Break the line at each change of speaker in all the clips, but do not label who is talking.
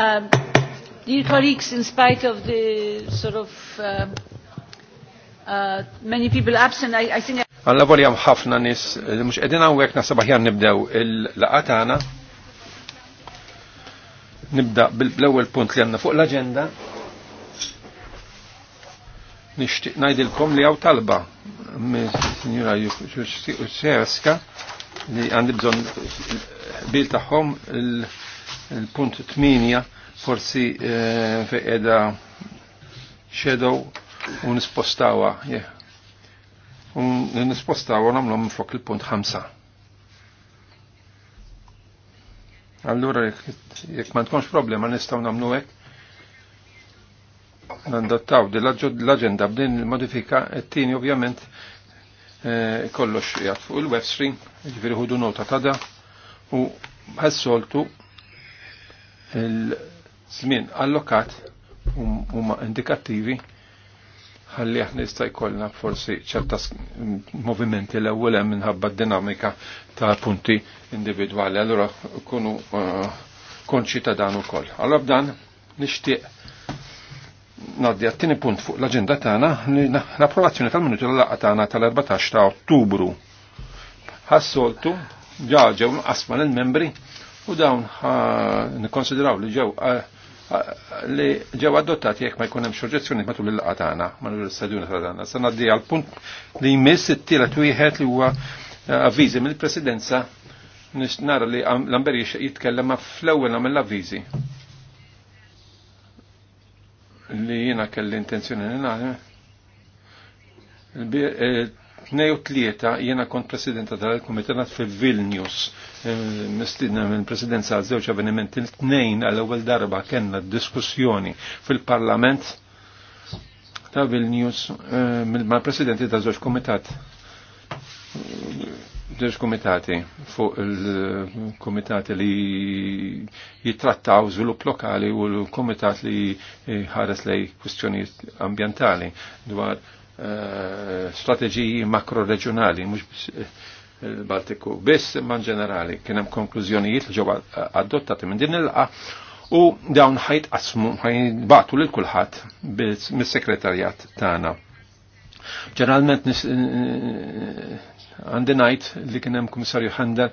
Um, dear
colleagues, in spite of the sort of uh, uh, many people absent, I, I think...
Għalla għam ħafna nis, mux edin għawek nasabaħjan nibdew il laqat għana. Nibda bil-ewel punt li għanna fuq l-agenda. Nishtiq najdilkom li għaw talba minn signora Jusserska li għandibżon bil taħħom il- laqat Eh, il-punt 8 forsi feqeda shadow u nispostawa un nispostawa namlu fuq il-punt 5 Allura, jek ma tkunx problema, nistaw nagħmlu hekk nandottaw di l-agenda b'din modifika t-tini ovvjament eh, kollox jgħat fuq il-web stream, ġviri ħudu nota ta' da u għas-soltu il-żmien allokat um-, huma indikattivi ħalli aħna jista' jkollna forsi ċerta movimenti l-ewwel hemm minħabba d-dinamika ta' punti individwali. Allura kunu eh, konċi ta' dan ukoll. Allura b'dan nixtieq ngħaddi għat-tieni punt fuq l-aġenda tagħna l-approvazzjoni tal-minuti l-laqgħa tagħna tal-14 ta' Ottubru. Ħassoltu ġaġew nqasma lill-membri u dawn nikkonsidraw li ġew li ġew adottati jekk ma jkun hemm xorġezzjoni matul il laqgħa tagħna, matul l-istadjuna tagħna. sa ngħaddi għal punt li jmiss it-tielet wieħed li huwa eh, avviżi mill-Presidenza nix nara li l amberi jitkellem ma fl-ewwel nagħmel avviżi li jiena kelli intenzjoni li nagħmel tnej u tlieta jiena kont presidenta tal-Kumitat fil-Vilnius. Mistidna eh, minn presidenza għal żewġ avvenimenti l-tnejn għall-ewwel darba kellna diskussjoni fil-Parlament ta' Vilnius eh, mal presidenti ta' żewġ kumitat. Żewġ kumitati fuq il-kumitati li jitrattaw żvilupp lokali u l-kumitat li ħares lej kwistjonijiet ambjentali dwar strateġiji makroregjonali, mhux il-Baltiku biss eh, man ġenerali kien hemm konklużjonijiet li ġew adottati minn din il laqgħa u dawn ħajt qasmu ħajbatu lil kulħadd mis-sekretarjat tagħna. Ġeneralment eh, eh, għandi ngħid li kien hemm Kummissarju Handel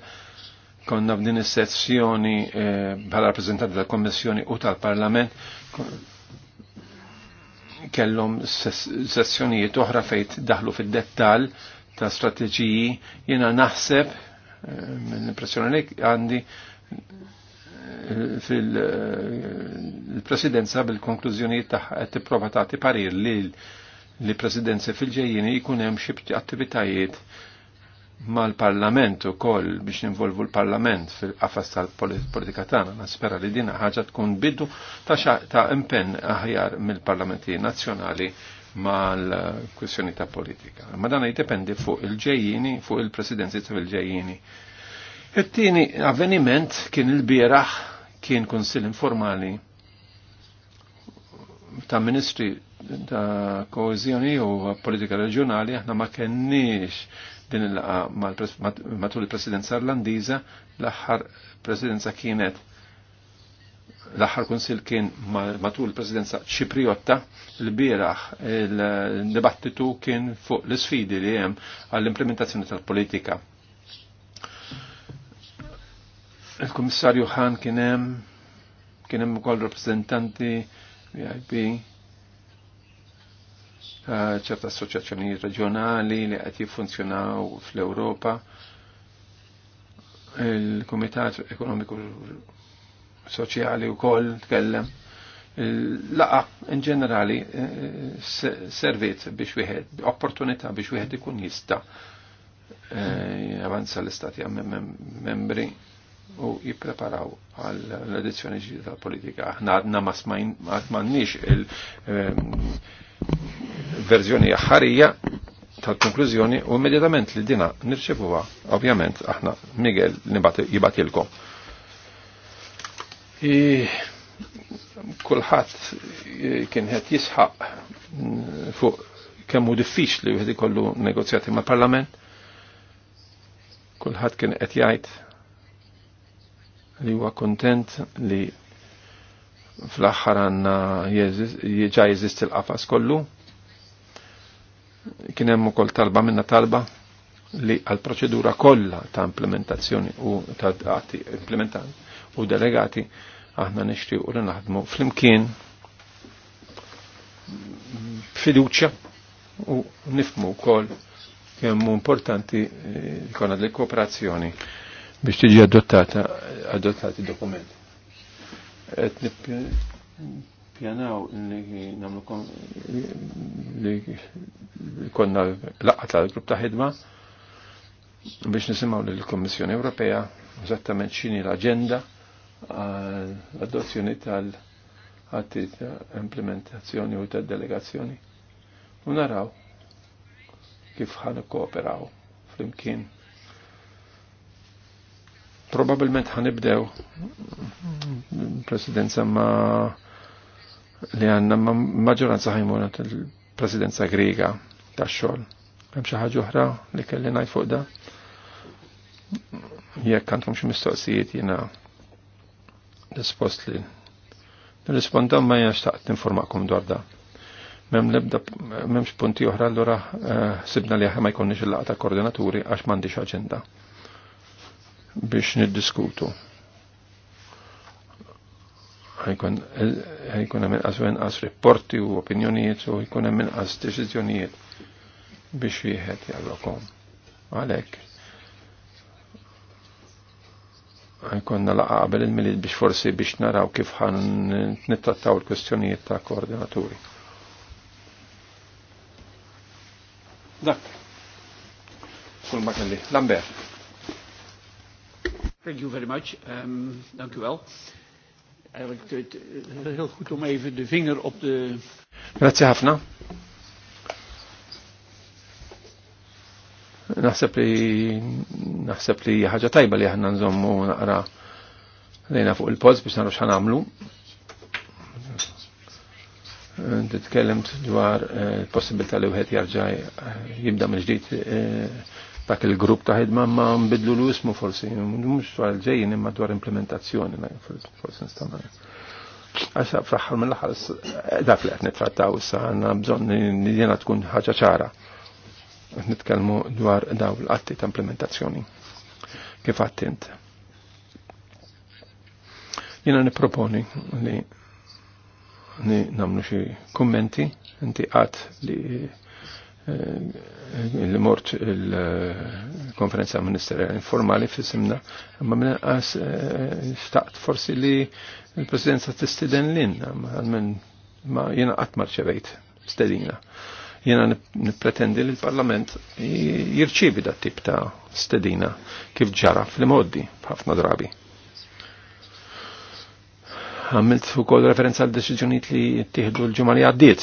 konna f'din is-sezzjoni bħala rappreżentanti tal-Kommissjoni u tal-Parlament kellhom sessjonijiet oħra fejt daħlu fid-dettal ta' strateġiji jiena naħseb l-impressjoni eh, li għandi eh, fil-presidenza eh, bil-konklużjonijiet ta' qed tipprova tagħti parir li l-presidenza fil-ġejjini jkun hemm xi attivitajiet mal-parlament u koll biex involvu l-parlament fil-qafas tal-politika tagħna, naspera li din ħaġa tkun biddu ta', ta impenn aħjar mill-parlamenti nazzjonali mal-kwissjoni ta' politika. Ma dan jitependi fuq il-ġejjini, fuq il-presidenzi ta' il-ġejjini. It-tieni avveniment kien il biraħ kien konsil informali ta' ministri ta' kohezjoni u politika reġjonali aħna ma kenniex din il-laqa matul il-presidenza irlandiża l-aħħar presidenza kienet l-aħħar kunsil kien matul il-presidenza ċipriotta l biraħ il-dibattitu kien fuq l-sfidi li hemm għall-implementazzjoni tal-politika. Il-Kummissarju Ħan kien hemm kien hemm ukoll rappreżentanti VIP ċerta assoċjazzjonijiet reġjonali li qed jiffunzjonaw fl-Ewropa. Il-Kumitat Ekonomiku Soċjali wkoll tkellem. Laqa in ġenerali eh, serviet biex wieħed, opportunità biex wieħed ikun jista' eh, avanza l-istati membri u jippreparaw għal l-edizzjoni ġdida tal-politika. Aħna għadna ma smajn, għatmannix il- eh, verżjoni ħarija tal-konklużjoni u immedjatament li dina nirċevuha, ovvjament aħna Miguel jibatilkom. Kulħadd kien qed jisħaq mm, fuq kemm hu diffiċli wieħed ikollu negozjati mal-Parlament. Kulħadd kien qed jgħid li huwa kontent li fl-aħħar għandna jeżist il-qafas kollu Kien hemm ukoll talba minna talba li għal proċedura kollha ta' implementazzjoni u ta' dati implementati u delegati aħna nixtiequ li naħdmu flimkien fiduċja u nifmu wkoll kemm importanti eh, jkollna li kooperazzjoni biex tiġi adottata adottati dokumenti pjanaw li namlu kon li konna laqqa tal-grupp ta' ħidma biex nisimaw li l-Kommissjoni Ewropea eżattament xini l-agenda l adozzjoni tal-għatti ta' implementazzjoni u ta' delegazzjoni. U naraw kif ħan kooperaw fl-imkien. Probabilment ħan ibdew presidenza ma' li għanna maġġoranza ħajmuna tal-presidenza griega tax-xogħol. Hemm xi ħaġa oħra li kelli ngħid fuq da. Jekk għandkom xi mistoqsijiet jiena dispost li nirrispondam ma jena xtaqt informakum dwar da. Mem lebda, memx punti oħra l-ura eh, sibna li ma jkonniex il-laqta koordinaturi għax m'għandix aġenda biex niddiskutu ħajkun hemm inqas u inqas rapporti u opinjonijiet u jkun hemm inqas deċiżjonijiet biex wieħed jagħmlukhom. Għalhekk ħajkonna laqa qabel il milied biex forsi biex naraw kif ħan nittrattaw il-kwestjonijiet ta' koordinaturi. Dak. Kull ma kelli. Lambert. Thank you very much. Um, thank you well. Eigenlijk te, te, heel goed om even de vinger op de... Grazie Hafna. Naħseb li naħseb li ħaġa tajba li aħna nżommu naqra lejna fuq il-post biex nagħmlu x'ħan nagħmlu. Titkellimt dwar il-possibilità eh, li wieħed jarġaj jibda mill-ġdid eh, dak il-grupp ta' ħidma ma nbidlu l-ismu forsi, mux dwar il-ġejjin imma dwar implementazzjoni, forsi nistanna. Għaxa fraħħal mill-ħal, eh, dak li qed trattaw issa għanna bżon jena tkun ħaġa ċara. Nitkelmu dwar daw l-atti ta' implementazzjoni. Kif għattint? Jena niproponi li namlu xie kommenti, inti għat li il-mort il-konferenza ministeriali informali fisimna, ma minnaqas staqt eh, forsi li il-presidenza t-istiden l-inna, ma jena għatmar ċevejt, stedina. Jena nipretendi li l-parlament jirċivi da tip ta' stedina kif ġara fil-moddi, ħafna drabi għamilt u kol referenza għal deċiġjoniet li jittieħdu l ġumali għaddiet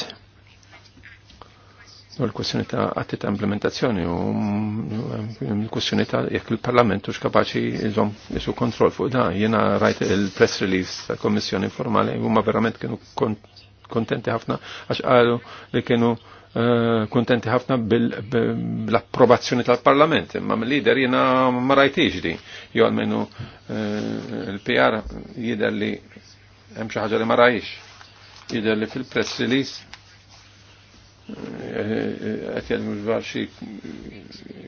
U l-kwestjoni ta' għatti ta' implementazzjoni u l-kwestjoni ta' jekk il parlamentu xkapaxi xkapaċi jizom jisu kontrol fuq da. Jena rajt il-press release ta' kommissjoni informali u ma' verament kienu kontenti ħafna għax għalu li kienu eh, kontenti ħafna bil-approvazzjoni tal-Parlament. Imma mill-lider jena ma rajt iġdi Jo għalmenu eh, l-PR jider li hemm xi ħaġa li ma rajx. Jider li fil-press release għet jadmu dwar xi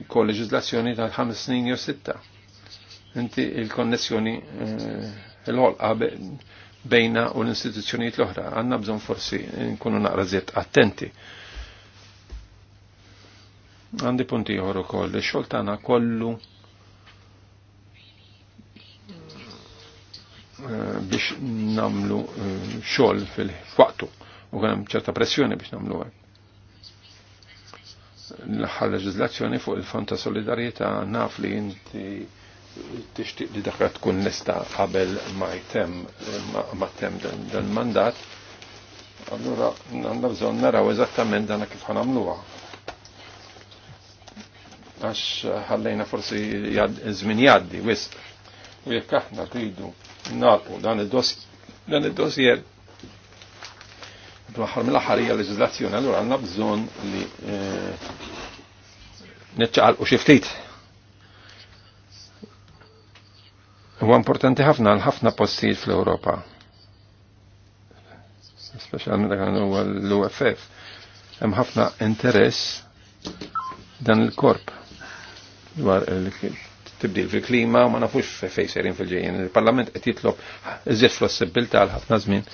kolleġizlazzjoni ta' 5 snin jew sitta. Inti il-konnessjoni eh, l-ħolqa bejna u l-istituzzjonijiet l-oħra. Għanna bżon forsi nkunu naqra ziet attenti. Għandi punti ieħor ukoll, ix-xogħol kollu eh, biex namlu eh, xol fil fwaqtu u għem ċerta pressjoni biex namlu għek l-aħħar leġizlazzjoni fuq il-Fond ta' Solidarieta naf li inti tixtieq li dakra tkun nista' qabel ma jtem ma tem dan mandat. Allura għandna bżonn naraw eżattament dan kif ħanamluha. Għax ħallejna forsi żmien jgħaddi wisq. U jekk aħna tridu nagħtu dan id-dossier l-aħħar mill-aħħar hija leġiżlazzjoni, allura għandna bżonn li eh, niċċaqalqu xi ftit. Huwa importanti ħafna għal ħafna postijiet fl-Ewropa. Speċjalment dak huwa l-UFF. Hemm ħafna interess dan il-korp dwar tibdil fil-klima ma nafux fejn sejrin fil-ġejjin. Il-Parlament qed jitlob iżjed flossibilità għal ħafna żmien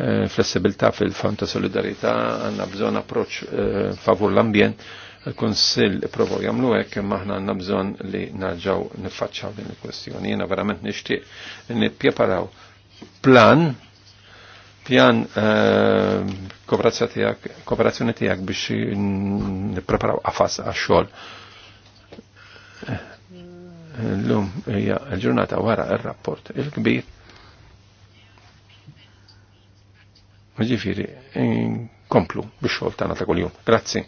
Eh, flessibilità fil-fond ta' solidarietà għandna bżonn approċċ eh, favur l-ambjent il-Konsil provo jamlu hekk maħna aħna għandna bżonn li narġaw niffaċċaw din il-kwestjoni. jena verament nixtieq nipjeparaw plan pjan eh, kooperazzjoni tiegħek biex nippreparaw għafas għax-xogħol. Llum hija ġurnata wara il rapport il-kbir Ġifiri, komplu biex xol tana ta' kol-jum. Grazzi.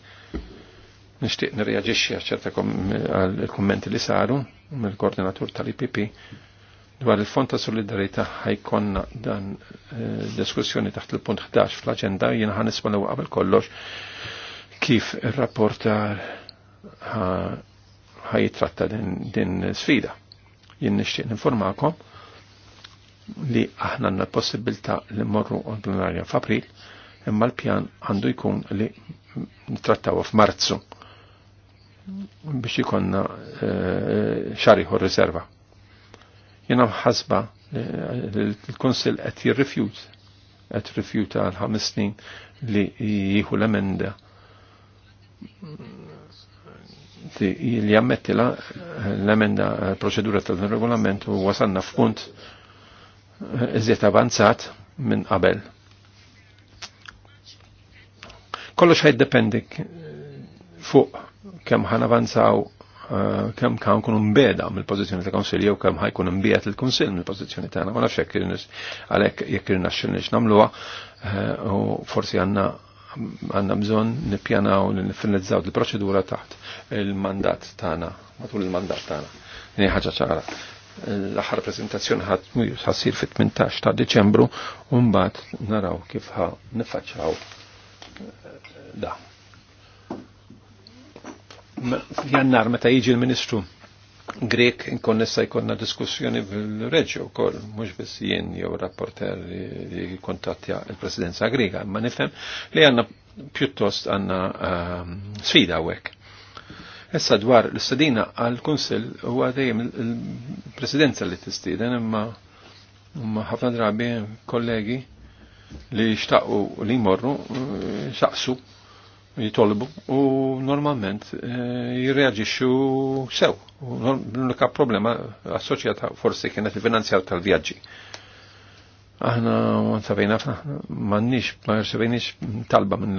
Nishtiq nirreagġiċi ċerta għal-kommenti li saru mill-koordinatur tal-IPP dwar il-Fond ta' Solidarita ħajkonna dan eh, diskussjoni taħt il-punt 11 fl-agenda jien ħan nisma qabel kollox kif il rapporta ħajitratta din sfida. Jien nishtiq ninformakom li aħna għanna l-possibilta li morru ordinarja plenarja f'April, imma l-pjan għandu jkun li nittrattaw f'Marzu biex ikonna eh, xariħu r-reserva. Jena mħasba eh, l-Konsil qed jirrifjut, qed rifjuta għal ħames snin li jieħu l-emenda li jammettila l-emenda eh, proċedura tal-regolament u wasanna f'punt iżjed avanzat minn qabel. Kollox dependik fuq kemm ħan avanzaw eh, kemm kan kun mbeda mill-pożizzjoni ta' konsil jew kemm ħajkun imbiet il-kunsil mill-pożizzjoni tagħna ma nafx jekk għalhekk jekk irnexxilniex nagħmluha eh, u forsi għandna għandna bżonn nippjanaw li nifinalizzaw il-proċedura taħt il-mandat tagħna matul il-mandat tagħna. Ni ħaġa ċara l-aħħar prezentazzjoni ħadd ħassir fit-18 ta' Deċembru u mbagħad naraw kif ħa nifaċċaw eh, da. Jannar meta jiġi l-Ministru Grek inkonnessa jkollna diskussjoni fil reġju wkoll mhux biss jien jew rapporter li kontattja il-Presidenza Grega, imma nifhem li għandna pjuttost għandna ehm, sfida hawnhekk Essa dwar l-istadina għal-Kunsil u għadajem il-Presidenza li t imma imma ħafna drabi kollegi li xtaqqu li morru, eh, xaqsu jitolbu u normalment eh, jirreagġixxu sew. L-unika problema assoċjata forsi kienet il-finanzjar tal-vjaġġi. Aħna ma sabejna, ma nix, ma talba minn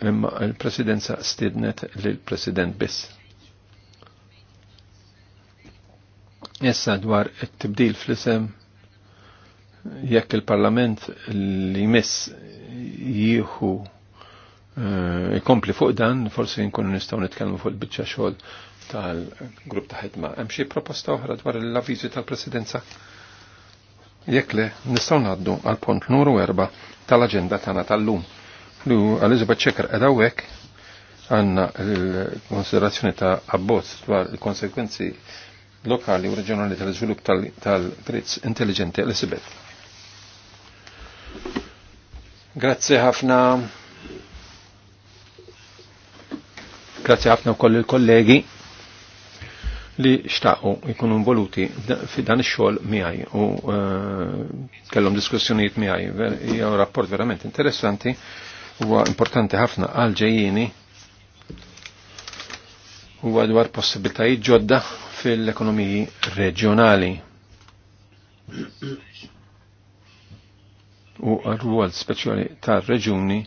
imma il-presidenza stidnet lill-president biss. Issa dwar it-tibdil fl-isem jekk il-parlament li jmiss jieħu eh, ikompli fuq dan, forsi nkunu nistgħu nitkellmu fuq il-biċċa xogħol tal-grupp ta' ħidma. Hemm xi proposta oħra dwar l-avviżi tal-presidenza? Jekk le nistgħu ngħaddu għal punt numru 4 tal-aġenda tagħna tal-lum. Lu għal Checker ed għadawek, għandna l-konsiderazzjoni ta' abbozz dwar il-konsekwenzi lokali u reġjonali tal-iżvilupp tal-grizz intelligenti Elizabeth. Grazie ħafna. Grazie ħafna koll il-kollegi li xtaqu jkunu involuti fi dan ix-xogħol miegħi u eh, kellhom diskussjonijiet miegħi. Hija rapport verament interessanti huwa importanti ħafna għal ġejjini huwa dwar possibiltajiet ġodda fil-ekonomiji reġjonali. U għal speċjali tar reġuni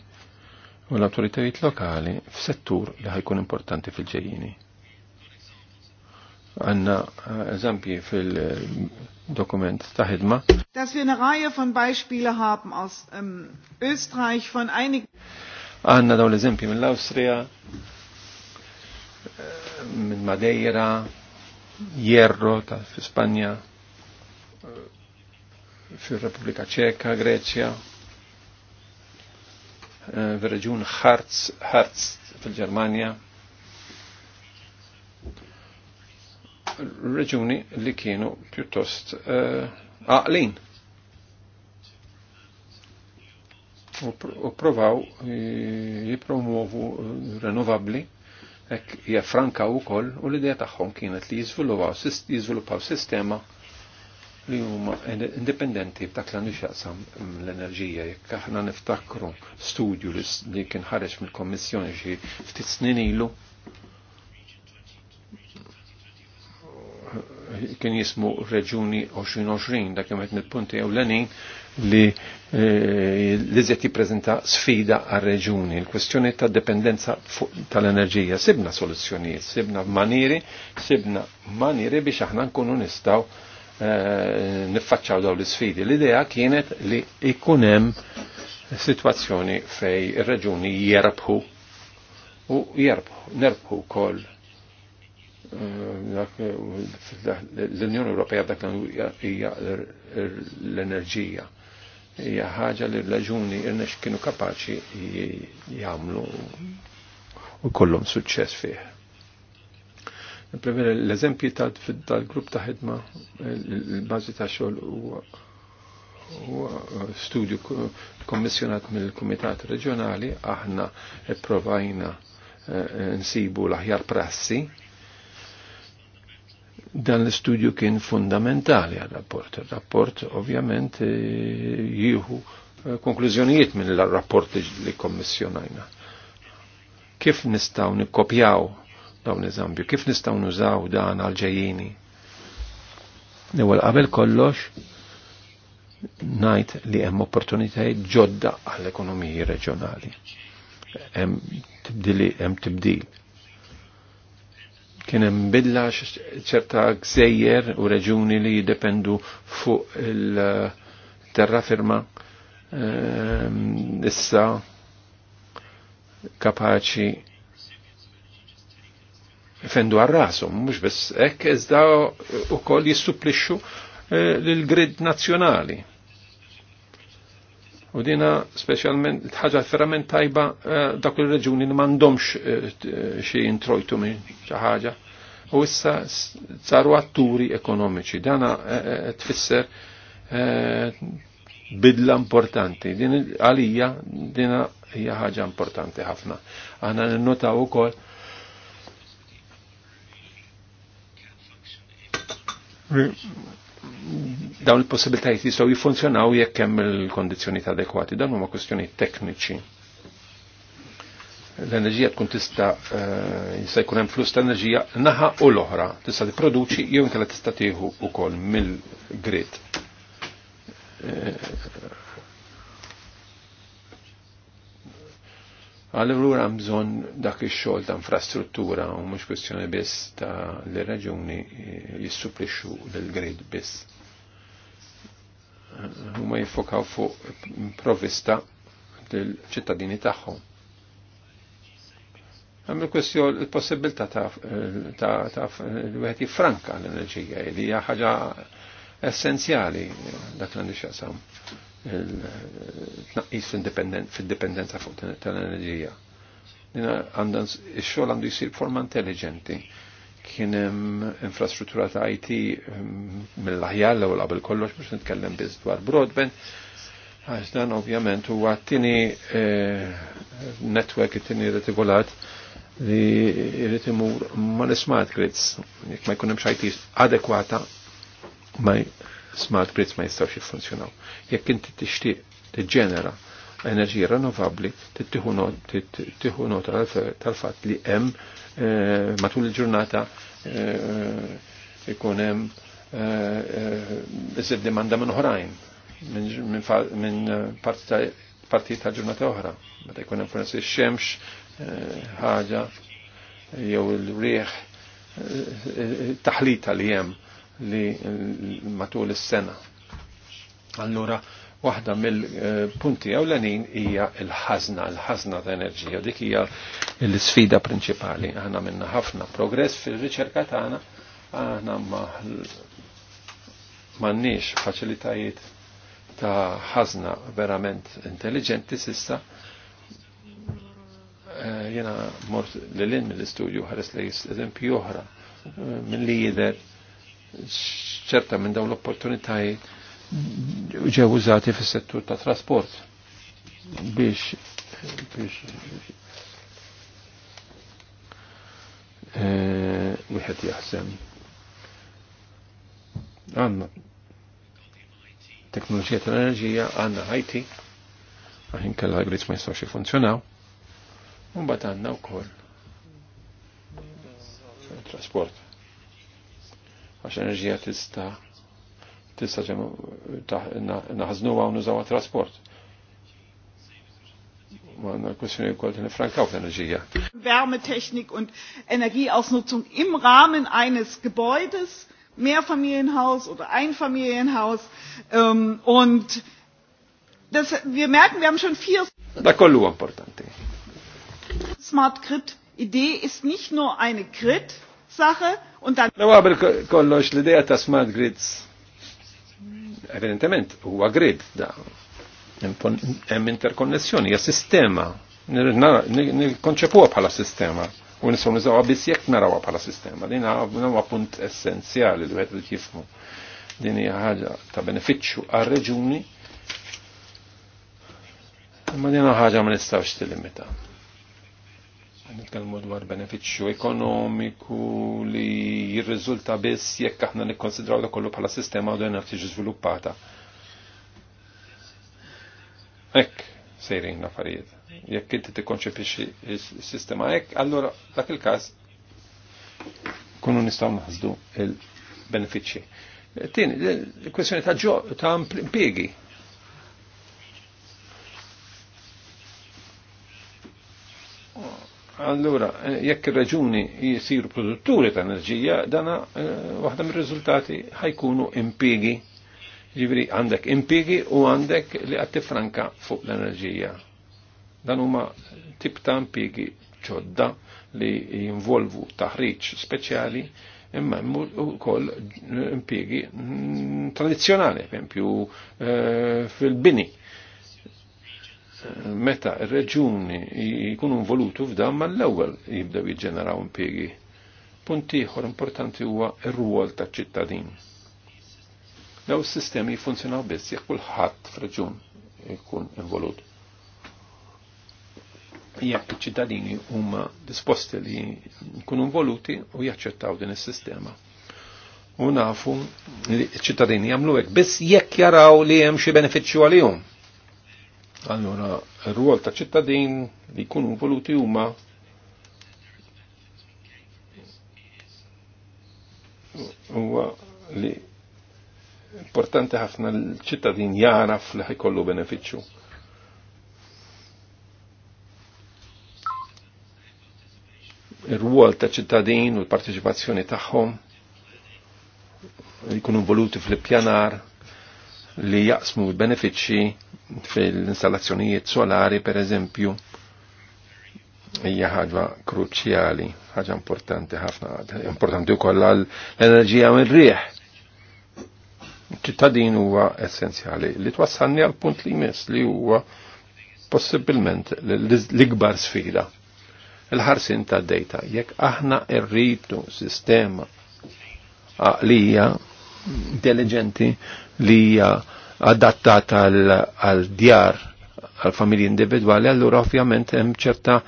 u l-autoritajiet lokali f'settur li ħajkun importanti fil-ġejjini għanna eh, eżempji fil-dokument ta' ħidma.
Dass wir eine Reihe von Beispiele haben aus ähm, Österreich von einigen.
Għanna daw l-eżempji mill-Austria, eh, minn Madeira, Jerro ta' Spanja, eh, fil-Repubblika Ċeka, Greċja, fil-reġun Harz, Harz fil-Germania, reġuni li kienu pjuttost eh, għaqlin. U provaw eh, jipromuovu eh, renovabli ek jaffranka u koll u l idea tagħhom kienet li jiżviluppaw sistema li huma indipendenti b'dak l xaqsam l-enerġija jekk aħna niftakru studju li kien ħareġ mill-Kommissjoni xi ftit snin ilu kien jismu reġuni 2020, dak jemet nil-punti għaw l-enin li eh, li zet jiprezenta sfida għal reġuni. Il-kwestjoni ta' dependenza tal-enerġija. Sibna soluzzjonijiet, sibna maniri, sibna maniri biex aħna nkunu nistaw eh, niffaċċaw daw l-sfidi. L-idea kienet li ikunem situazzjoni fej reġuni jerbħu u jerbħu, nerbħu kol l-Unjoni Ewropea dak hija l-enerġija. Hija ħaġa li l-raġuni irnex kienu kapaċi jagħmlu u kollhom suċċess fih. L-eżempji tal-grupp ta' ħidma, l-bażi ta' xogħol huwa studju kommissjonat mill-Kumitat Reġjonali aħna pprovajna eh, eh, nsibu l-aħjar prassi Dan l-studju kien fundamentali għal-rapport. Il-rapport ovvjament e, jieħu e, konklużjonijiet minn l-rapport li kommissjonajna. Kif nistaw nikkopjaw dawn eżambju, kif nistaw nużaw dan għal-ġejjini? Newel qabel kollox, najt li hemm opportunitajiet ġodda għall-ekonomiji reġjonali. Hemm tibdili, hemm tibdil Kien hemm bidla ċerta gżejjer u reġuni li jiddependu fuq il terra firma ehm, issa kapaċi fendu għarrasum, mux bis ekk, iżda u kol jissuplixxu eh, l-grid nazjonali. U dina specialment ħaġa verament tajba eh, dak il-reġuni li mandomx eh, xie introjtu minn ħaġa u issa saru atturi ekonomiċi. Dana eh, eh, tfisser eh, bidla importanti. Din għalija dina hija ħaġa importanti ħafna. Aħna ninnotaw ukoll dawn il-possibilitajiet jistgħu jiffunzjonaw jekk hemm il-kondizzjonijiet adekwati. Dan huma kwestjonijiet tekniċi l-enerġija tkun tista' eh, jista' jkun hemm flus ta' enerġija naħa u l-oħra tista' tipproduċi jew inkella tista' tieħu wkoll mill-grid. Eh, allura hemm bżonn dak ix-xogħol ta' infrastruttura u mhux kwestjoni biss ta' li raġuni jissupplixxu lill-grid biss. Eh, huma jiffokaw fuq provvista lill-ċittadini tagħhom Għamil kwestjon il-possibilta ta' l-għet franka l-enerġija, li hija ħaġa essenzjali dak l il-tnaqqis fil dependenza fuq tal-enerġija. Għandan il-xol għandu jisir forma intelligenti. Kien infrastruttura ta' IT mm, mill-ħjar l-ewwel qabel kollox biex nitkellem biz dwar broadband, għax dan ovvjament huwa t-tieni eh, netwerk it-tieni retikolat li jirrit imur ma' l smart grids, jek ma' jkunem xajti adekwata ma' smart grids ma' jistaw jistawx jiffunzjonaw. Jekk inti t-ġenera enerġija rinnovabbli tittieħu nota tal fat li hemm eh, matul il-ġurnata jkunem eh, jizzib eh, iżid demanda minn uħrajn, minn parti ta' ġurnata uħra. Meta jkun hemm forsi x-xemx, ħaġa jew il-rieħ taħlita li jem li matul is-sena. Allura, waħda mill-punti ewlenin hija l-ħażna, l-ħażna ta' enerġija. Dik hija l-sfida prinċipali. Aħna minna ħafna progress fir riċerka tagħna, aħna m'għandniex faċilitajiet ta' ħażna verament intelligenti sissa Eh, jena mort l-lin mill-istudju ħares li eżempju oħra eh, minn li jider ċerta minn dawn l-opportunitajiet ġew użati fis-settur ta' trasport biex biex eh, wieħed jaħsem għandna teknoloġija tal-enerġija għandna IT għahin kalla ma jistax jifunzjonaw Un Mbagħad għandna wkoll trasport. Għax enerġija tista' tista' għaw trasport. Għanna naħżnuha u kol t-ne nużawha enerġija.
Wärmetechnik und Energieausnutzung im Rahmen eines Gebäudes, Mehrfamilienhaus oder Einfamilienhaus. Ähm, und das, wir merken, wir haben schon vier.
Da kollu importanti.
Smart Grid Idee ist nicht nur eine Grid Sache und dann
L-ewwel kollox l-idea ta' smart grids evidentement huwa grid da hemm interkonnessjoni hija sistema nikkonċepuha bħala sistema u nistgħu niżgħuha biss jekk narawha bħala sistema din huwa punt essenzjali li wieħed jifmu din hija ħaġa ta' benefiċċju għar-reġuni Ma din ħaġa ma nistgħux tillimita nitkellmu dwar benefiċċju ekonomiku li jirriżulta biss jekk aħna nikkonsidraw da kollu bħala sistema u dejna tiġi żviluppata. Hekk sejrin l-affarijiet. Jekk inti tikkonċepixxi s-sistema hekk, allura dak il-każ kunu nistgħu naħsdu il-benefiċċji. Tieni, l kwestjoni ta' ta' impjegi Allura, eh, jekk ir-raġuni jisiru produtturi ta' enerġija, dana eh, waħda mir-riżultati ħajkunu impigi. Ġifri għandek impigi u għandek li għatti franka fuq l-enerġija. Dan huma tip ta' impigi ċodda li jinvolvu taħriġ speċjali imma koll eh, impigi tradizjonali, per fil-bini meta r-reġuni jkunu involutu f'dan ma l-ewwel jibdew jiġġeneraw impjegi. Punt ieħor importanti huwa r-rwol taċ-ċittadin. Daw s-sistemi jiffunzjonaw biss jekk kulħadd f'reġun jkun involut. Jekk iċ-ċittadini huma disposti li jkunu involuti u jaċċettaw din is-sistema u nafu ċittadini jagħmlu hekk biss jekk jaraw li hemm xi benefiċċju għalihom. Allora, r-ruol ta' ċittadin li jkunu voluti huma huwa li importanti ħafna l-ċittadin jaraf li ħajkollu beneficju. Ir-ruol ta' ċittadin u l-parteċipazzjoni tagħhom li jkunu voluti fl-pjanar li jaqsmu l-benefiċċji fil-installazzjonijiet solari per eżempju hija ħaġa kruċjali, ħaġa importanti ħafna, importanti wkoll għal l-enerġija mir rieħ. Ċittadin huwa essenzjali li twassalni għal punt li jmiss li huwa possibilment l-ikbar sfida. Il-ħarsin ta' data, jekk aħna rritu sistema hija intelligenti li hija uh, adattat għal djar għal familji individuali, allura ovvjament hemm ċerta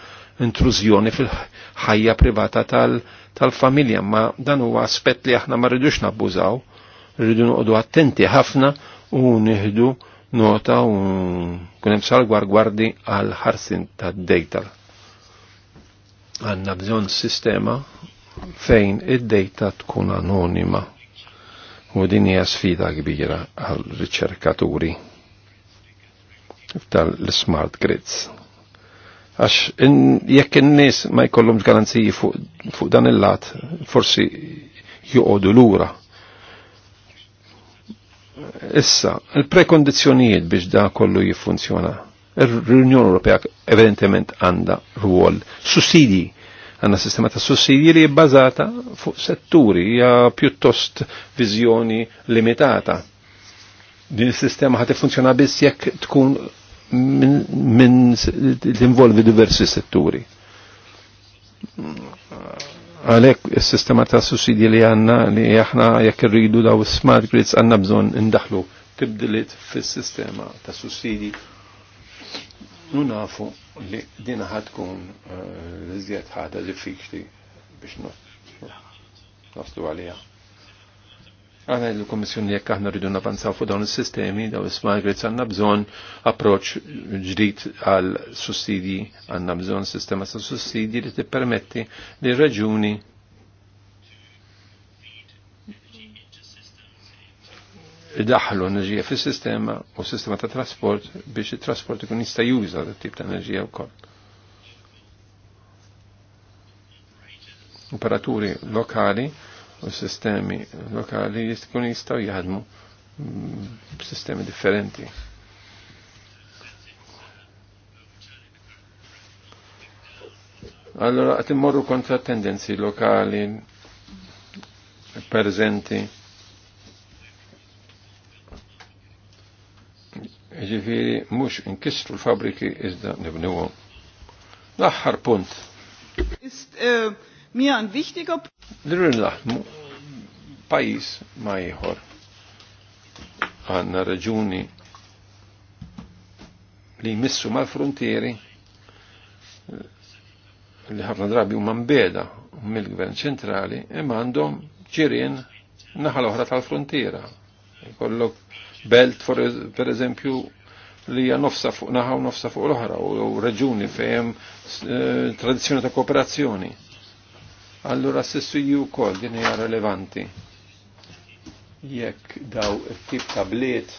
intrużjoni fil-ħajja privata tal-familja, ma dan huwa aspett li aħna ma rridux nabbużaw, rridu noqogħdu attenti ħafna u nieħdu nota u kun hemm gwardi għal ħarsin tad-dejta. Għandna bżonn sistema fejn id-dejta tkun anonima U din hija sfida kbira għal riċerkaturi tal-smart grids. Għax jekk in-nies ma jkollhomx garanziji fuq dan il-lat, forsi joqogħdu lura. Issa, il-prekondizjonijiet biex da kollu jiffunzjona. l unjoni Ewropea evidentement għanda ruol sussidi Għanna sistema ta' sussidji li jibbazata fuq setturi, hija pjuttost viżjoni limitata. Din is-sistema ħadd funzjona biss jekk tkun minn min, diversi setturi għalek il-sistema ta' sussidji li għanna li aħna jekk irridu daw smart grids għanna bżon indaħlu tibdilit fil-sistema ta' sussidji Nunafu li din ħadkun l-iżjed eh, ħada diffiċli biex naslu għalija. Għana il-Komissjoni jekk aħna rridu napanzaw fuq dawn is-sistemi, daw is-smart għanna għandna bżonn approċ ġdid għal sussidji, għandna bżonn sistema sa' sussidi li tippermetti li reġuni daħlu enerġija fis sistema u sistema ta' trasport biex il-trasport ikun jista' juża dat tip ta' enerġija wkoll. Operaturi lokali u sistemi lokali jkun jistgħu jaħdmu mm, sistemi differenti. Allora qed immorru kontra tendenzi lokali, perżenti, Ġifiri, mux inkistru l-fabriki iżda nibnuhom. l punt.
Ist äh, mir ein wichtiger
laħmu pajis ma jieħor. Għanna reġuni li jmissu mal-frontieri li ħafna drabi u huma mbeda mill-gvern ċentrali imma għandhom ġirien naħa l-oħra tal-frontiera. Jkollok belt per eżempju li hija nofsa fuq naħa u nofsa fuq l-oħra u reġuni fejn eh, tradizzjoni ta' kooperazzjoni. Allura s-sessu ju wkoll din hija relevanti. Jekk daw it-tip ta' bliet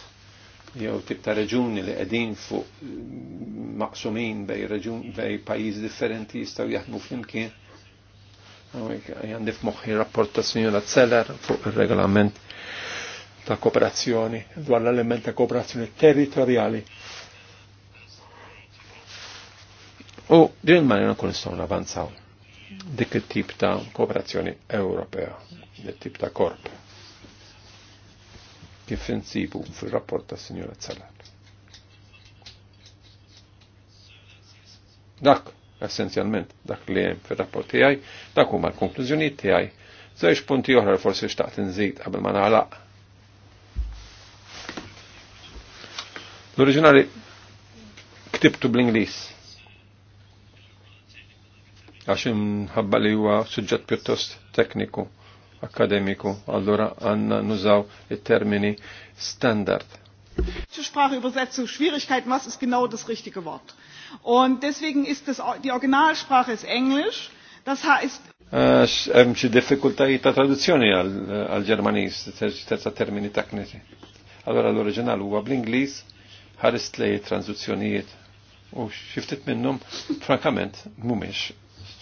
jew tip ta' reġuni li qegħdin fuq mm, maqsumin bej reġun bej pajjiż differenti jistgħu jaħdmu flimkien. Għandif moħħi rapport ta' Sinjora Zeller fuq ir-regolament ta' kooperazzjoni, dwar l-element ta' kooperazzjoni territoriali. U din ma jena kun nistgħu navanzaw dik it-tip ta' kooperazzjoni Ewropea, dik tip ta' korp. Kif insibu fil-rapport ta' Sinjora Zalat. Dak, essenzjalment, dak li hemm fir-rapport tiegħi, dak huma l konklużjoni tijaj, Żewġ punti oħra forsi xtaqt nżid qabel ma naħlaq L-oriġinali ktibtu bl-Inglis. Għax nħabba li huwa suġġett pjuttost tekniku, akademiku, allura għanna nużaw il termini standard.
Zur Sprachübersetzung Schwierigkeit, was ist genau das richtige Wort? Und deswegen ist das, die Originalsprache ist Englisch. Das heißt.
Hemm xi diffikultajiet ta' traduzzjoni għal Ġermaniż terza termini tekniċi. Allora l-oriġinal huwa bl-Ingliż ħarist lej tranzuzzjonijiet u xiftit minnum frankament mumiex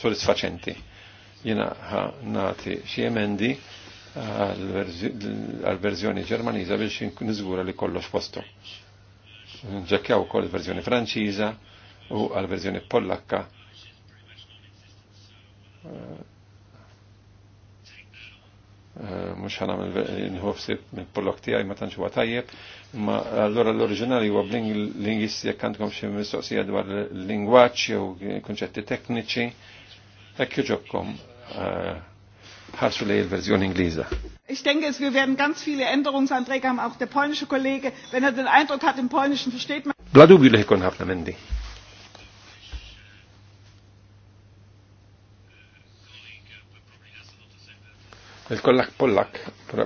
soddisfaċenti. Jena nati xie emendi għal-verżjoni ġermaniza biex nizgura li kollox posto. Ġekjaw kol verżjoni franċiza u għal-verżjoni pollakka Eh, mux ħanam il-ħofsib minn pollok tijaj ma tanċu għatajjeb, ma allora l originali huwa bl lingwist jek għandkom xie mistoqsija dwar l-lingwaċ u konċetti tekniċi, ekk joġobkom eh, ħarsu lej il-verżjoni Ingliża.
Ich denke, wir werden ganz viele Änderungsanträge haben, auch der polnische Kollege, wenn er den Eindruck hat, im Polnischen versteht man.
Bla dubju li ħikun ħafna mendi. Il-kollak pollak,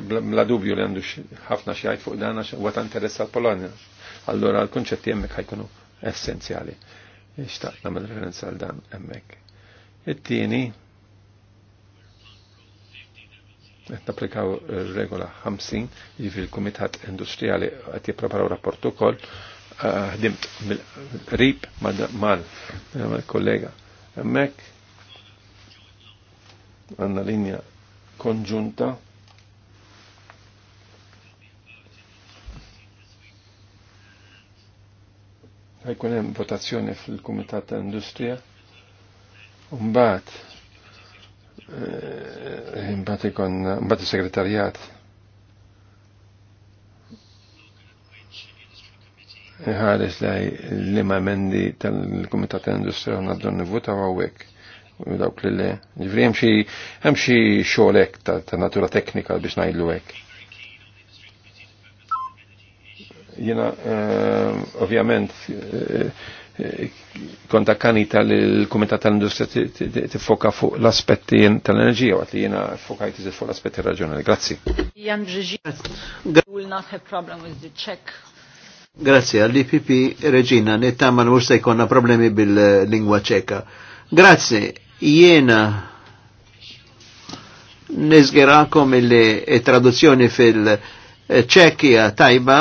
bla dubju li għandu ħafna xjajt fuq dan għax għat interessa l-Polonja. Allora l-konċetti jemmek ħajkunu essenzjali. Ixtaq namel referenza għal dan emmek. It-tieni, qed applikaw regola 50, jiġifieri l-Kumitat Industrijali qed jippreparaw rapport ukoll, eh, ħdimt mill rib eh, mal-kollega. Hemmhekk għandna linja konġunta ħajkun hemm votazzjoni fil-Kumitat ta' Industrija. Mbagħad eh, mbagħad ikun mbagħad is-segretarjat ħares lej l-imamendi tal-Kumitat ta' Industrija għandhom nivvutaw hawnhekk dawk li le. Ġifri hemm xi hemm xi xogħol hekk ta' natura teknika biex ngħidlu hekk. Jiena ehm, ovvjament eh, eh, konta kanita li l-Kumitat tal-Industrija tiffoka fuq l-aspetti tal-enerġija għat li jena fokajt fuq l-aspetti raġjonali. Grazzi.
Grazzi, għall-IPP Reġina, jkonna problemi bil-lingwa ċeka. Grazzi, Jiena nizgerakom illi traduzzjoni fil-ċekkija tajba,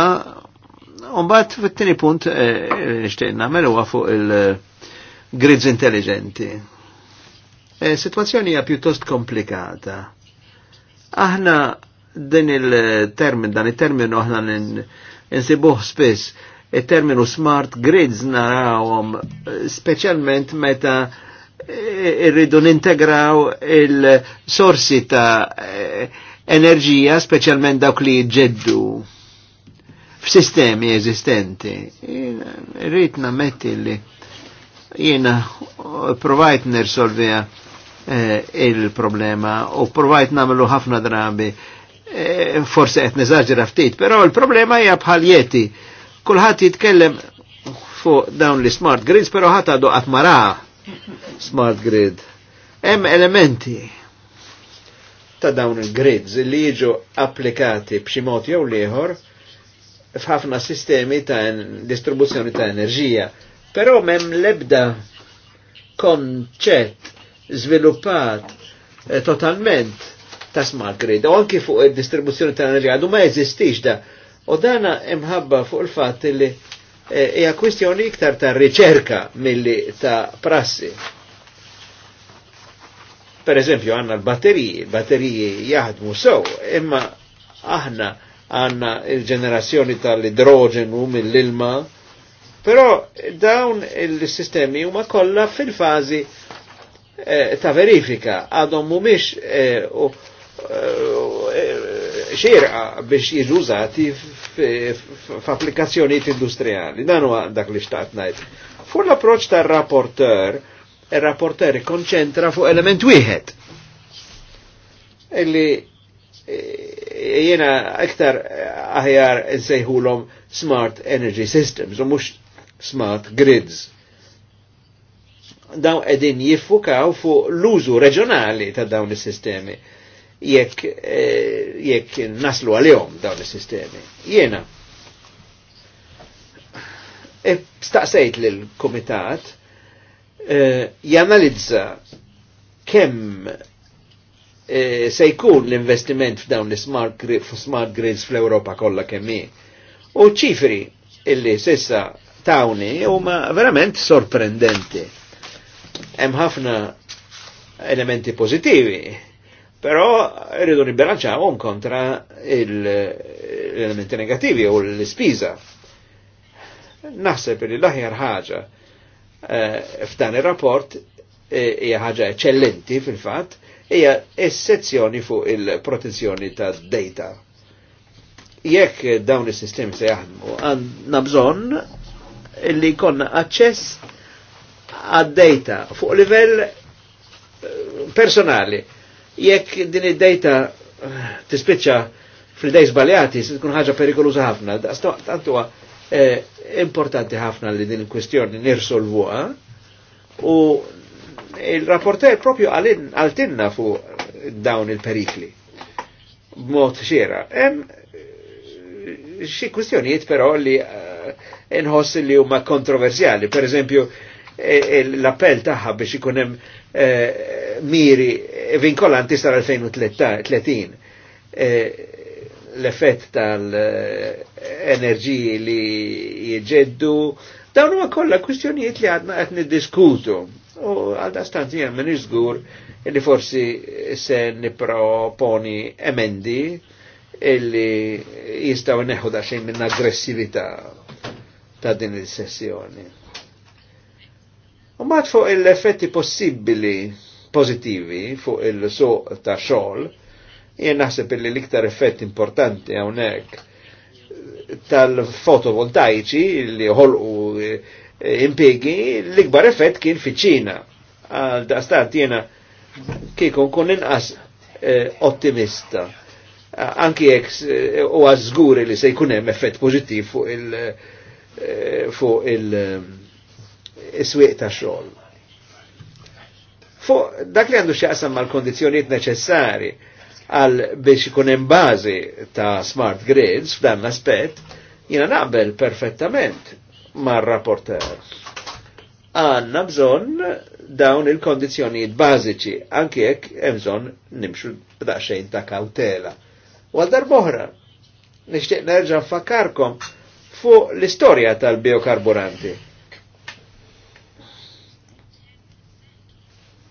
unbat fit-tini punt eh, nishtiq namel huwa fuq il-grids intelligenti. Eh, situazzjoni hija pjuttost komplikata. Aħna din il-termin, dan il-terminu aħna nsibuh spiss, il-terminu smart grids narawom, eh, specialment meta irridu nintegraw il-sorsi ta' enerġija, specialment dawk li ġeddu f'sistemi eżistenti. Irrid nammetti li jiena provajt nirsolvija eh, il-problema u provajt namlu ħafna drabi eh, forse qed neżaġġera ftit, però il-problema hija bħal jeti. Kulħadd jitkellem fuq dawn l smart grids, però ħadd għadu qatt smart grid. Hemm elementi ta' dawn il-grids li jiġu applikati b'xi mod jew lieħor f'ħafna sistemi ta' distribuzzjoni ta' enerġija. Però m'hemm l-ebda konċett żviluppat eh, totalment ta' smart grid, u anki fuq il-distribuzzjoni ta' enerġija, għadu ma' jeżistix da' U dana imħabba fuq il-fat li hija eh, e a kwistjoni iktar ta' riċerka milli ta' prassi. Per eżempju, għanna l-batteriji, batteriji jaħdmu sew, imma aħna għanna il-ġenerazzjoni tal idrogenu mill-ilma, però dawn il-sistemi huma kollha fil-fazi eh, ta' verifika, għadhom mhumiex eh, xerqa biex jiżużati f'applikazzjonijiet industrijali. Dan huwa dak li xtaqt ngħid. Fuq l-approċċ tar-rapporter, ir-rapporter ikkonċentra fuq element wieħed. Illi e, e, jiena iktar aħjar nsejħulhom smart energy systems u mhux smart grids dawn qegħdin jiffukaw fuq l-użu reġjonali ta' dawn is-sistemi jekk eh, jekk naslu għalihom dawn is-sistemi. Jiena e staqsejt lill komitat e, eh, janalizza kemm e, se jkun l-investiment f'dawn l-smart smart grids fl europa kollha kemm mi. U ċifri illi sissa tawni huma verament sorprendenti. Hemm ħafna elementi pożittivi Però rridu nibbilanċawhom kontra l-elementi negativi u l spiza Naħseb li l-aħjar ħaġa eh, f'dan il rapport eh, hija ħaġa eċċellenti fil-fatt hija essezzjoni fuq il-protezzjoni ta' data. Jekk dawn is-sistemi se jaħdmu għandna bżonn li konna aċċess għad-data fuq livell eh, personali jekk din id-dejta eh, tispiċċa fil-dej sbaljati, se tkun ħaġa perikoluża ħafna. tantu għu eh, importanti ħafna li din il-kwestjoni nirsolvuha u il-rapporter propju għaltinna fu dawn il-perikli. B'mod xiera. Hemm xi kwistjonijiet però li eh, nħoss li huma kontroversjali, per eżempju l-appell tagħha biex ikun hemm Eh, miri vinkolanti sar 2030 eh, L-effett tal-enerġiji li jġeddu, dawn huma kollha kwistjonijiet li għadna qed niddiskutu. U għal stanzi hemm żgur li forsi se niproponi emendi illi jistgħu neħu daqsxejn minn aggressività ta' din il-sessjoni. U mbagħad fuq l-effetti possibbili pożittivi fuq il-suq ta' xogħol, jien naħseb li l-iktar effett importanti hawnhekk tal-fotovoltaiċi li ħolqu eh, impiegi l-ikbar effett kien fi ċina Għal daqstant jiena kieku nkun inqas eh, ottimista anki jek eh, u għazguri li se jkun hemm effett pożittiv fuq il fuq il is-swieq ta' xogħol. Fuq dak li għandu x'jaqsam mal-kondizzjonijiet neċessari għal biex ikun hemm bażi ta' smart grids f'dan l-aspett, jiena naqbel perfettament mar-rapporter. Għanna bżonn dawn il-kondizzjonijiet bażiċi anke jekk hemm bżonn nimxu daqsxejn ta' kawtela. U għal darboħra, nixtieq nerġa' nfakkarkom fuq l-istorja tal-biokarburanti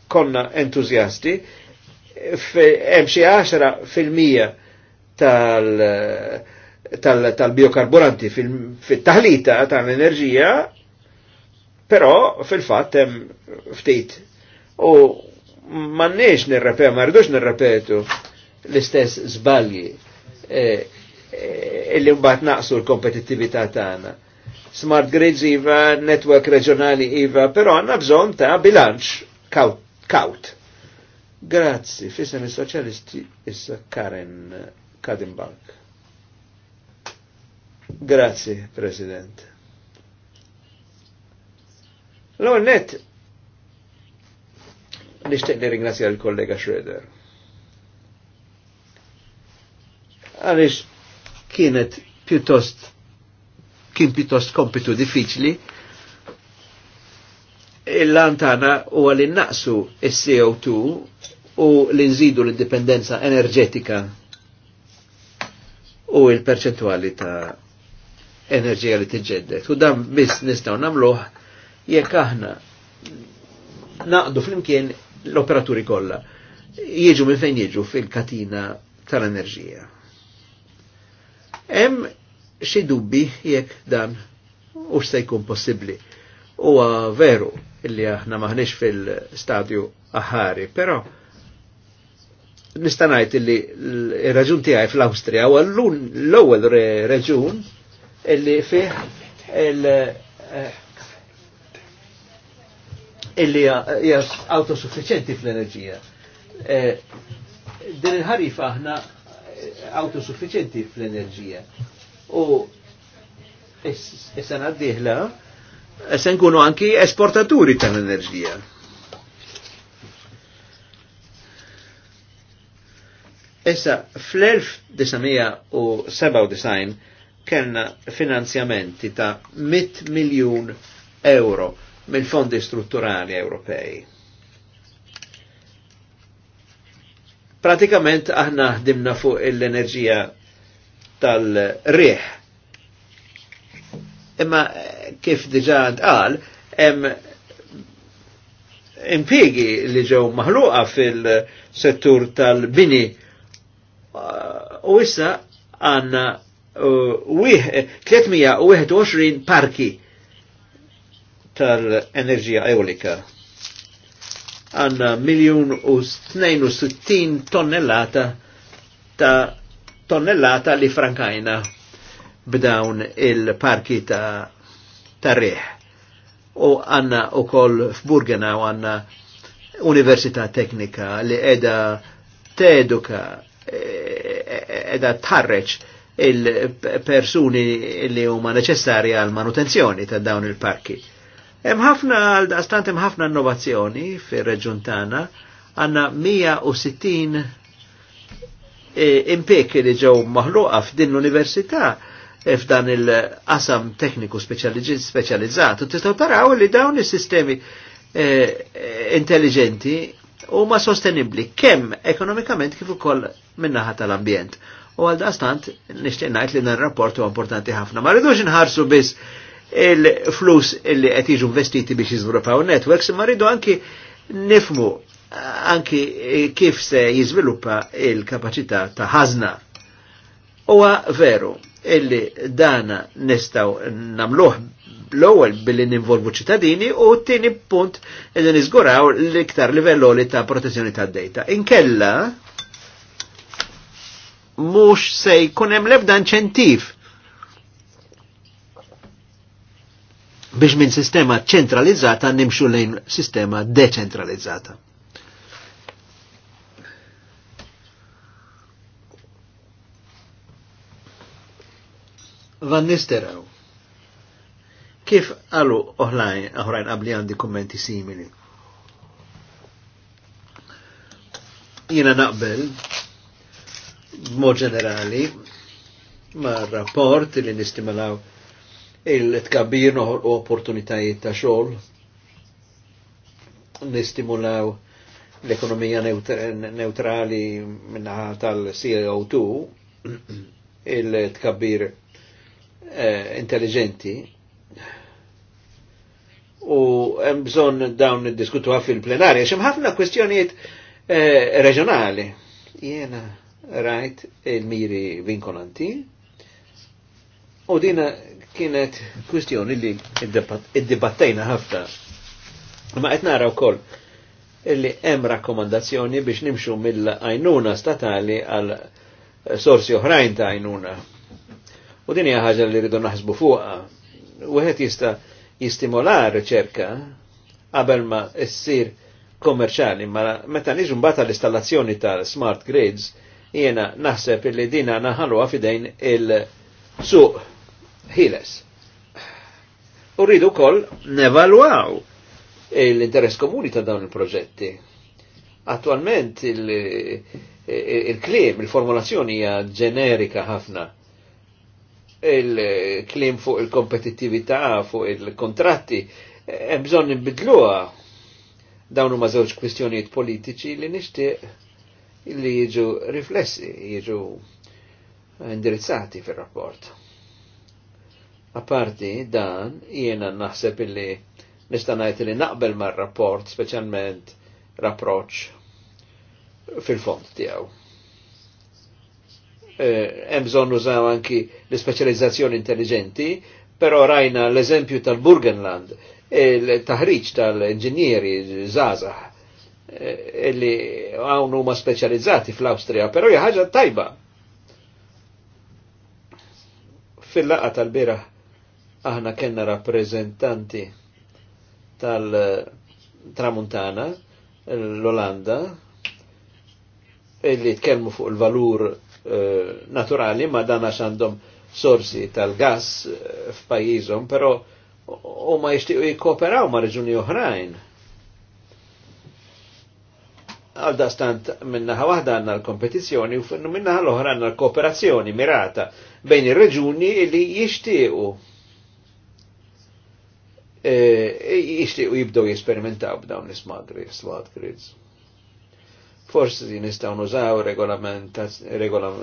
konna entuzjasti, hemm xi 10 tal- tal-biokarburanti tal fit-taħlita tal-enerġija, però fil-fatt hemm ftit. U m'għandniex nirrepetu, ma rridux nirrepetu l-istess żbalji e, e, illi mbagħad naqsu l-kompetittività tagħna. Smart grids iva, network reġjonali iva, però għandna bżonn ta' bilanċ kaut kaut. Grazzi, fissem il-soċjalisti issa Karen Kadimbank. Grazzi, President. L-għol net, nishtek li ringrazzja l-kollega Schroeder. Għalix kienet piuttost, kien piuttost kompitu diffiċli il-lantana u għalli naqsu il-CO2 u li nżidu l-indipendenza enerġetika u il-perċentuali ta' enerġija li t-ġeddet. U dan biss nistgħu nagħmluh jekk aħna naqdu flimkien l-operaturi kollha jiġu minn fejn jiġu fil-katina tal-enerġija. Hemm xi dubbi jekk dan u se jkun possibbli. Huwa veru illi aħna maħniex fil-stadju aħari, però nista' ngħid illi ir-raġun tiegħi fl-Awstrija huwa l-ewwel reġun illi fih il- eh, illi jas autosuffiċenti fl-enerġija. Eh, din il-ħarifa aħna eh, autosuffiċenti fl-enerġija. U is sanaddiħla E se nkunu anki esportaturi tal-enerġija. Issa, fl-1997 kellna finanzjamenti ta' 100 miljun euro mill-fondi strutturali Ewropej. Pratikament aħna ħdimna fuq l-enerġija tal-riħ. Imma kif diġa għal, em impiegi li ġew maħluqa fil-settur tal-bini u issa għanna 321 parki tal-enerġija eolika. Għanna miljon u 62 tonnellata ta' tonnellata li frankajna b'dawn il-parki ta' tar U għanna u koll f'Burgena u għanna Università Teknika li edha teduka, e, e, edha tħarreċ il-persuni li huma neċessarja għal manutenzjoni ta' dawn il-parki. Hemm ħafna għal daqstant hemm ħafna innovazzjoni fir-reġjun tana għandna 160 e, impek li ġew maħluqa f'din l-università f'dan il-qasam tekniku speċjalizzat, tistgħu taraw li dawn is-sistemi eh, eh, intelligenti huma sostenibbli kemm ekonomikament kif ukoll min-naħa tal-ambjent. U għal dastant, nixtieq ngħid li dan rapport huwa importanti ħafna. Ma rridux inħarsu biss il-flus li qed jiġu investiti biex jiżviluppaw networks, ma rridu anki nifmu anki eh, kif se jiżviluppa il-kapaċità ta' ħażna. Huwa veru illi dana nistaw namluħ l-ewwel billi ninvolvu ċittadini u t-tieni punt illi niżguraw l-iktar livell ta' protezzjoni ta' data. Inkella mhux se jkun hemm l-ebda inċentiv biex minn sistema ċentralizzata nimxu lejn sistema deċentralizzata. Van Nisteraw. Kif għalu oħlajn, oħrajn għabli għandi kommenti simili? Jina naqbel, mod ġenerali, ma' rapport li nistimalaw il-tkabbir u opportunitajiet ta' xogħol nistimulaw l-ekonomija neutrali minna tal-CO2 il-tkabbir Eh, intelligenti u hemm bżonn dawn niddiskutuha fil-plenarja x'hemm ħafna kwestjonijiet eh, reġjonali. Jiena rajt il-miri vinkolanti u dina kienet kwestjoni li iddibattejna ħafna. Ma qed nara wkoll illi hemm rakkomandazzjoni biex nimxu mill-għajnuna statali għal sorsi oħrajn ta' għajnuna U din hija ħaġa li rridu naħsbu fuqha. Wieħed jista' jistimolar riċerka qabel ma ssir kommerċali, ma meta niġu mbagħad l-installazzjoni ta' smart grids, jiena naħseb li għandna ħalluha fidejn il-suq ħiles. U rridu wkoll nevalwaw l-interess komuni ta' dawn il-proġetti. Attualment il-klim, il, il klim il formulazzjoni hija ġenerika ħafna il-klim fuq il-kompetittività, fuq il-kontratti, hemm bżonn nbidluha dawn huma żewġ kwistjonijiet politiċi li nixtieq li jiġu riflessi, jiġu indirizzati fir-rapport. Aparti dan jiena naħseb illi nista' ngħid li naqbel mar-rapport speċjalment rapproċ fil-fond tiegħu Eh, hemm bżonn użaw anki l-ispeċjalizzazzjoni intelligenti, però rajna l-eżempju tal-Burgenland, il-taħriġ tal-inġinieri żgħażagħ illi eh, hawn huma speċjalizzati fl-Awstrija, però hija ħaġa tajba. Fil-laqa tal-biraħ aħna kellna rappreżentanti tal-Tramuntana, l-Olanda, illi tkellmu fuq il-valur Eh, naturali ma dan għax għandhom sorsi tal-gas eh, f'pajjiżhom, però u ma jixtiequ jikkooperaw ma' reġuni oħrajn. Għal dastant minnaħa waħda għanna l-kompetizjoni u minnaħa l-oħra għanna l-kooperazzjoni mirata bejn ir-reġuni li jixtiequ eh, jixtiequ jibdew jesperimentaw b'dawn l-smart grids forsi nistaw nużaw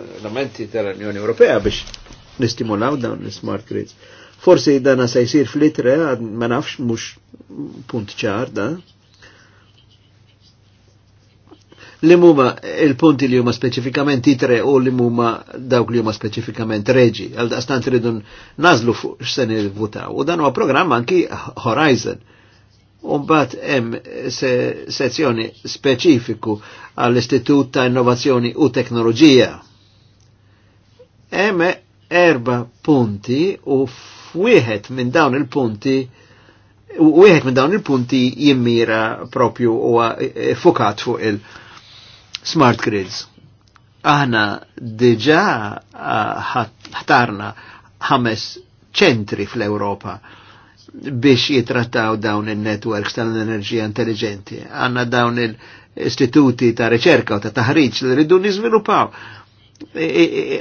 regolamenti tal-Unjoni Ewropea biex nistimulaw dawn l-smart grids. Forsi dana se jisir fl-itre, ma nafx mux punt ċar da. Li muma il-punti li huma speċifikament itre u li muma dawk li huma speċifikament reġi, għal da stant ridun nazlu fuq x'sen votaw U dan huwa programm anki Horizon Umbat hemm se sezzjoni speċifiku għall-Istitut ta' Innovazzjoni u Teknoloġija. Hemm erba punti u wieħed minn dawn il-punti u wieħed minn dawn il-punti jimmira propju u fukat fuq il-smart grids. Aħna diġa ah, ħtarna ħames ċentri fl-Europa biex jitrattaw dawn il-networks tal-enerġija intelligenti. Għanna dawn il-istituti ta' riċerka u ta' taħriġ li rridu nizvilupaw.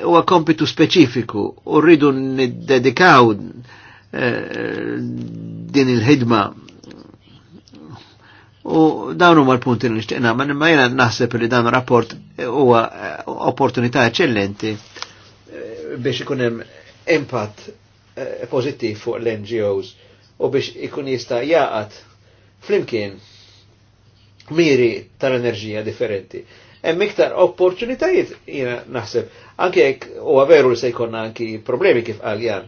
Huwa kompitu speċifiku u rridu niddedikaw eh, din il-ħidma u dawn huma l-punti li nixtieq ma imma jiena naħseb li dan rapport huwa opportunità eċċellenti eh, biex ikun hemm impatt eh, pozittiv fuq l-NGOs u biex ikun jista' jaqat flimkien miri tal-enerġija differenti. Hemm iktar opportunitajiet jiena naħseb, anke jekk huwa veru li se jkollna anki problemi kif qal Jan.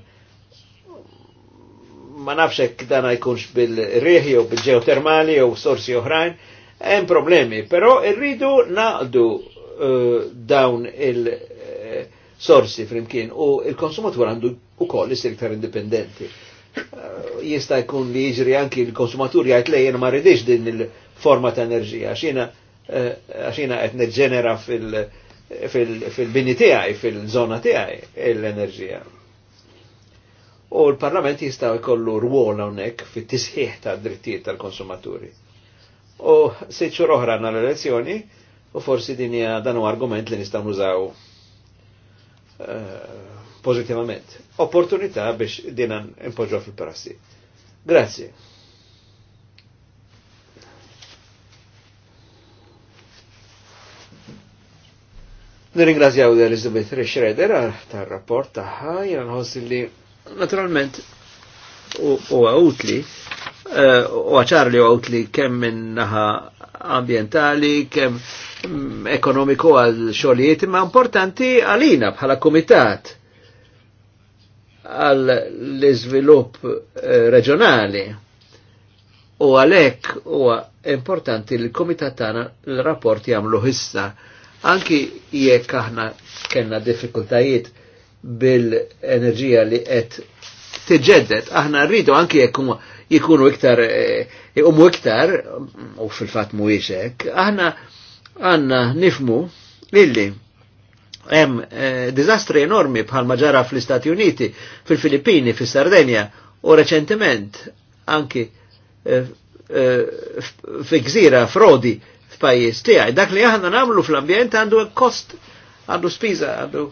Ma nafx hekk dan jkunx bil-riħi jew bil-ġeotermali jew sorsi oħrajn, hemm problemi, però rridu naqdu uh, dawn il- eh, sorsi flimkien u il-konsumatur għandu u koll jisir iktar indipendenti jista' jkun li jiġri anki l-konsumatur jgħid lejjen ma rridix din il-forma ta' enerġija għax jiena eh, qed niġġenera fil-bini tiegħi, fil-żona tiegħi l-enerġija. U l-Parlament jistgħu jkollu rwol hawnhekk fit-tisħiħ ta' drittijiet tal-konsumaturi. U sitt xhur oħra għandna l-elezzjoni u forsi din hija dan argument li nistgħu nużaw eh, pożittivament opportunità biex dinan impoġġaw fil-prassi. Grazie. Nirringrazzjaw di Elizabeth Schroeder tar rapport taħħa, jena nħoss li naturalment u għawtli, u eh, għacħar li għautli kemm minnaħa ambientali, kemm mm, ekonomiku għal xogħlijiet, ma importanti għalina bħala komitat għall-iżvilupp eh, reġjonali. U għalek huwa importanti li l kumitat tagħna l-rapport jagħmlu issa anki jekk aħna kellna diffikultajiet bil-enerġija li qed tiġeddet, aħna rridu anki jekk jikunu iktar jqumu eh, iktar u fil-fatt mhuwiex hekk, aħna għandna nifmu illi Hemm eh, diżastri enormi bħal ġara fl-Istati Uniti, fil-Filippini, fis-Sardenja u reċentiment anki eh, eh, fi gżira frodi f'pajjiż tiegħi. Dak li aħna nagħmlu fl-ambjent għandu kost għandu spiża għandu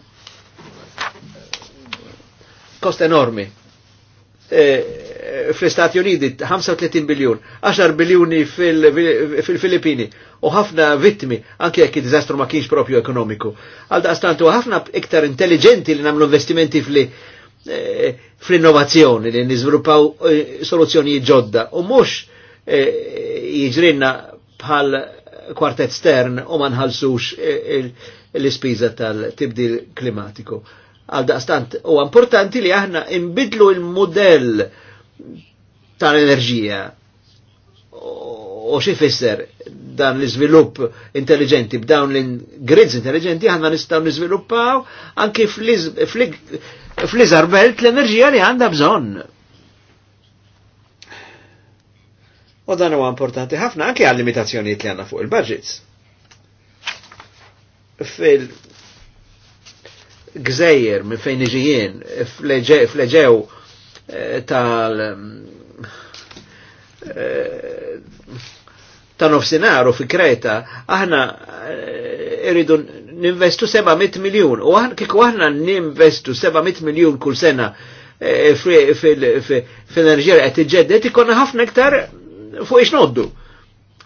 kost enormi. Eh, eh, fl-Istati Uniti 35 biljun, 10 biljuni fil-Filippini u ħafna vittmi, anke jekk id-dizastru ma kienx propju ekonomiku. Għal daqstant u ħafna iktar intelligenti li namlu investimenti eh, fl-innovazzjoni li nizvilupaw soluzzjoni ġodda u mux jiġrinna bħal kwartet stern u ma nħalsux l-ispiża tal-tibdil klimatiku. Għal daqstant, u importanti li aħna imbidlu il-modell tal-enerġija. U xi dan l-iżvilupp intelligenti b'dawn l-grids intelligenti aħna nistgħu niżviluppaw anki fl-iżar belt l-enerġija li għandha bżonn. U dan huwa importanti ħafna anke għal limitazzjonijiet li għandna fuq il-budgets gżejjer minn fejn iġijien fl eh, tal eh, ta' nofsinaru fi Kreta, aħna eh, irridu ninvestu 700 miljon, u aħna kiku aħna ninvestu 700 miljon kull sena fil-enerġija qed tiġġedded ikonna ħafna iktar fuq ix noddu,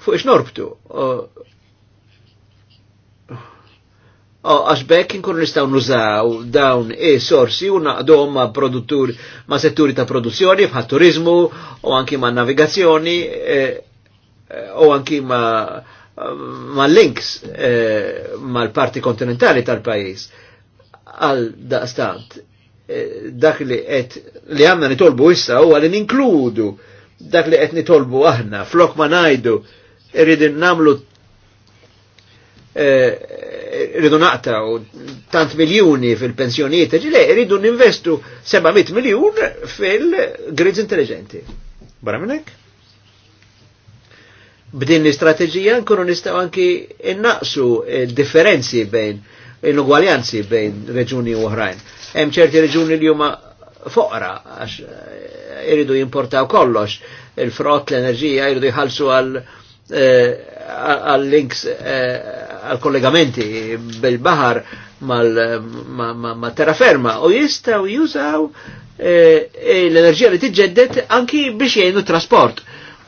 fuq ix norbtu għax bekk nkunu nistaw nużaw dawn e-sorsi u naqdom ma' produttur ma' setturi ta' produzzjoni bħal turizmu u anki ma' navigazzjoni e, e, u anki ma' ma' links e, ma' l-parti kontinentali tal-pajis għal daqstant dak li qed li għanna nitolbu issa u għalin ninkludu dak li qed nitolbu aħna flok ma' najdu irrid namlu Eh, rridu naqta u tant miljoni fil-pensjoniet, ġile, rridu ninvestu 700 miljon fil-grids intelligenti. Bara minnek? B'din l-istrateġija nkunu nistaw anki innaqsu differenzi bejn l-ugwaljanzi bejn reġuni oħrajn. Hemm ċerti reġuni li huma foqra għax eh, iridu jimportaw kollox il-frott l-enerġija jiridu jħalsu għal eh, għal-links għal-kollegamenti bil-bahar mal terraferma u jistaw jużaw eh, eh, l-enerġija li tiġġeddet anki biex jgħinu trasport.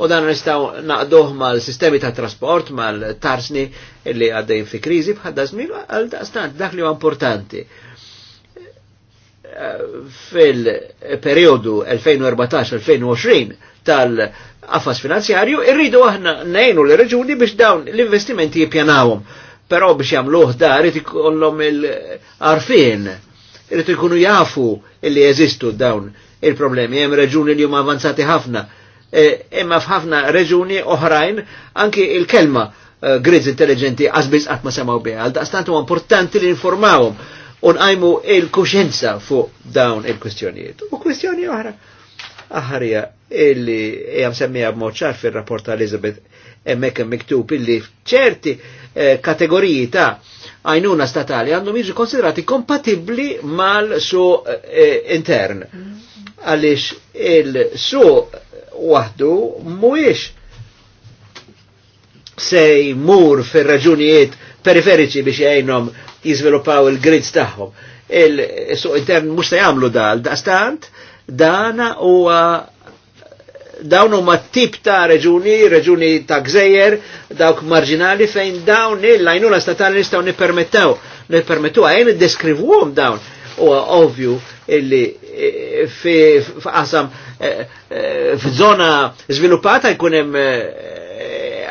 U dan nistaw naqduh mal-sistemi ta' trasport, mal-tarsni li għaddejn fi krizi bħadda żmien għal-daqstant dak li huwa importanti eh, fil-periodu 2014-2020 tal- Affas finanzjarju, irridu aħna nejnu l-reġuni biex dawn l-investimenti jipjanawhom. Però biex jagħmluh da rrit ikollhom il-arfin, rrit ikunu jafu illi jeżistu dawn il-problemi. Hemm reġuni li huma avanzati ħafna. E, imma f'ħafna reġuni oħrajn anki il-kelma e, grids intelligenti għazbiz għatma ma semaw biha. Għal daqstant importanti li informawhom u nqajmu il-kuxenza fuq dawn il-kwistjonijiet. U kwistjoni oħra aħarja illi jgħam semmija b ċar fir-rapport ta' Elizabeth hemmhekk miktub illi ċerti eh, kategoriji ta' għajnuna statali għandhom jiġu konsiderati kompatibbli mal-su eh, intern. Għaliex il-su waħdu mhuwiex se mur fil raġunijiet periferiċi biex jgħajnom jiżviluppaw il-grids tagħhom. il su intern mhux se jagħmlu dal daqstant Dana u dawn huma tip ta' reġuni, reġuni ta' gżejjer, dawk marġinali fejn dawn il-lajnuna statali nistaw nipermettaw, nipermettu għajn id-deskrivuhom dawn. U ovvju illi e, f'qasam e, e, f'zona żviluppata jkunem hemm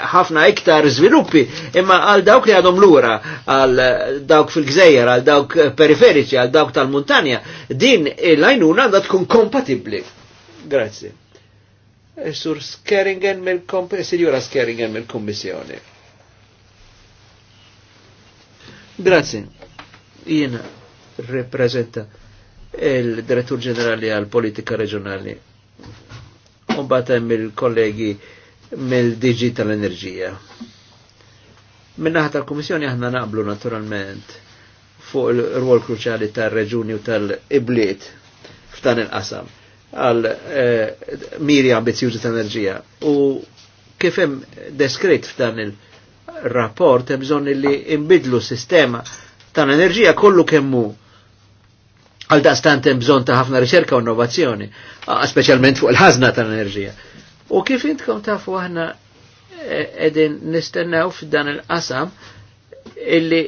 ħafna iktar sviluppi imma għal dawk li għadhom lura, għal dawk fil-gżejjer, għal dawk periferiċi, għal dawk tal-muntanja, din l-għajnuna għandha tkun kompatibbli. Grazzi. E sur Skeringen mill-Sinjura e Skeringen mill-Kommissjoni. Grazzi. Jiena reprezenta il-Direttur Ġenerali għal Politika Reġjonali. Umbat hemm il-kollegi mill-DG tal-Enerġija. Minnaħat tal-Komissjoni aħna naqblu naturalment fuq il-rwol kruċali tal-reġuni u tal-ibliet f'dan il-qasam għal eh, miri ambizjużi tal enerġija. U kif hemm deskritt f'dan il-rapport hemm bżonn li imbidlu sistema ta' enerġija kollu kemmu għal daqstant hemm bżonn ta' ħafna riċerka u innovazzjoni, speċjalment fuq il-ħażna tal enerġija. U kif intkom tafu aħna e, edin nistennew f'dan il-qasam illi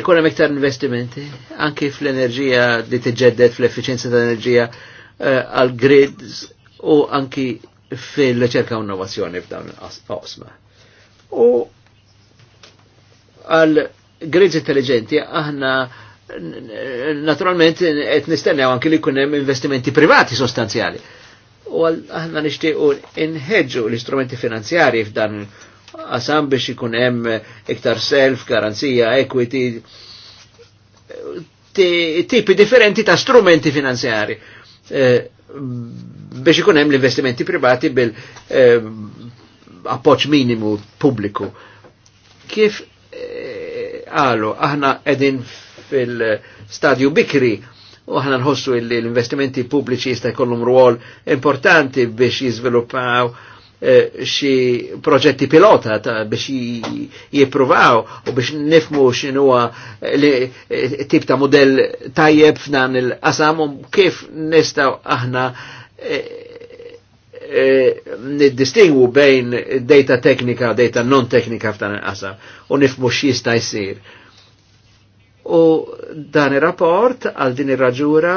ikonem iktar investimenti anki fl-enerġija li t-ġeddet fl efficienza ta' enerġija e, għal grids u anki fil ċerka u innovazzjoni f'dan il-qasma. U għal grids intelligenti aħna naturalment e, et nistennew anki li jkun hemm investimenti privati sostanzjali u aħna nishtiqu inħedġu l-istrumenti finanzjari f'dan għasam biex ikun hemm iktar self, garanzija, equity, tipi differenti ta' strumenti finanzjari eh, biex ikun hemm l-investimenti privati bil eh, appoġġ minimu pubbliku. Kif eh, għalu, aħna edin fil-stadju bikri u aħna nħossu li l-investimenti pubbliċi jista' jkollhom rwol importanti biex jiżviluppaw eh, xi proġetti pilota biex jippruvaw u biex nifmu x'inhuwa eh, eh, tip ta' modell tajjeb f'dan il-qasam u kif nistgħu aħna e, niddistingwu bejn data teknika u data non teknika f'dan il-qasam u nifmu x'jista' jsir u dan il rapport għal din il raġura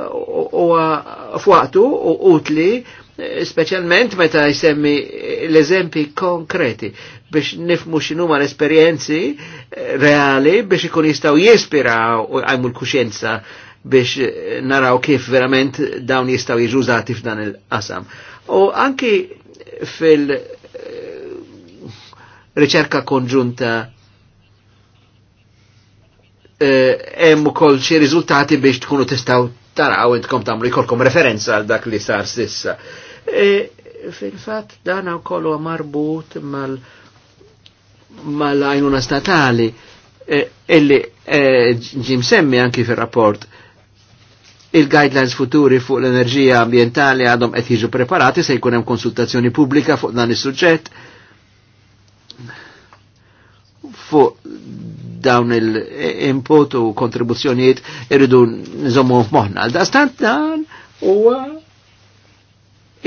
u fuqtu u utli specialment meta jsemmi l-eżempi konkreti biex nifmu xinuma l esperienzi eh, reali biex ikun jistgħu jispira u għajmu l-kuxjenza biex eh, naraw kif verament dawn jistgħu jiġużati f'dan il-qasam. U anki fil- eh, riċerka konġunta Eh, hemm ukoll xi riżultati biex tkunu tistgħu taraw intkom tagħmlu jkollkom referenza għal dak li sar sissa. E, fil-fatt dan wkoll huwa marbut mal mal-għajnuna statali e, illi e, ġim semmi anki fil-rapport il-guidelines futuri fuq l-enerġija ambientali għadhom qed jiġu preparati se jkun hemm konsultazzjoni pubblika fuq dan is-suġġett fuq dawn il-input u kontribuzzjoniet irridu nżommu moħna. Għal-dastant dan u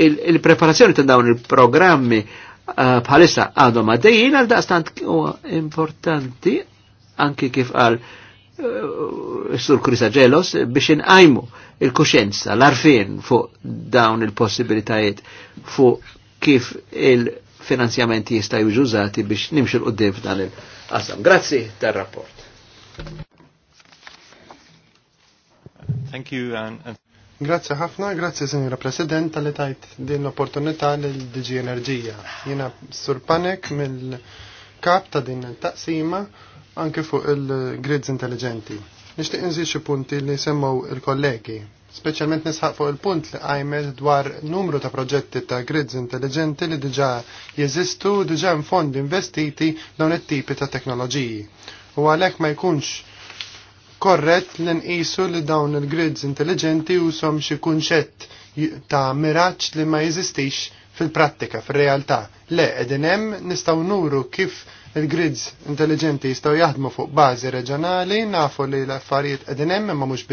il-preparazzjoni ta' dawn il-programmi eh, bħalissa għadhom għaddejjin għal-dastant u importanti anki kif għal eh, Sur Krisagelos biex inqajmu il-kuxenza, l-arfin fuq dawn il-possibilitajiet fuq kif il- finanzjamenti jista' jużati biex nimxu l-qoddim f'dan il- qasam. Grazzi tar-rapport.
Thank you and, and... Grazie ħafna, grazie Signora President tal tajt din l-opportunità l-DG Enerġija. Jena surpanek mill-kap ta' din taqsima anke fuq il-grids intelligenti. Nishtiq nżid xi punti li semmew il-kollegi Speċjalment nisħaq fuq il-punt li għajmet dwar numru ta' proġetti ta' grids intelligenti li diġa jeżistu u diġa fondi investiti dawn it-tipi ta' teknoloġiji. U għalhekk ma jkunx korrett li nqisu li dawn il-grids intelligenti u xi kunċett ta' miraġġ li ma jeżistix fil-prattika, fil-realtà, Le, edinem, hemm nistgħu nuru kif il-grids intelligenti jistgħu jaħdmu fuq bażi reġjonali, nafu li l-affarijiet qegħdin hemm imma mhux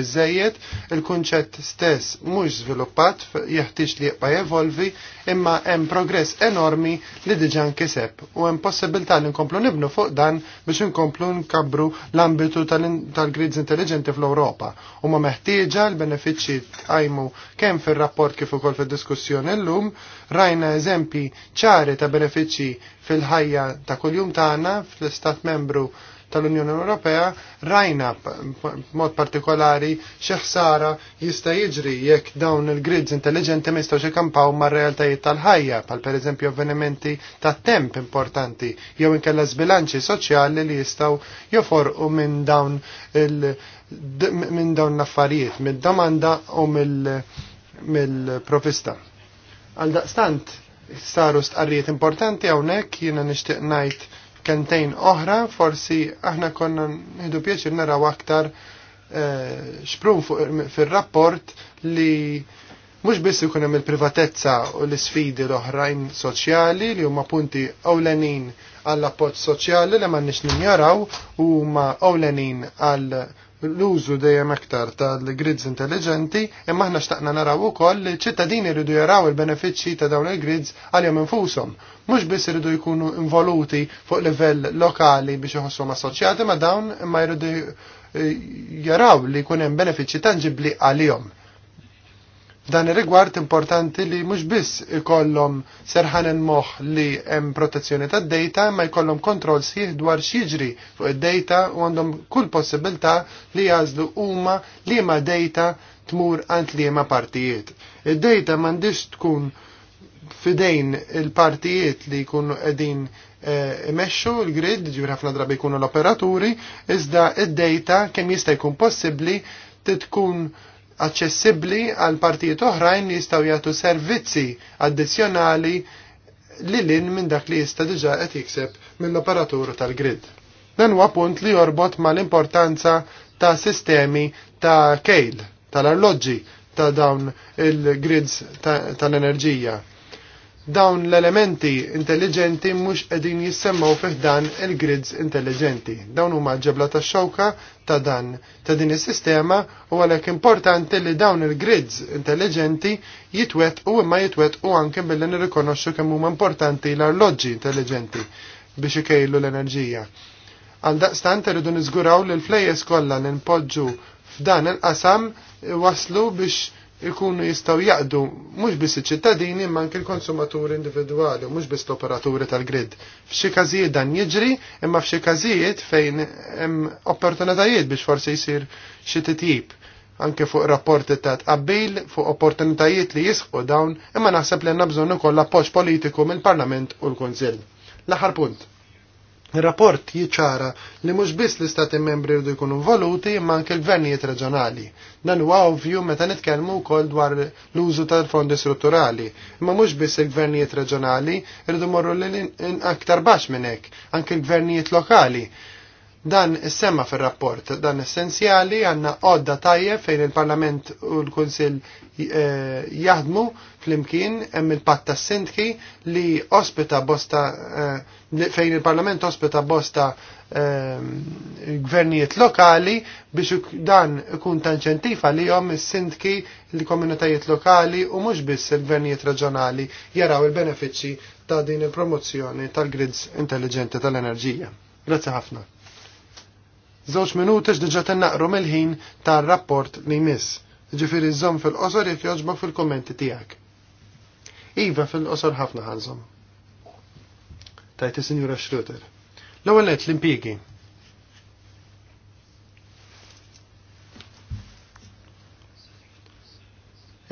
il-kunċett stess mhux żviluppat jeħtieġ li jibba jevolvi, imma hemm progress enormi li diġà nkiseb u hemm possibilità li nkomplu nibnu fuq dan biex inkomplu nkabru l-ambitu tal-grids intelligenti fl-Ewropa. U ma meħtieġa l-benefiċċji tqajmu kemm fir-rapport kif ukoll fid-diskussjoni llum, rajna eżempi ċari ta' benefiċċji fil-ħajja ta' kuljum tagħna fl-Istat membru tal-Unjoni Ewropea rajna mod partikolari xi ħsara jista' jiġri jekk dawn il-grids intelligenti ma jistgħux kampaw mar-realtajiet tal-ħajja, bħal pereżempju avvenimenti ta' temp importanti jew inkella sbilanċi soċjali li jistgħu joforqu minn dawn il minn dawn l-affarijiet, mid-domanda u mill-provista. Għal daqstant, saru stqarrijiet importanti hawnhekk jiena nixtieq ngħid kentejn oħra, forsi aħna konna nħidu pjaċir naraw aktar eh, xprun fil-rapport li mux biss ikun hemm il-privatezza u l-sfidi l-oħrajn soċjali li huma punti ewlenin għall appoġġ soċjali li m'għandniex ninjaraw u huma ewlenin għall l-użu dejjem aktar tal-grids intelligenti, imma aħna xtaqna naraw ukoll li ċittadini rridu jaraw il-benefiċċji ta' dawn il-grids għalhom infushom. Mhux biss iridu jkunu involuti fuq livell lokali biex iħossuhom assoċjati ma' dawn imma jridu eh, jaraw li jkun hemm benefiċċji tanġibbli għalihom Dan ir-rigward importanti li mhux biss ikollhom serħan il-moħħ li hemm protezzjoni tad-data ma jkollhom kontroll sħiħ dwar x'jiġri fuq id-data u għandhom kull possibilità li jażlu huma liema data tmur għand liema partijiet. Id-data m'għandix tkun fidejn il-partijiet li jkunu qegħdin eh, imexxu l-grid, ġifier ħafna drabi jkunu l-operaturi, iżda id-data kemm jista' jkun possibbli titkun tkun aċċessibbli għal partijiet oħrajn li jistgħu jagħtu servizzi addizzjonali li lin minn dak li jista' diġà qed jikseb mill-operatur tal-grid. Dan huwa punt li jorbot mal-importanza ta' sistemi ta' kejl, tal-arloġġi ta' dawn il-grids tal-enerġija. Ta dawn l-elementi intelligenti mhux qegħdin jissemmaw fih dan il-grids intelligenti. Dawn huma ġebla ta' xewka ta' dan ta' din is-sistema u għalhekk importanti li dawn il-grids intelligenti jitwet u imma jitwet u anke billi nirrikonoxxu kemm huma importanti l-arloġġi intelligenti biex ikejlu l-enerġija. Għaldaqstant irridu niżguraw li l-flejjes kollha li npoġġu f'dan il-qasam waslu biex ikunu jistaw jaqdu mhux biss iċ-ċittadini imma anke l-konsumaturi individwali u mhux biss l-operaturi tal-grid. F'xi każijiet dan jiġri imma f'xi każijiet fejn hemm opportunitajiet biex forsi jsir xi titjib anke fuq rapporti ta' tqabbil fuq opportunitajiet li jisħu dawn imma naħseb li għandna bżonn ukoll appoġġ politiku mill-Parlament u l-Kunsill. L-aħħar punt. Il-rapport jiċara li mhux biss l-istati membri rridu jkunu involuti imma anke l-gvernijiet reġjonali. Dan huwa ovvju meta nitkellmu wkoll dwar l-użu tal-fondi strutturali, imma mhux biss il-gvernijiet reġjonali rridu morru lil aktar baxx minn hekk, anke l-gvernijiet lokali Dan is-semma fil-rapport, dan essenzjali għanna għodda tajje fejn il-Parlament u l-Kunsil eh, jaħdmu fl-imkien hemm il-patta sintki li ospita bosta eh, fejn il-Parlament ospita bosta eh, gvernijiet lokali biex dan ikun ta' li jom is-sintki l-komunitajiet lokali u mhux biss il-gvernijiet raġjonali jaraw il-benefiċċji ta' din il-promozzjoni tal-grids intelligenti tal-enerġija. Grazzi ħafna. Żewġ minuti diġa tennaqru mill-ħin tar-rapport li jmiss. Ġifiri zom fil-qosor jekk jogħġbok fil-kommenti tiegħek. Iva fil-qosor ħafna ħanżom. Tajti Sinjura Schroeder. L-ewwel l impiegi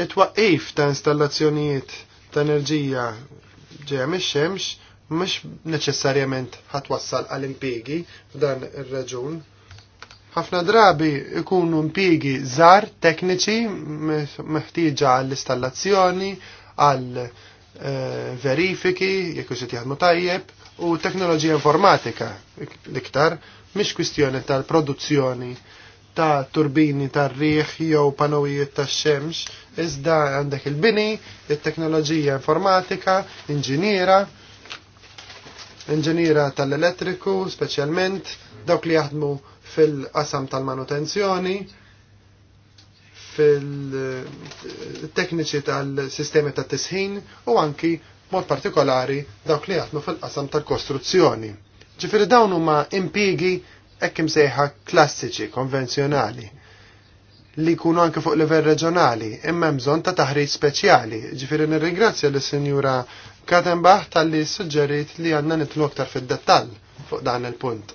it-waqqif ta' installazzjonijiet ta' enerġija ġeja mix-xemx mhux neċessarjament ħatwassal għal impiegi f'dan ir-raġun ħafna drabi ikunu impigi żgħar tekniċi meħtieġa għall-installazzjoni, għall eh, verifiki, jekk iġet jaħdmu tajjeb, u teknoloġija informatika l-iktar, mhix kwistjoni tal-produzzjoni ta' turbini tar riħ jew panowijiet tax xemx, iżda għandek il-bini, it-teknoloġija informatika, inġiniera, inġiniera tal-elettriku, speċjalment dawk li jaħdmu fil-qasam tal-manutenzjoni, fil-tekniċi tal-sistemi ta' tisħin u anki mod partikolari dawk li jaħdmu fil-qasam tal-kostruzzjoni. Ġifiri dawn huma impigi ekkim sejħa klassiċi, konvenzjonali li jkunu anke fuq livell reġjonali, imma bżonn ta' taħriġ speċjali. Ġifieri nirringrazzja lis sinjura Kadenbach tal-li suġġerit li għandna nitlu aktar fid-dettall fuq dan il-punt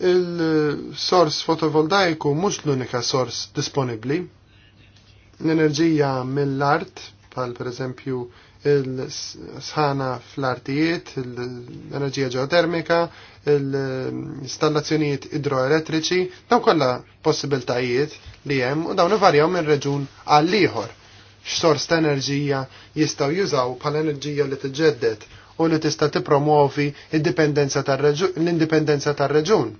il-sors fotovoltaiku mhux l-unika sors disponibbli. L-enerġija mill-art, per pereżempju il-sħana fl-artijiet, l-enerġija ġeotermika, l-installazzjonijiet idroelettriċi, daw kollha possibiltajiet li hemm u dawn ivarjaw minn reġun għal ieħor. X'sors ta' enerġija jistgħu jużaw pal enerġija li t-ġeddet u li tista' tippromovi l-indipendenza tar-reġun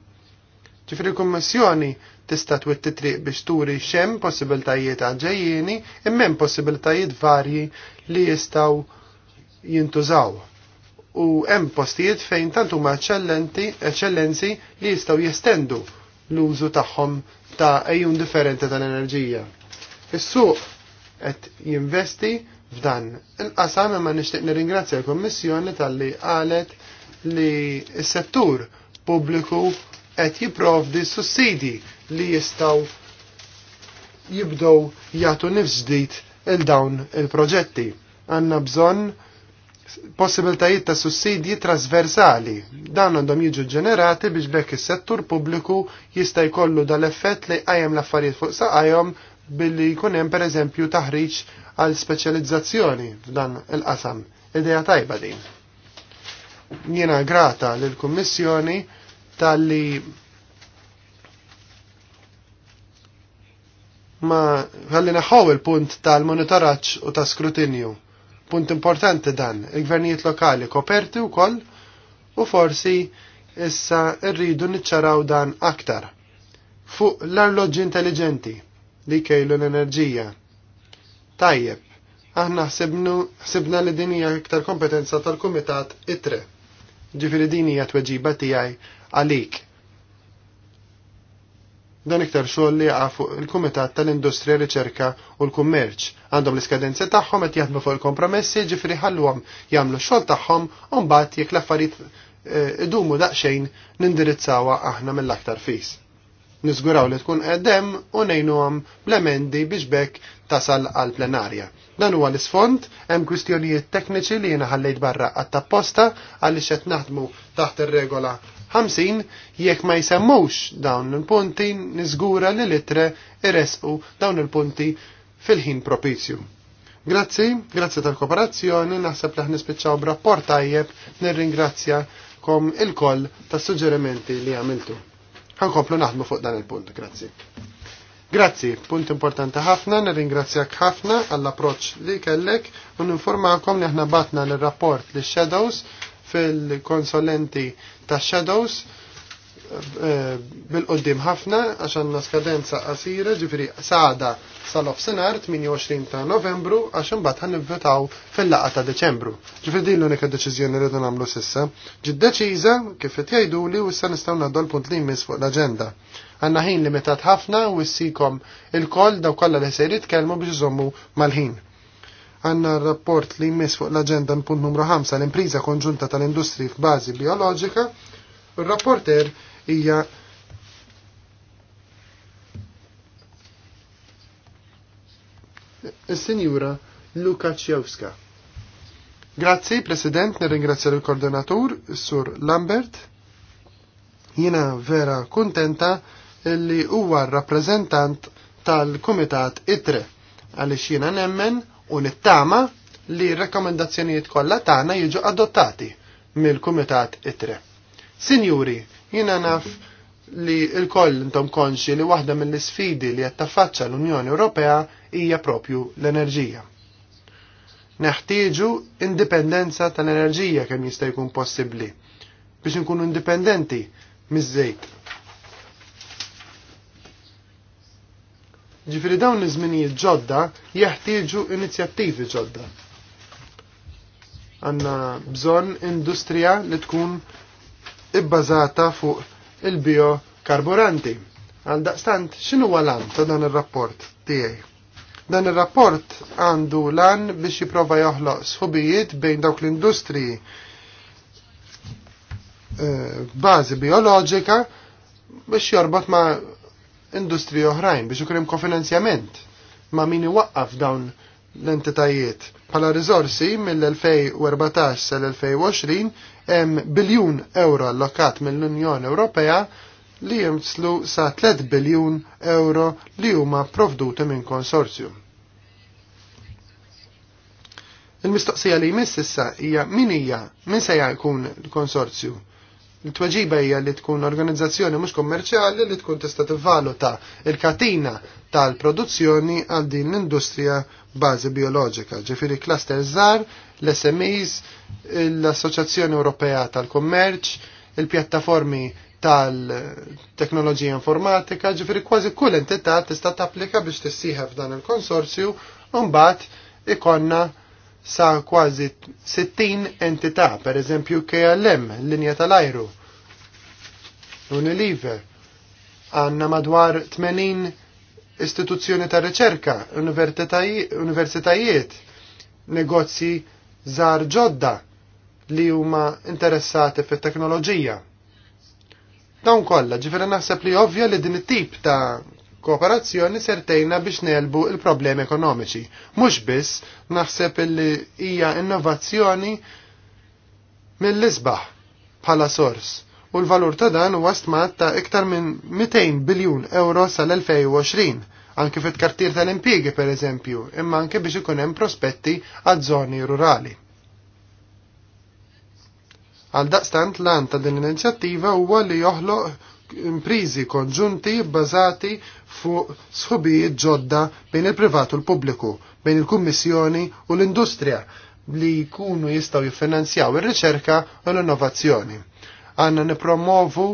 ċifri l-Kummissjoni tista' twet titriq biex turi xem possibiltajiet għalġejjieni immen possibiltajiet varji li jistgħu jintużaw. U hemm postijiet fejn tant huma eċċellenzi li jistgħu jestendu l-użu tagħhom ta' ejjun differenti tal-enerġija. Is-suq qed jinvesti f'dan. Il-qasam ma nixtieq nirringrazzja l-Kummissjoni talli qalet li s-settur pubbliku qed jipprovdi sussidi li jistgħu jibdow jagħtu nifs il dawn il-proġetti. Għanna bżonn possibiltajiet ta' sussidji trasversali. Dan għandhom jiġu ġenerati biex bekk is-settur pubbliku jista' jkollu dal-effett li qajjem l-affarijiet fuq saqajhom billi jkun hemm pereżempju taħriġ għal speċjalizzazzjoni f'dan il-qasam. Ideja tajba din. Jiena grata lill kummissjoni tal-li ma għalli naħħaw il-punt tal-monitoraċ u ta' skrutinju. Punt importanti dan, il-gvernijiet lokali koperti u koll u forsi issa irridu niċċaraw dan aktar. Fuq l-arloġġi intelligenti li kejlu l-enerġija. Tajjeb, aħna ħsibna li dinija iktar kompetenza tal-Kumitat ITRE. Ġifiri dinija tweġiba tijaj għalik. Dan iktar xogħol li fuq il-Kumitat tal-Industrija, Riċerka u l-Kummerċ. Għandhom l iskadenza tagħhom qed jaħdmu fuq il-kompromessi, ġifri ħalluhom jagħmlu x-xogħol tagħhom u mbagħad jekk l-affarijiet eh, idumu daqsxejn nindirizzawha aħna mill-aktar fis. Niżguraw li tkun qedem u ngħinuhom bl-emendi biex bekk tasal għal plenarja. Dan huwa l-isfond, hemm kwistjonijiet tekniċi li jiena ħallejt barra għat-tapposta għaliex qed naħdmu taħt ir-regola 50 jekk ma jsemmux dawn il-punti niżgura li litre irresqu dawn il-punti fil-ħin propizju. Grazzi, grazzi tal-kooperazzjoni, naħseb li ħnispiċċaw b'rapport tajjeb, nirringrazzjakom il-koll tas-suġġerimenti li għamiltu. Ħankomplu naħdmu fuq dan il-punt, grazzi. Grazzi, punt importanti ħafna, nirringrazzjak ħafna għall-approċ li kellek u informakom li aħna batna l-rapport li Shadows fil-konsolenti ta' Shadows eh, bil-qoddim ħafna għax għandna skadenza qasira ġifri saħda sal senar 28 ta' novembru għax imbagħad nivvetaw fil-laqgħa ta' Deċembru. Ġifri din l-unika deċiżjoni li nagħmlu sissa. Ġiddeċiża kif qed jgħiduli u issa nistgħu ngħaddu l-punt li jmiss fuq l-aġenda. Għandna ħin limitat ħafna u ssikom il-koll daw kollha li se jitkellmu biex iżommu mal-ħin. Għanna rapport li jmiss fuq l-agenda punt numru 5 l-impriża konġunta tal-industri f'bażi bioloġika. Il-rapporter hija il-Sinjura Luka Ċjewska. Grazzi, President, nirringrazzja l-Koordinatur, Sur Lambert. Jina vera kontenta li huwa rappresentant tal-Kumitat ITRE għaliex jina nemmen u nittama li r-rekomendazzjonijiet kollha tagħna jiġu adottati mill-Kumitat ITRE. Sinjuri, jiena naf li l-koll intom konxi li waħda mill-isfidi li qed taffaċċa l-Unjoni Ewropea hija propju l-enerġija. Neħtieġu indipendenza tal-enerġija kemm jista' jkun possibbli biex inkunu indipendenti miż-żejt Ġifiri dawn iż-żminijiet ġodda jeħtieġu inizjattivi ġodda. Għanna bżonn industrija li tkun ibbażata fuq il-biokarburanti. Għal daqstant, xinu għalan ta' dan il-rapport tiegħi? Dan il-rapport għandu lan biex jiprofa joħloq sħubijiet bejn dawk l-industriji eh, bazi bioloġika biex jorbot ma' Industrija oħrajn biex ikun hemm kofinanzjament ma' min iwaqqaf dawn l-entitajiet. Bħala rizorsi mill-2014 sal-2020 hemm biljun euro allokat mill-Unjoni Ewropea li jimslu sa 3 biljun euro li huma provduti minn konsorzju. Il-mistoqsija li jmiss issa hija min hija min se jkun l-konsorzju Il-tweġiba hija li tkun organizzazzjoni mhux kommerċjali li tkun tista' tivvaluta il-katina tal-produzzjoni għal din l-industrija bażi bioloġika, ġifieri cluster żgħar, l-SMEs, l-Assoċjazzjoni Ewropea tal-Kummerċ, il-pjattaformi tal-teknoloġija informatika, ġifieri kważi kull entità tista' tapplika biex tissieħ f'dan il-konsorzju u mbagħad ikonna sa kważi 60 entità, per eżempju KLM, linja tal-ajru, Unilever, għanna madwar 80 istituzzjoni ta' riċerka, universitajiet, negozji żar ġodda li huma interessati fit-teknoloġija. Dawn kollha, ġifieri naħseb li ovvja li din it-tip ta' kooperazzjoni sertejna biex nelbu il-problemi ekonomiċi. Mhux biss naħseb li hija innovazzjoni mill-isbaħ bħala sors u l-valur ta' dan huwa stmat ta' iktar minn 200 biljun euro sal-2020 anke fit kartir tal-impjiegi per eżempju, imma anke biex ikun hemm prospetti għad żoni rurali. Għal daqstant l-an ta' din l-inizjattiva huwa li joħloq imprizi konġunti bbażati fuq sħubijiet ġodda bejn il-privat u l-pubbliku, bejn il-kummissjoni u l-industrija li jkunu jistaw jiffinanzjaw ir-riċerka u l-innovazzjoni. Għanna nipromovu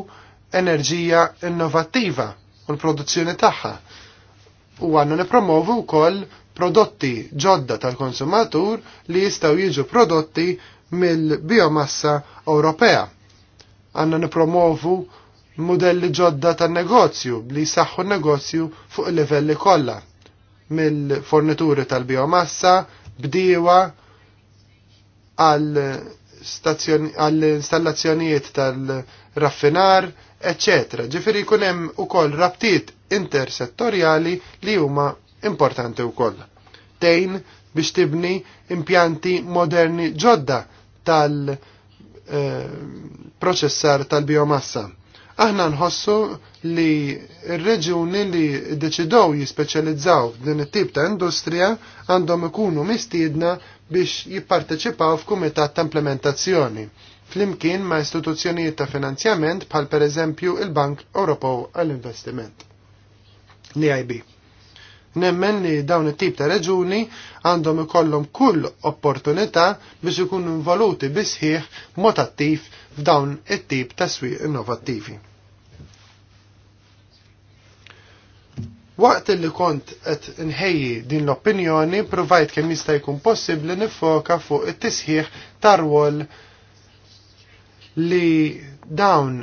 enerġija innovativa u l-produzzjoni tagħha. U għanna nipromovu wkoll prodotti ġodda tal-konsumatur li jistaw jiġu prodotti mill-biomassa Ewropea. Għanna nipromovu modelli ġodda ta' negozju li jisaxħu negozju fuq il-livelli kollha mill-fornituri tal-biomassa, bdiewa għall-installazzjonijiet tal-raffinar, eccetera. Ġifiri jkun hemm ukoll rabtiet intersettorjali li huma importanti wkoll. Tejn biex tibni impjanti moderni ġodda tal-proċessar eh, tal-biomassa Aħna nħossu li r-reġuni li deċidow jispeċjalizzaw din it-tip ta' industrija għandhom ikunu mistiedna biex jipparteċipaw f'kumitat ta' implementazzjoni flimkien ma' istituzzjonijiet ta' finanzjament bħal pereżempju il-Bank Ewropew għall-Investiment. l-IB. Nemmen li dawn it-tip ta' reġuni għandhom ikollhom kull opportunità biex ikunu involuti bisħieħ mod attiv f'dawn it-tip ta' swieq innovattivi. Waqt li kont qed nħejji din l-opinjoni, provajt kemm jista' jkun possibbli nifoka fuq it-tisħiħ tarwol li dawn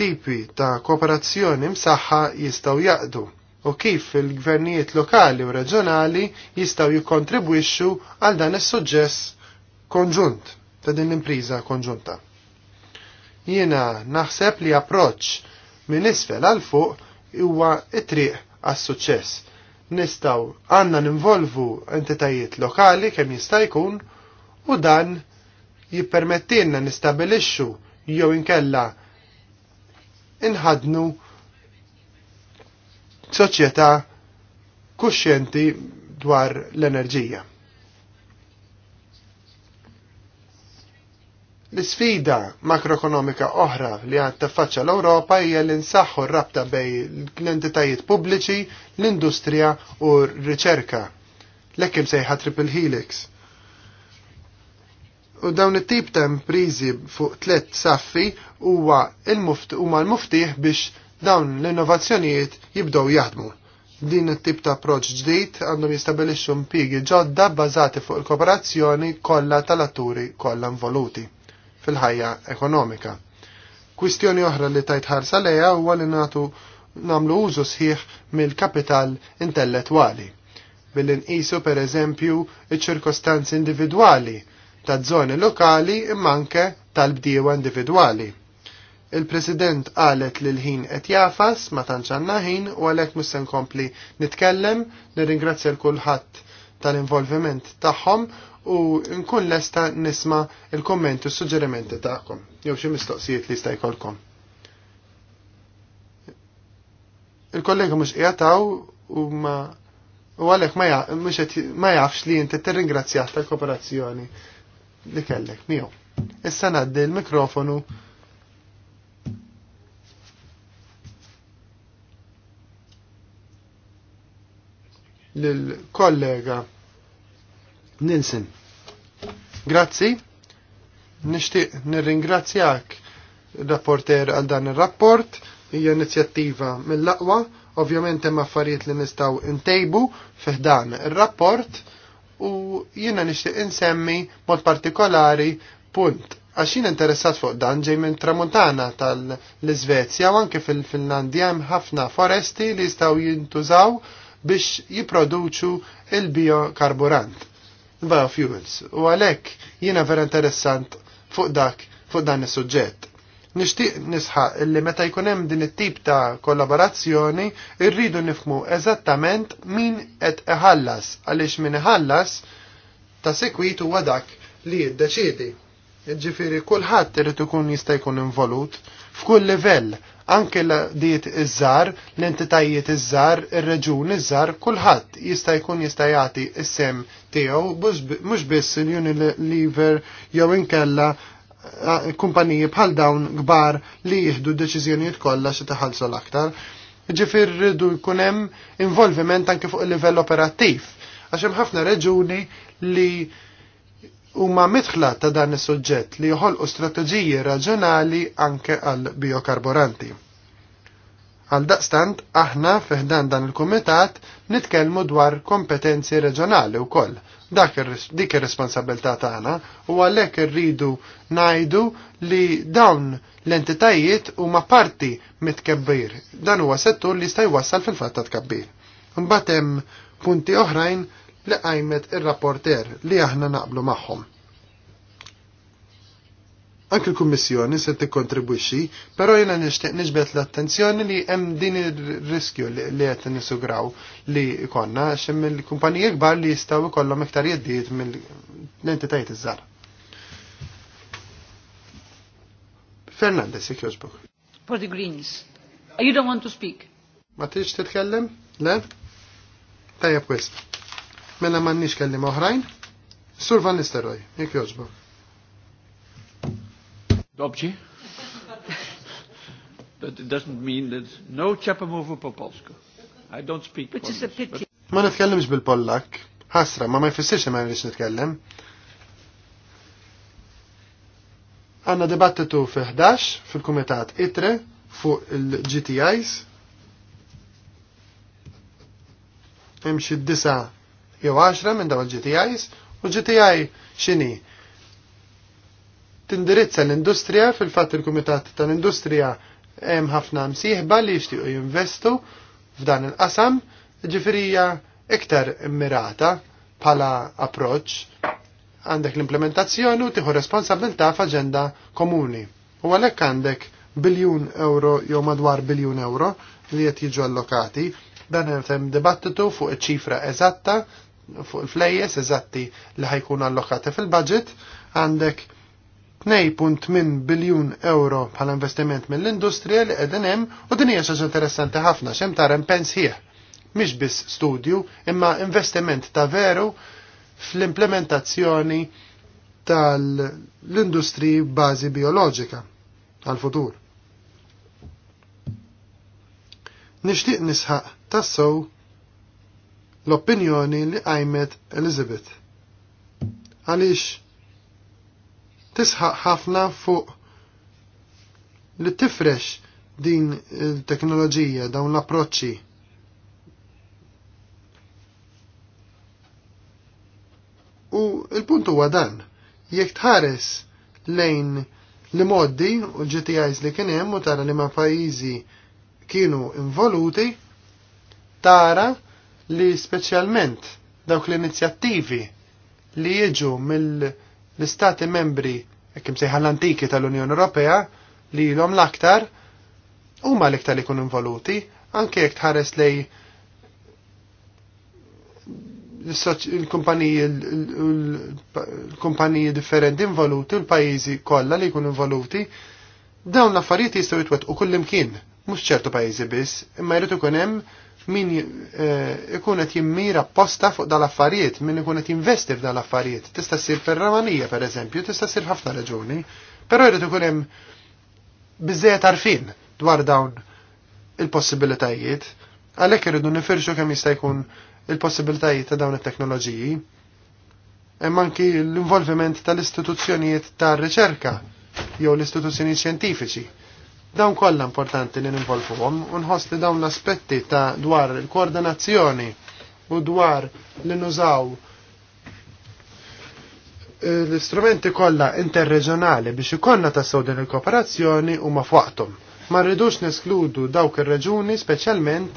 tipi ta' kooperazzjoni msaħħa jistgħu jaqdu u kif il-gvernijiet lokali u reġjonali jistgħu jikkontribwixxu għal dan is-suġġess konġunt ta' din l-impriża konġunta. Jiena naħseb li approċċ minn isfel għal fuq huwa t-triq għas-suċċess. Nistaw għanna ninvolvu entitajiet lokali kemm jista' jkun u dan jippermettilna nistabilixxu jew inkella inħadnu soċjetà kuxjenti dwar l-enerġija. L-sfida makroekonomika oħra li għad taffaċċa l-Ewropa hija li nsaħħu r-rabta bej l-entitajiet pubbliċi, l-industrija u r-riċerka. L-ekkim sejħa Triple Helix. U dawn it-tip ta' imprizi fuq tliet saffi huwa l-muftiħ biex dawn l-innovazzjonijiet jibdew jaħdmu din it-tip ta' approċ ġdid għandhom jistabilixxu impjiegi ġodda bbażati fuq il-kooperazzjoni kollha tal-atturi kollha involuti fil-ħajja ekonomika. Kwistjoni oħra li tajt ħarsa leja huwa li natu namlu użu sħiħ mill-kapital intellettwali. Billi nqisu per eżempju iċ-ċirkostanzi individwali ta' zoni lokali imma anke tal-bdiewa individwali. Il-President qalet li l-ħin qed jafas ma tanċanna ħin u għalhekk mhux se nkompli nitkellem, nirringrazzja l kulħadd tal-involviment tagħhom u nkun lesta nisma il-kommenti u suġġerimenti tagħkom jew xi mistoqsijiet li jista' jkollkom. Il-kollega mhux qiegħataw u ma u għalek ma jafx li t-ringrazzjaħ tal-kooperazzjoni li kellek miegħu. Issa ngħaddi l-mikrofonu lill-kollega Nilsen. Grazzi, nishtiq nirringrazzjak rapporter għal dan il-rapport, hija inizjattiva mill-laqwa, ovvjament hemm affarijiet li nistgħu ntejbu f'dan ir-rapport u jiena nixtieq insemmi mod partikolari punt għax jien interessat fuq dan ġej minn tramuntana tal-Iżvezja u anke fil-Finlandja hemm ħafna foresti li jistgħu jintużaw biex jipproduċu il-biokarburant biofuels. U għalhekk jiena vera interessant fuq dak fuq dan is-suġġett. Nixtieq nisħaq li meta jkun hemm din it-tip ta' kollaborazzjoni rridu nifmu eżattament min qed iħallas għaliex min iħallas ta' sekwit huwa dak li jiddeċiedi. Ġifiri, kulħadd irid ikun jista' jkun involut f'kull livell, anke diet iż-żar, l-entitajiet iż-żar, ir-reġun iż-żar, kulħadd jista' jkun jista' jagħti is-sem tiegħu mhux biss il-Unilever jew inkella kumpaniji bħal dawn kbar li jieħdu deċiżjonijiet kollha xi taħallsu l-aktar. Ġifir rridu jkun hemm involviment anke fuq il-livell operattiv għax hemm ħafna reġuni li huma mitħla ta' dan is-suġġett li joħolqu strateġiji raġjonali anke għal biokarburanti. Għal daqstant, aħna fiħdan dan il-Kumitat nitkellmu dwar kompetenzi reġjonali wkoll. Dak dik ir-responsabilità tagħna u għalhekk irridu ngħidu li dawn l-entitajiet huma parti mit Dan huwa settur li jista' jwassal fil-fatt ta' tkabbir. Imbagħad hemm punti oħrajn li qajmet ir-rapporter li aħna naqblu magħhom. Anke l-Kummissjoni se tikkontribwixxi, però jiena nixtieq niġbed l-attenzjoni li hemm din ir-riskju li qed nisugraw li jkollna għax hemm il-kumpaniji kbar li jistgħu jkollhom iktar jeddiet mill-entitajiet iż-żgħar. Fernandez, jek jogħġbok.
For the Greens. Oh, you don't want to speak.
Ma tix titkellem? Le? Tajja kwest. Mela m'għandniex kellim oħrajn? Sur Van Nistelrooy, jek
Dobji? but it doesn't mean that no chapa move Chapamovu Popolsko. I don't speak Which Polish. Is a pity.
Ma nitkellimx bil-Pollak. Hasra, ma ma jfissirx ma nix nitkellem. Għanna dibattitu fi 11 fil-Kumitat ITRE fuq il-GTIs. Hemm xi disa jew 10 minn daw il-GTIs u GTI xini? tindirizza l-industrija, fil-fatt il-Kumitat tal-Industrija hemm ħafna msieħba li jixtiequ jinvestu f'dan il-qasam, ġifirija iktar immirata bħala approċ għandek l-implementazzjoni u tieħu responsabilità f'aġenda komuni. U għalhekk għandek biljun euro jew madwar biljun euro li qed jiġu allokati, dan hemm dibattitu fuq iċ-ċifra eżatta, fuq il-flejjes eżatti li ħajkunu allokati fil-budget, għandek 2.8 biljun euro bħala investiment mill-industrija li qegħdin hemm u din hija xi interessanti ħafna x'hemm tara impens hija. Mhix biss studju, imma investiment ta' veru fl-implementazzjoni tal-industri bażi bioloġika għal-futur. Nixtieq nisħaq tassow l-opinjoni li qajmet Elizabeth. Għaliex tisħaq ħafna fuq li tifrex din il-teknoloġija dawn l-approċċi. U il-punt huwa dan, jekk tħares lejn li moddi u GTIs li kien hemm u tara li ma' pajjiżi kienu involuti, tara li speċjalment dawk l-inizjattivi li jiġu mill- L-istati membri, kem sejħa l-antiki tal-Unjoni Ewropea, li l-om l-aktar, huma l-iktar li kun involuti, anke jek tħares lej l-kumpaniji differenti involuti, l-pajizi kolla li kun involuti, dawn l-affarijiet jistgħu jitwet u kullimkien, mhux ċertu pajjiżi biss, imma jrid ikun hemm min eh, ikun qed jimmira posta fuq dal-affarijiet, min ikun qed jinvesti f'dal-affarijiet. Tista' ssir ramanija per pereżempju, tista' ssir ħafna raġuni, però jrid ikun hemm biżejjed għarfien dwar dawn il-possibilitajiet, għalhekk irridu nifirxu kemm jista' jkun il-possibilitajiet ta' dawn it-teknoloġiji. Hemm anki l-involviment tal-istituzzjonijiet tar-riċerka jew l-istituzzjonijiet xjentifiċi Dawn kollha importanti li ninvolvuhom u nħossli dawn l-aspetti ta' dwar il-koordinazzjoni u dwar li nużaw eh, l-istrumenti kollha interreġjonali biex ikollna tassew din il-kooperazzjoni huma f'waqthom. Ma rridux neskludu dawk ir-reġuni speċjalment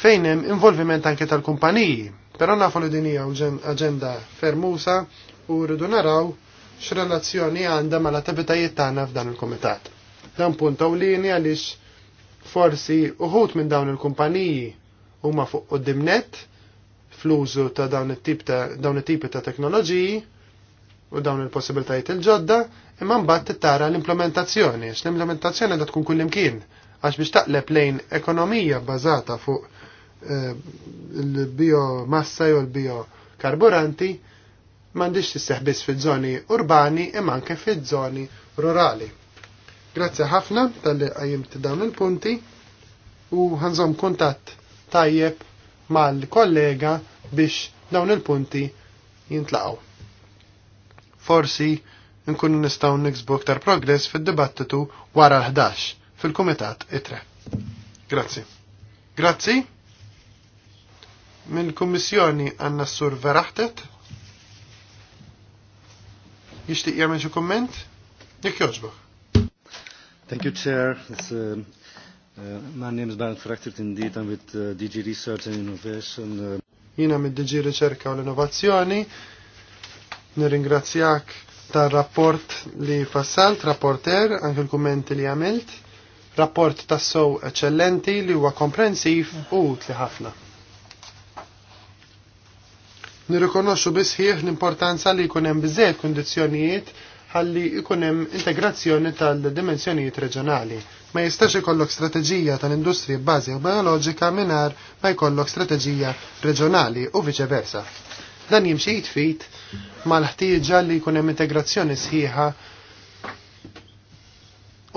fejn hemm involviment anke tal-kumpaniji, però nafu li din hija aġenda fermusa u rridu naraw x'relazzjoni għandha mal-attivitajiet tagħna f'dan il-kumitat. Dan punt ewlieni għaliex forsi uħut minn dawn il-kumpaniji huma fuq net fl-użu ta' dawn it-tip ta' dawn it-tipi ta' teknoloġiji u dawn il-possibilitajiet il-ġodda, imma mbagħad tittara l-implementazzjoni, għax l-implementazzjoni da tkun kullimkien għax biex taqleb lejn ekonomija bbażata fuq eh, il-biomassa jew il-biokarburanti m'għandix tisseħ biss fiż-żoni urbani imma anke fiż-żoni rurali. Grazzi ħafna tal-li qajjimt dawn il-punti u għanżom kuntatt tajjeb mal-kollega biex dawn il-punti jintlaqgħu. Forsi nkunu nistgħu nixbu aktar progress fid-dibattitu wara l-11 fil-Kumitat itre. Grazzi. Grazzi. Mill-Kummissjoni għanna s-sur Veraħtet. Jishtiq jagħmel xi komment? Jekk jogħġbok.
Thank you, Chair. It's, uh, uh, my name is Baron Fractured indeed. I'm with uh, DG Research and Innovation. Uh...
Jina mid DG Riċerka u l-Innovazzjoni. Nirringrazzjak tar-rapport li fassalt, rapporter, anke l-kummenti li għamilt. Rapport tassow eccellenti li huwa komprensiv u utli ħafna. Nirrikonoxxu ħieħ l-importanza li jkun hemm biżejjed kundizzjonijiet ħalli jkun hemm integrazzjoni tal-dimensjonijiet reġjonali. Ma jistax ikollok strateġija tal-industrija bażi u bioloġika mingħajr ma jkollok strateġija reġjonali u viċeversa. Dan jimxi jitfit mal-ħtieġa li jkun hemm integrazzjoni sħiħa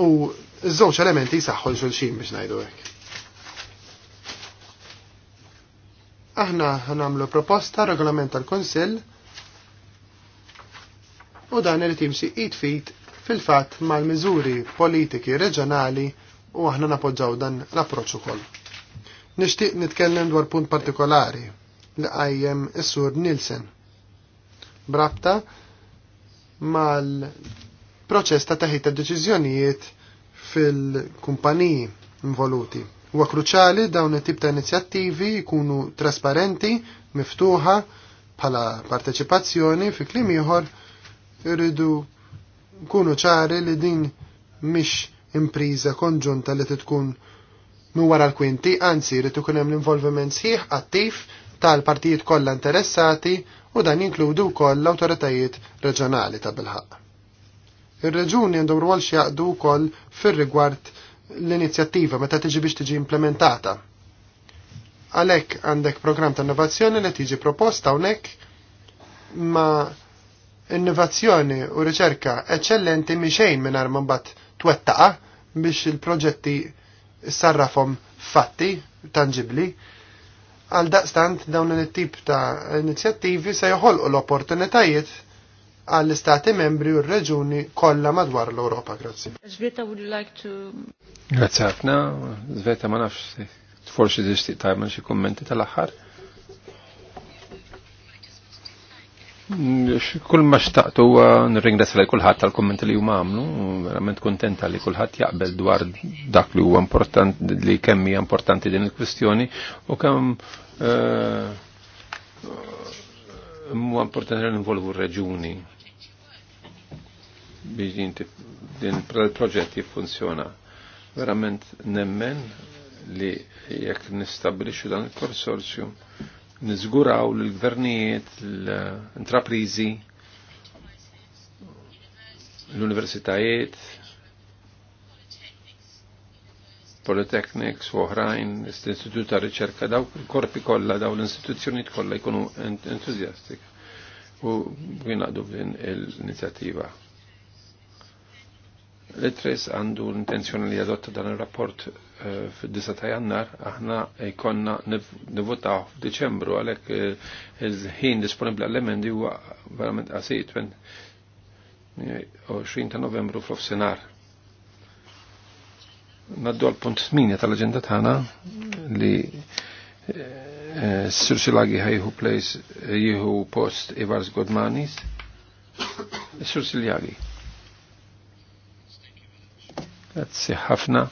u ż-żewġ elementi jsaħħu l-xulxin biex ngħidu hekk. Aħna għanamlu proposta regolament tal-Konsill u dan irid jimxi id fit fil-fatt mal-miżuri politiki reġjonali u aħna napoġġaw dan l-approċċ ukoll. Nixtieq nitkellem dwar punt partikolari li qajjem is-sur Nielsen brabta mal-proċess ta' taħita deċiżjonijiet fil-kumpaniji involuti. Huwa kruċali dawn it-tip ta' inizjattivi jkunu trasparenti, miftuħa bħala parteċipazzjoni fi klim ieħor irridu nkunu ċari li din mhix impriża konġunta li titkun minn wara l-kwinti, anzi rrid ikun hemm l-involviment sħiħ attiv tal-partijiet kollha interessati u dan jinkludu wkoll l-awtoritajiet reġjonali ta' bilħaq. Ir-reġuni għandhom rwol x'jaqdu wkoll fir-rigward l-inizjattiva meta tiġi biex tiġi implementata. Għalhekk għandek programm ta' innovazzjoni li tiġi proposta hawnhekk ma' innovazzjoni u riċerka eċċellenti miexejn xejn mingħajr ma mbagħad twettaqa biex il-proġetti sarrafhom fatti tangibli. Għal daqstant dawn it-tip ta' inizjattivi se joħolqu l-opportunitajiet għall-istati membri u r-reġuni kollha madwar l europa Grazzi.
Zveta, would you like to...
Grazzi
ħafna. Zveta, ma nafx forsi tixtieq tagħmel xi kummenti tal-aħħar. Mm, kull ma xtaqt huwa nirringrazzja lil kulħadd tal kummenti li huma għamlu, verament kuntenta li kulħadd jaqbel dwar dak li huwa importanti li kemm hija importanti din il-kwistjoni u kemm eh, huwa importanti l-involvu r-reġuni biex din il-proġett jifunzjona. Verament nemmen li jek nistabilixu dan il-konsorzju, nizguraw l-gvernijiet, l-intraprizi, l-universitajiet, Politechnics u oħrajn, l-Istitut ta' Riċerka, daw il-korpi kollha, daw l-istituzzjonijiet kollha jkunu entuzjastik u jinaqdu b'din l-inizjattiva l għandu l-intenzjoni li jadotta dan il-rapport eh, fid-9 ta' jannar, aħna jkonna nivotaw f'Deċembru, għalek eh, il-ħin disponibli għall-emendi huwa verament qasit 20 eh, ta' Novembru f'Ofsenar. Naddu għal punt 8 tal agenda tagħna li s-sursilagi ħajħu place jihu post Ivars Godmanis. S-sursilagi. Grazie ħafna,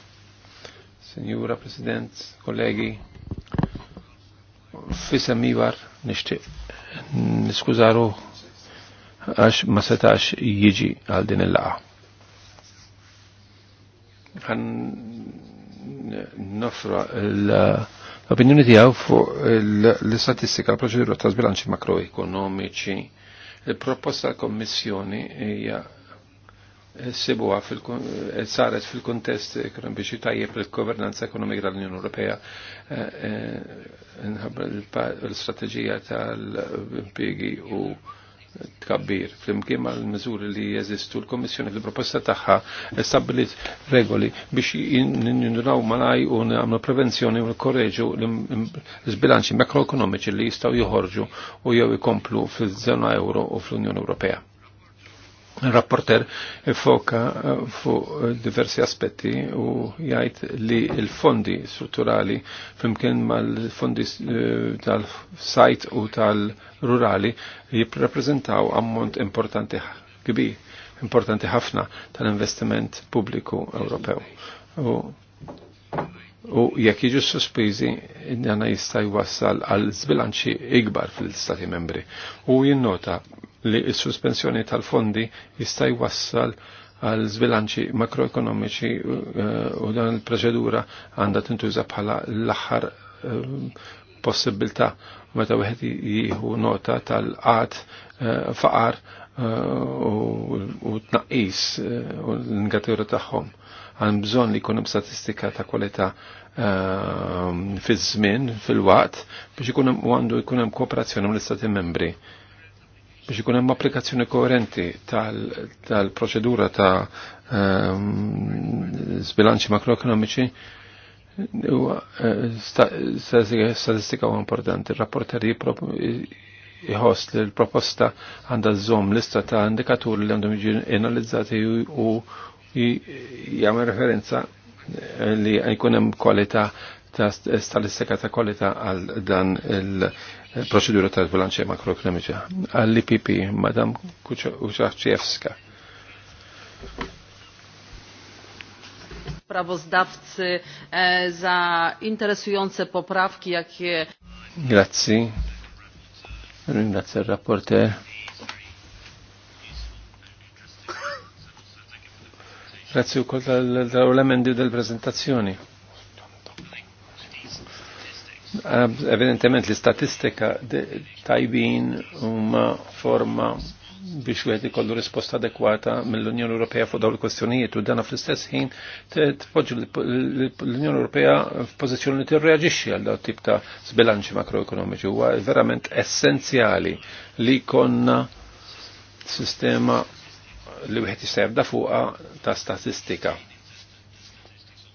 Signora President, kollegi, fisem Ivar nishtiq niskużaru għax ma setax jiġi għal din il-laqa. Għan nofra l-opinjoni tijaw fuq l statistika l-proċedura ta' bilanċi makroekonomiċi. Il-proposta l-Komissjoni hija sibuha saret fil-kontest biex tajjeb il-governanza ekonomika tal-Unjoni Ewropea l-strateġija tal impiegi u tkabbir. Flimkien ma l-mizuri li jeżistu l-Komissjoni fil-proposta tagħha stabbilit regoli biex jindunaw malaj u nagħmlu prevenzjoni u korreġu l-sbilanċi makroekonomiċi li jistgħu joħorġu u jew ikomplu fil-żona euro u fl-Unjoni Ewropea rapporter foka eh, fuq eh, diversi aspetti u jgħid li il-fondi strutturali flimkien mal-fondi eh, tal-sajt u tal-rurali jippreprezentaw ammont importanti kbi, importanti ħafna tal-investiment pubbliku Ewropew. U u jekk jiġu sospiżi dana jista' jwassal għal zbilanċi ikbar fl-Stati membri. U jinnota li s-suspensjoni tal-fondi jista' jwassal għal zbilanċi makroekonomiċi eh, u dan il-proċedura għandha tintuża bħala l-aħħar eh, possibilità meta wieħed jieħu nota tal-qat eh, faqar u tnaqqis u l-ingatura tagħhom għan bżon li kunem statistika ta' kwalità uh, fi żmien fil-waqt, biex ikun għandu jkun hemm kooperazzjoni mill-Istati membri biex ikun hemm applikazzjoni koerenti tal-proċedura tal ta' um, sbilanċi makroekonomiċi eh, statistika u importanti. Il-rapporter jħoss li l-proposta għandha żomm lista ta' indikaturi li għandhom jiġi analizzati u jgħamil referenza eh, li jkunem kualita ta' statistika ta' kualita għal dan il-proċedura ta' bilanċi makroekonomiċa. Għall-IPP, Madam Kuċaċiewska.
Sprawozdawcy e, za interesujące poprawki, jakie.
Grazie. Ringrazio il rapporteur Grazzi u koll tal-emendi del-prezentazzjoni. Eh, evidentement l-istatistika tajbin una forma biex u wieħed kollu risposta adekwata mill-Unjoni Ewropea fuq daw il-kwestjonijiet u dana fl-istess ħin t tpoġġu l-Unjoni Ewropea f-pozizjoni li t tirreaġixxi għal daw tip ta' sbilanċi makroekonomiċi huwa verament essenzjali li konna sistema li wieħed jistajbda fuqha ta' statistika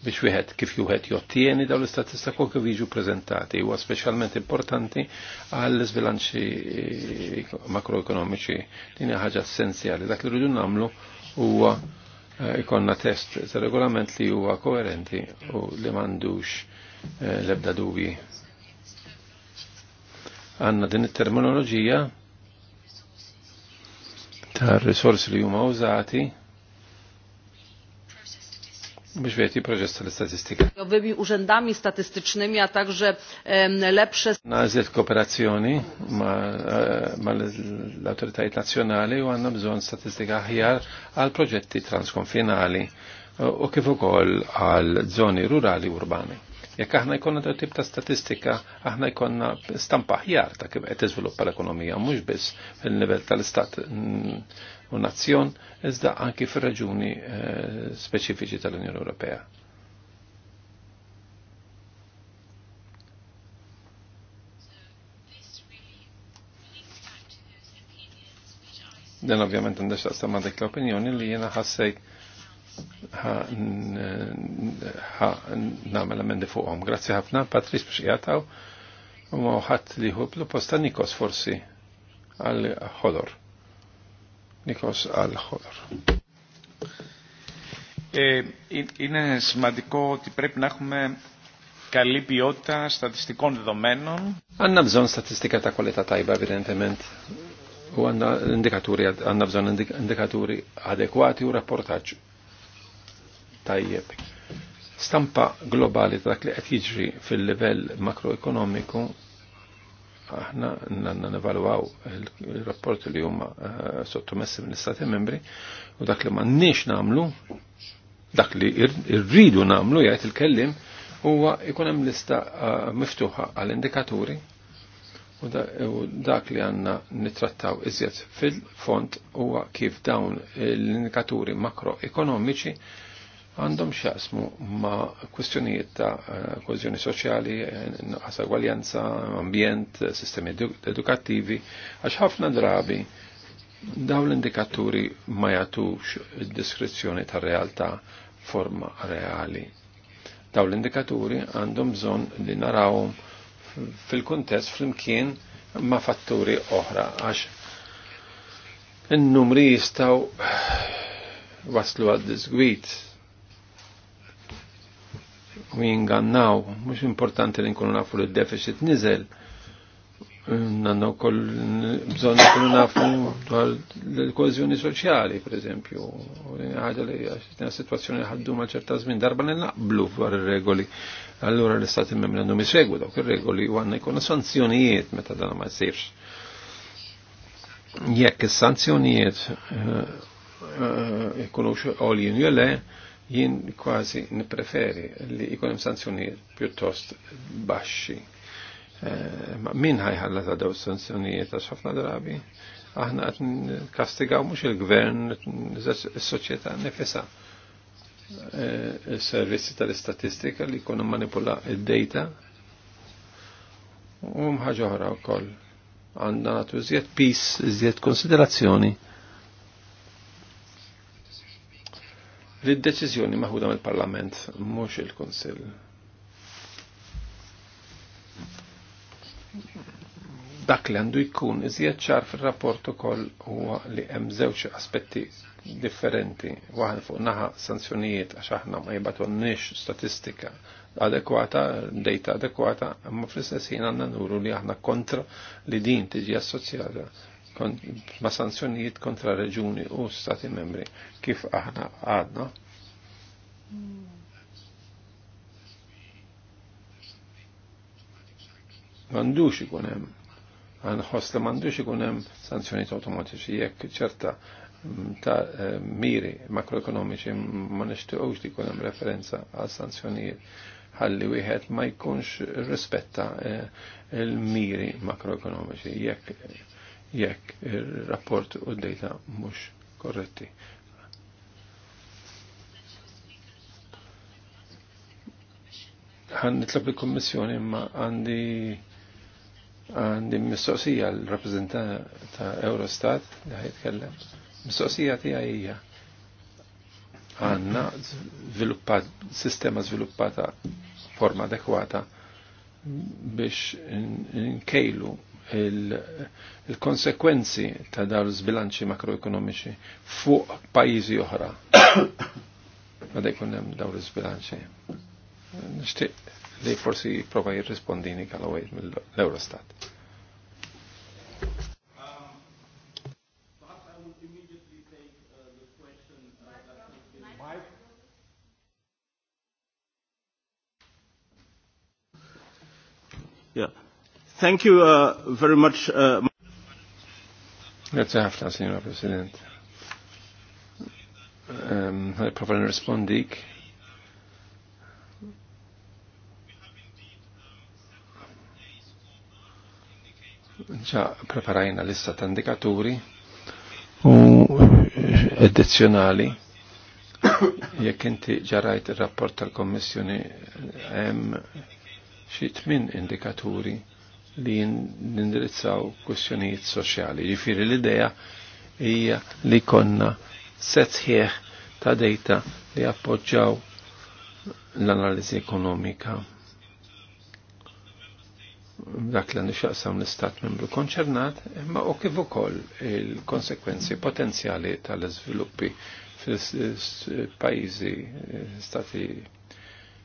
biex wieħed kif juħed jottieni dawn l-istatistika kif jiġu preżentati huwa speċjalment importanti għall sbilanċi eh, makroekonomiċi. Din hija ħaġa essenzjali. Dak li rridu nagħmlu huwa eh, ikonna test ta' regolament li huwa koerenti u li m'għandux eh, l-ebda dubji. Għandna din it-terminoloġija ta' risorsi li huma użati biex wieti proċess tal-istatistika.
Jowymi uġendami statystycznymi, a także lepsze...
Nazjet kooperazzjoni ma e, l autoritajt nazjonali u għanna bżon statistika ħjar għal proġetti transkonfinali u kif ukoll għal zoni rurali urbani. Jekk aħna jkollna daw tip ta' statistika, aħna jkollna stampa ħjar ta' kif qed iżviluppa l-ekonomija mhux biss fil-livell tal-istat u nazzjon, iżda anki fir-raġuni eh, speċifiċi tal-Unjoni Ewropea. Dan ovvjament għandax taqsam dik l-opinjoni li jena ħassejt namel amendi fuqom. Grazie ħafna, Patrice, biex jgħataw, u maħat li hu posta Nikos forsi għal ħodor Nikos għal ħodor Είναι σημαντικό ότι πρέπει να έχουμε καλή ποιότητα στατιστικών δεδομένων. Għanna bżon statistika ta' kwalità tajba, evidentement. U għanna indikaturi, għanna bżon indikaturi adekwati u rapportaġġ tajjeb. Stampa globali ta' dak li qed jiġri fil-livell makroekonomiku aħna nanna nevaluaw il-rapport li huma sottomessi mill istati membri u dak li m'għandniex nagħmlu, dak li rridu nagħmlu jgħid il-kellim huwa ikun hemm lista miftuħa għal indikaturi u dak li għanna nitrattaw iżjed fil-font huwa kif dawn l-indikaturi makroekonomiċi għandhom xaqsmu ma' kwestjonijiet ta' eh, kohezjoni soċjali, eh, nuqqas ambjent, eh, sistemi edukattivi, għax ħafna drabi daw l-indikaturi ma jatux diskrizzjoni ta' realtà forma reali. Daw l-indikaturi għandhom bżon li narawhom fil-kuntest flimkien ma' fatturi oħra għax in-numri jistaw waslu għad disgwit u jingannaw, mux importanti li nkunu nafu li d-deficit nizel, nannu kol bżon nkunu nafu l-kozjoni soċjali, per eżempju, ħagġa li għaxitna situazzjoni għaddu ma ċerta zmin, darba li naqblu għar il-regoli, allura l-istati membri għandu misregwu dawk il-regoli, u għanna jkunu sanzjonijiet meta dan ma jsirx. Jekk is-sanzjonijiet jkunu eh, eh, all-in le, jien kważi nipreferi li jkun hemm sanzjonijiet pjuttost baxxi. Eh, ma min ħajħalla ta' daw sanzjonijiet għax ħafna drabi aħna qed nkastigaw mhux il-gvern is-soċjetà nifisha eh, is servizzi tal-istatistika li jkunu manipula id-data u mħaġa oħra wkoll għandna nagħtu iżjed pis, iżjed konsiderazzjoni li d-deċiżjoni maħuda mill-Parlament mhux il-Kunsill. Dak li għandu jkun iżjed ċar fir-rapport ukoll huwa li hemm żewġ aspetti differenti. Waħda fuq naħa sanzjonijiet għax aħna ma nix statistika adekwata, data adekwata, imma fl-istess ħin għandna nuru li aħna kontra li din tiġi assoċjata ma' sanzjonijiet kontra reġuni u stati membri kif aħna għadna. Mandux ikun hemm. Għanħoss li mandux ikun hemm sanzjonijiet automatiċi jekk ċerta mm, ta' eh, miri makroekonomiċi ma nixtiequx li jkun hemm referenza għal sanzjonijiet ħalli wieħed ma jkunx rispetta eh, il-miri makroekonomiċi. Jekk jekk il-rapport u d-data mux korretti. Għan nitlob il-Kommissjoni ma għandi għandi mistoqsija l-rappresentant ta' Eurostat li ħajtkellem. Mistoqsija tiegħi hija għandna żviluppat sistema żviluppata forma adekwata biex nkejlu il-konsekwenzi il ta' dar zbilanċi makroekonomiċi fuq pajjiżi oħra. Għadaj kunnem daw l-zbilanċi. Nishtiq li forsi prova jirrispondini għal-għawajt mill-Eurostat.
Yeah. Thank you uh, very much. Uh...
Grazie ħafna, signora President. Um, Prova nirrispondik. ġa preparajna lista ta' indikaturi u addizzjonali jekk inti ġarajt il rapport tal-Kommissjoni hemm xi tmien indikaturi li nindirizzaw kwestjonijiet soċjali. Ġifiri l-ideja hija li konna setħieħ ta' dejta li appoġġaw l-analiżi ekonomika dak li nixaqsam l-istat membru konċernat, imma u kif ukoll il-konsekwenzi potenzjali tal-iżviluppi fil-pajjiżi stati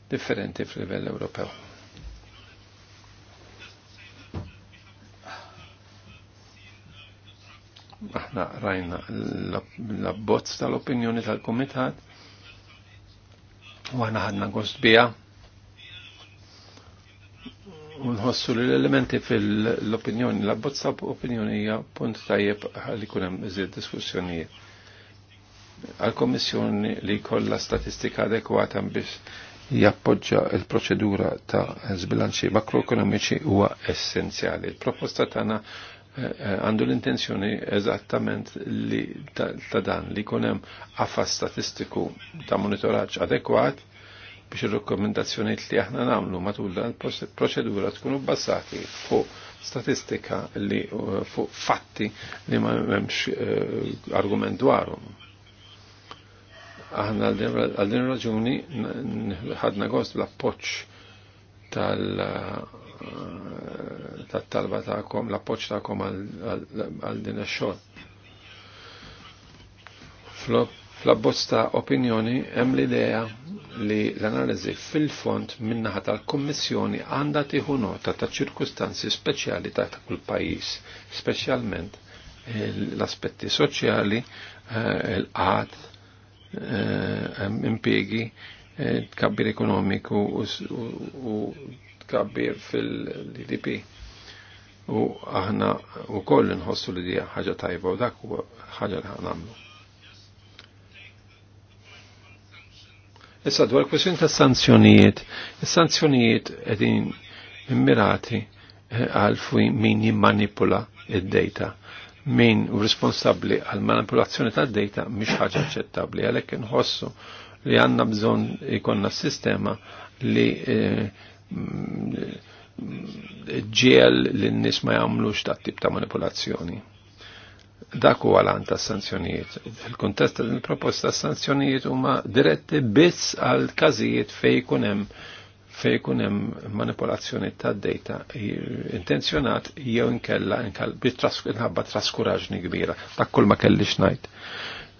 differenti fil-livell Ewropew. aħna rajna l-abbozz tal-opinjoni tal-komitat u aħna ħadna gost bija u nħossu li l-elementi fil-opinjoni, l-abbozz tal-opinjoni hija punt tajjeb li kunem iżid diskussjonijiet. Għal-Komissjoni li kolla statistika adekwata biex jappoġġa il-proċedura ta' zbilanċi makroekonomiċi huwa essenzjali. Il-proposta tagħna għandu l-intenzjoni eżattament li ta' dan li kunem għaffa statistiku ta' monitoraġġ adekwat biex il-rekomendazzjoniet li aħna namlu matul dan proċedura tkunu bassati fuq statistika li fuq fatti li ma memx eh, argument dwarhom. Aħna għal din raġuni ħadna gost l-appoċ tal-talba eh, ta'kom, l-appoċ ta'kom għal din xol. Fl-abbozz ta' opinjoni hemm l-idea li l-analiżi fil font minnaħa tal-Kummissjoni għandha tieħu nota ta' ċirkustanzi speċjali ta' kull pajjiż, speċjalment eh, l-aspetti soċjali, eh, l-qad, impiegi, Eh, tkabbir ekonomiku u tkabbir fil-GDP. U aħna u koll nħossu li di ħaġa tajba u dak u ħagġa li għamlu. Issa dwar kwestjoni ta' sanzjonijiet, is-sanzjonijiet qegħdin immirati eh, għal fuj min jimmanipula id-data. Min u responsabbli għal manipulazzjoni tad-data mhix ħaġa aċċettabbli għalhekk inħossu li għanna bżon ikonna sistema li eh, ġiel li n-nis ma jgħamlux ta' tip ta' manipolazzjoni. Dak huwa l ta' sanzjonijiet. Fil-kontest ta' proposta sanzjonijiet huma diretti biss għal każijiet fej kunem fej kunem manipolazzjoni ta' data intenzjonat jew inkella inħabba traskuraġni kbira. ta' kull ma kellix ngħid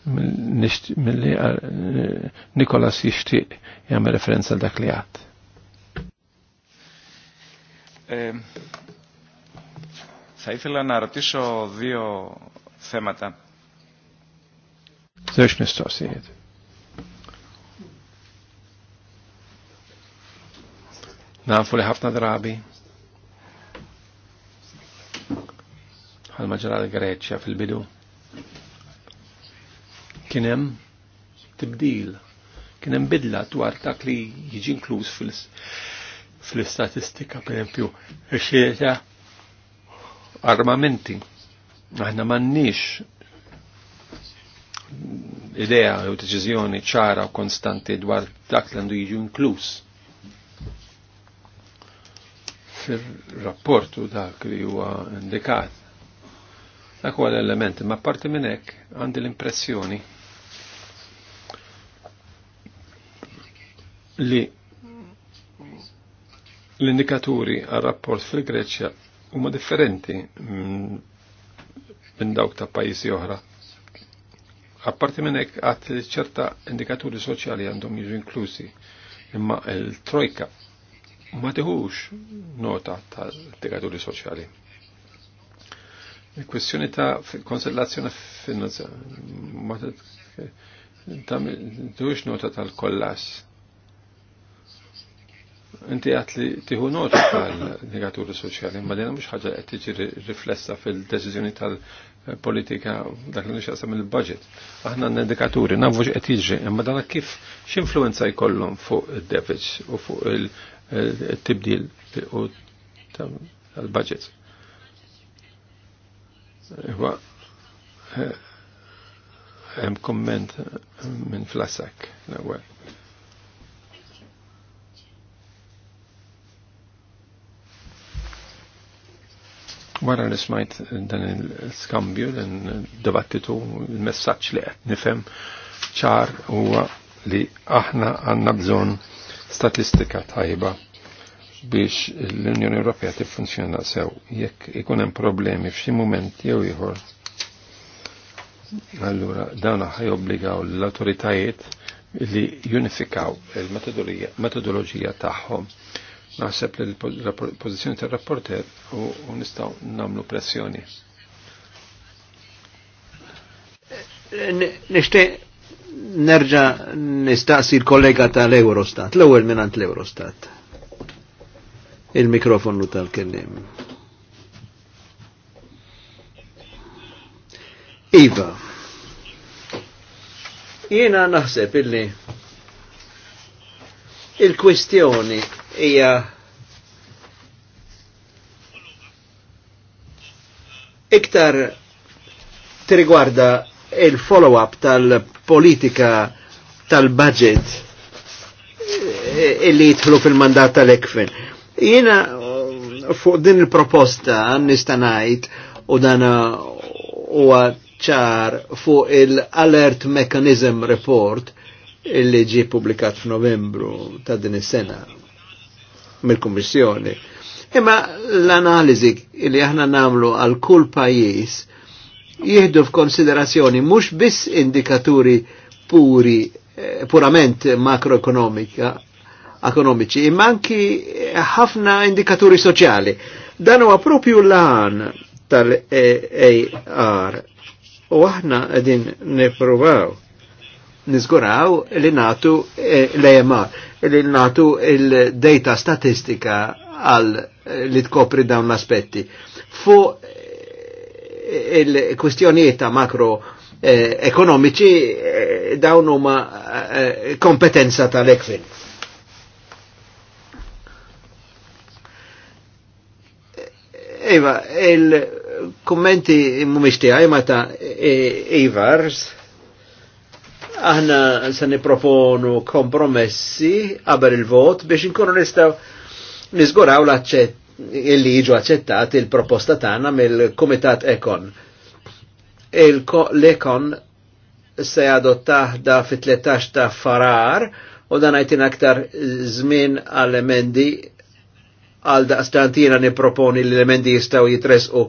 mill-li uh, Nikolas jishtiq jgħam referenza dak li għad.
Θα ήθελα να ρωτήσω δύο θέματα.
Ζες νεστόσιετ. Nafu li ħafna drabi. Għal maġra l-Greċja fil-bidu kienem tibdil, kienem bidla dwar dak li jiġi inkluż fil-istatistika, fil per esempio, xieta armamenti. Aħna mannix idea u deċiżjoni ċara u konstanti dwar dak li għandu jiġu inkluż fil-rapportu dak li huwa indikat. Dak huwa l-element, ma parti minn hekk għandi l-impressjoni li l-indikaturi għal rapport fil-Greċja huma differenti minn dawk ta' pajjiżi oħra. Apparti minn hekk għat ċerta indikaturi soċjali għandhom jiġu inklusi, imma l-trojka ma tiħux nota ta' indikaturi soċjali. Il-kwestjoni ta' konsellazzjoni finanzjarja ma tiħux nota tal-kollass Inti għat li tiħu nota tal-negaturi soċjali, ma dina mux ħagġa għed tiġi riflessa fil-deċizjoni tal-politika dak li nixqasam il-budget. Aħna n-indikaturi, nafu għed tiġi, M'a dana kif x'influenza jkollhom fuq il-deficit u fuq il-tibdil tal-budget. Iwa, hemm komment minn flassak l-ewwel Wara li smajt eh, dan il-skambju, dan il-dibattitu, il-messagġ li qed nifhem ċar huwa li aħna għandna bżonn statistika tajba biex l-Unjoni Ewropea tiffunzjona sew jekk ikun hemm problemi f'xi mument jew ieħor. Allura dawn ħajobbligaw l-awtoritajiet li junifikaw il-metodoloġija tagħhom Naħseb li l-pozizjoni tal-rapporter u nistaw namlu
pressjoni. Nishti nerġa nistaqsi l-kollega tal-Eurostat, l-ewel minant l-Eurostat. Il-mikrofonu tal-kellim. Iva, jiena naħseb illi il-kwestjoni ija iktar tirigwarda il-follow-up tal-politika tal-budget eh, illi jitħlu fil-mandat tal-ekfen. Jena eh, fuq din il-proposta nistanajt u dan eh, u ċar fuq il-Alert Mechanism Report illi ġi publikat f'Novembru ta' din is-sena mill-Kummissjoni. Imma l analizi li aħna namlu għal kull pajjiż jieħdu f'konsiderazzjoni mhux biss indikaturi puri eh, purament makroekonomika ekonomiċi, imma anki ħafna indikaturi soċjali. Dan huwa propju l-għan tal-AR. U aħna qegħdin nippruvaw nizguraw li natu eh, l-EMR, li natu il-data statistika għal eh, li tkopri dawn l-aspetti. Fu eh, il-kwistjonijiet ta' makro ekonomiċi dawn huma kompetenza tal-ekfin. Iva, il-kommenti mumiex tiegħi ta' Ivars. E Aħna se niproponu kompromessi qabel il-vot biex inkunu nistgħu niżguraw l-aċċett illi jiġu aċċettat il-proposta tagħna mill-Kumitat Ekon. L-Ekon se adottaħda fit-13 ta' farar u dan għajtin aktar żmien għall-emendi għal daqstantina niproponi l-emendi jistaw jitresqu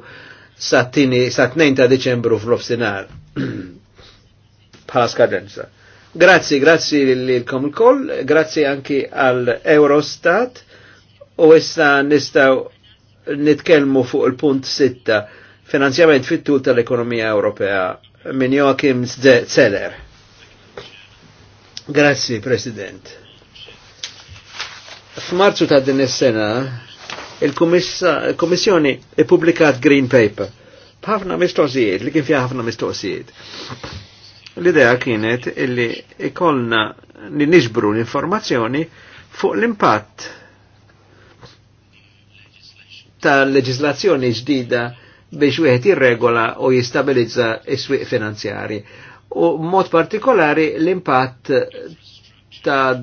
sa' 2 ta' Deċembru fl-ofsinar. bħala skadenza. Grazzi, grazzi l lilkom l koll grazzi anki għal Eurostat u issa nistaw nitkelmu fuq il-punt 6 finanzjament fit-tul tal-ekonomija Ewropea minn Joachim Zeller. Grazzi, President. F'Marzu ta' din is-sena il-Kummissjoni il-publikat Green Paper b'ħafna mistoqsijiet, li kien fiha ħafna mistoqsijiet l-idea kienet illi ikollna li nixbru l-informazzjoni fuq l-impatt tal-leġislazzjoni ġdida biex wieħed jirregola u jistabilizza s-swieq finanzjari. U mod partikolari l-impatt ta'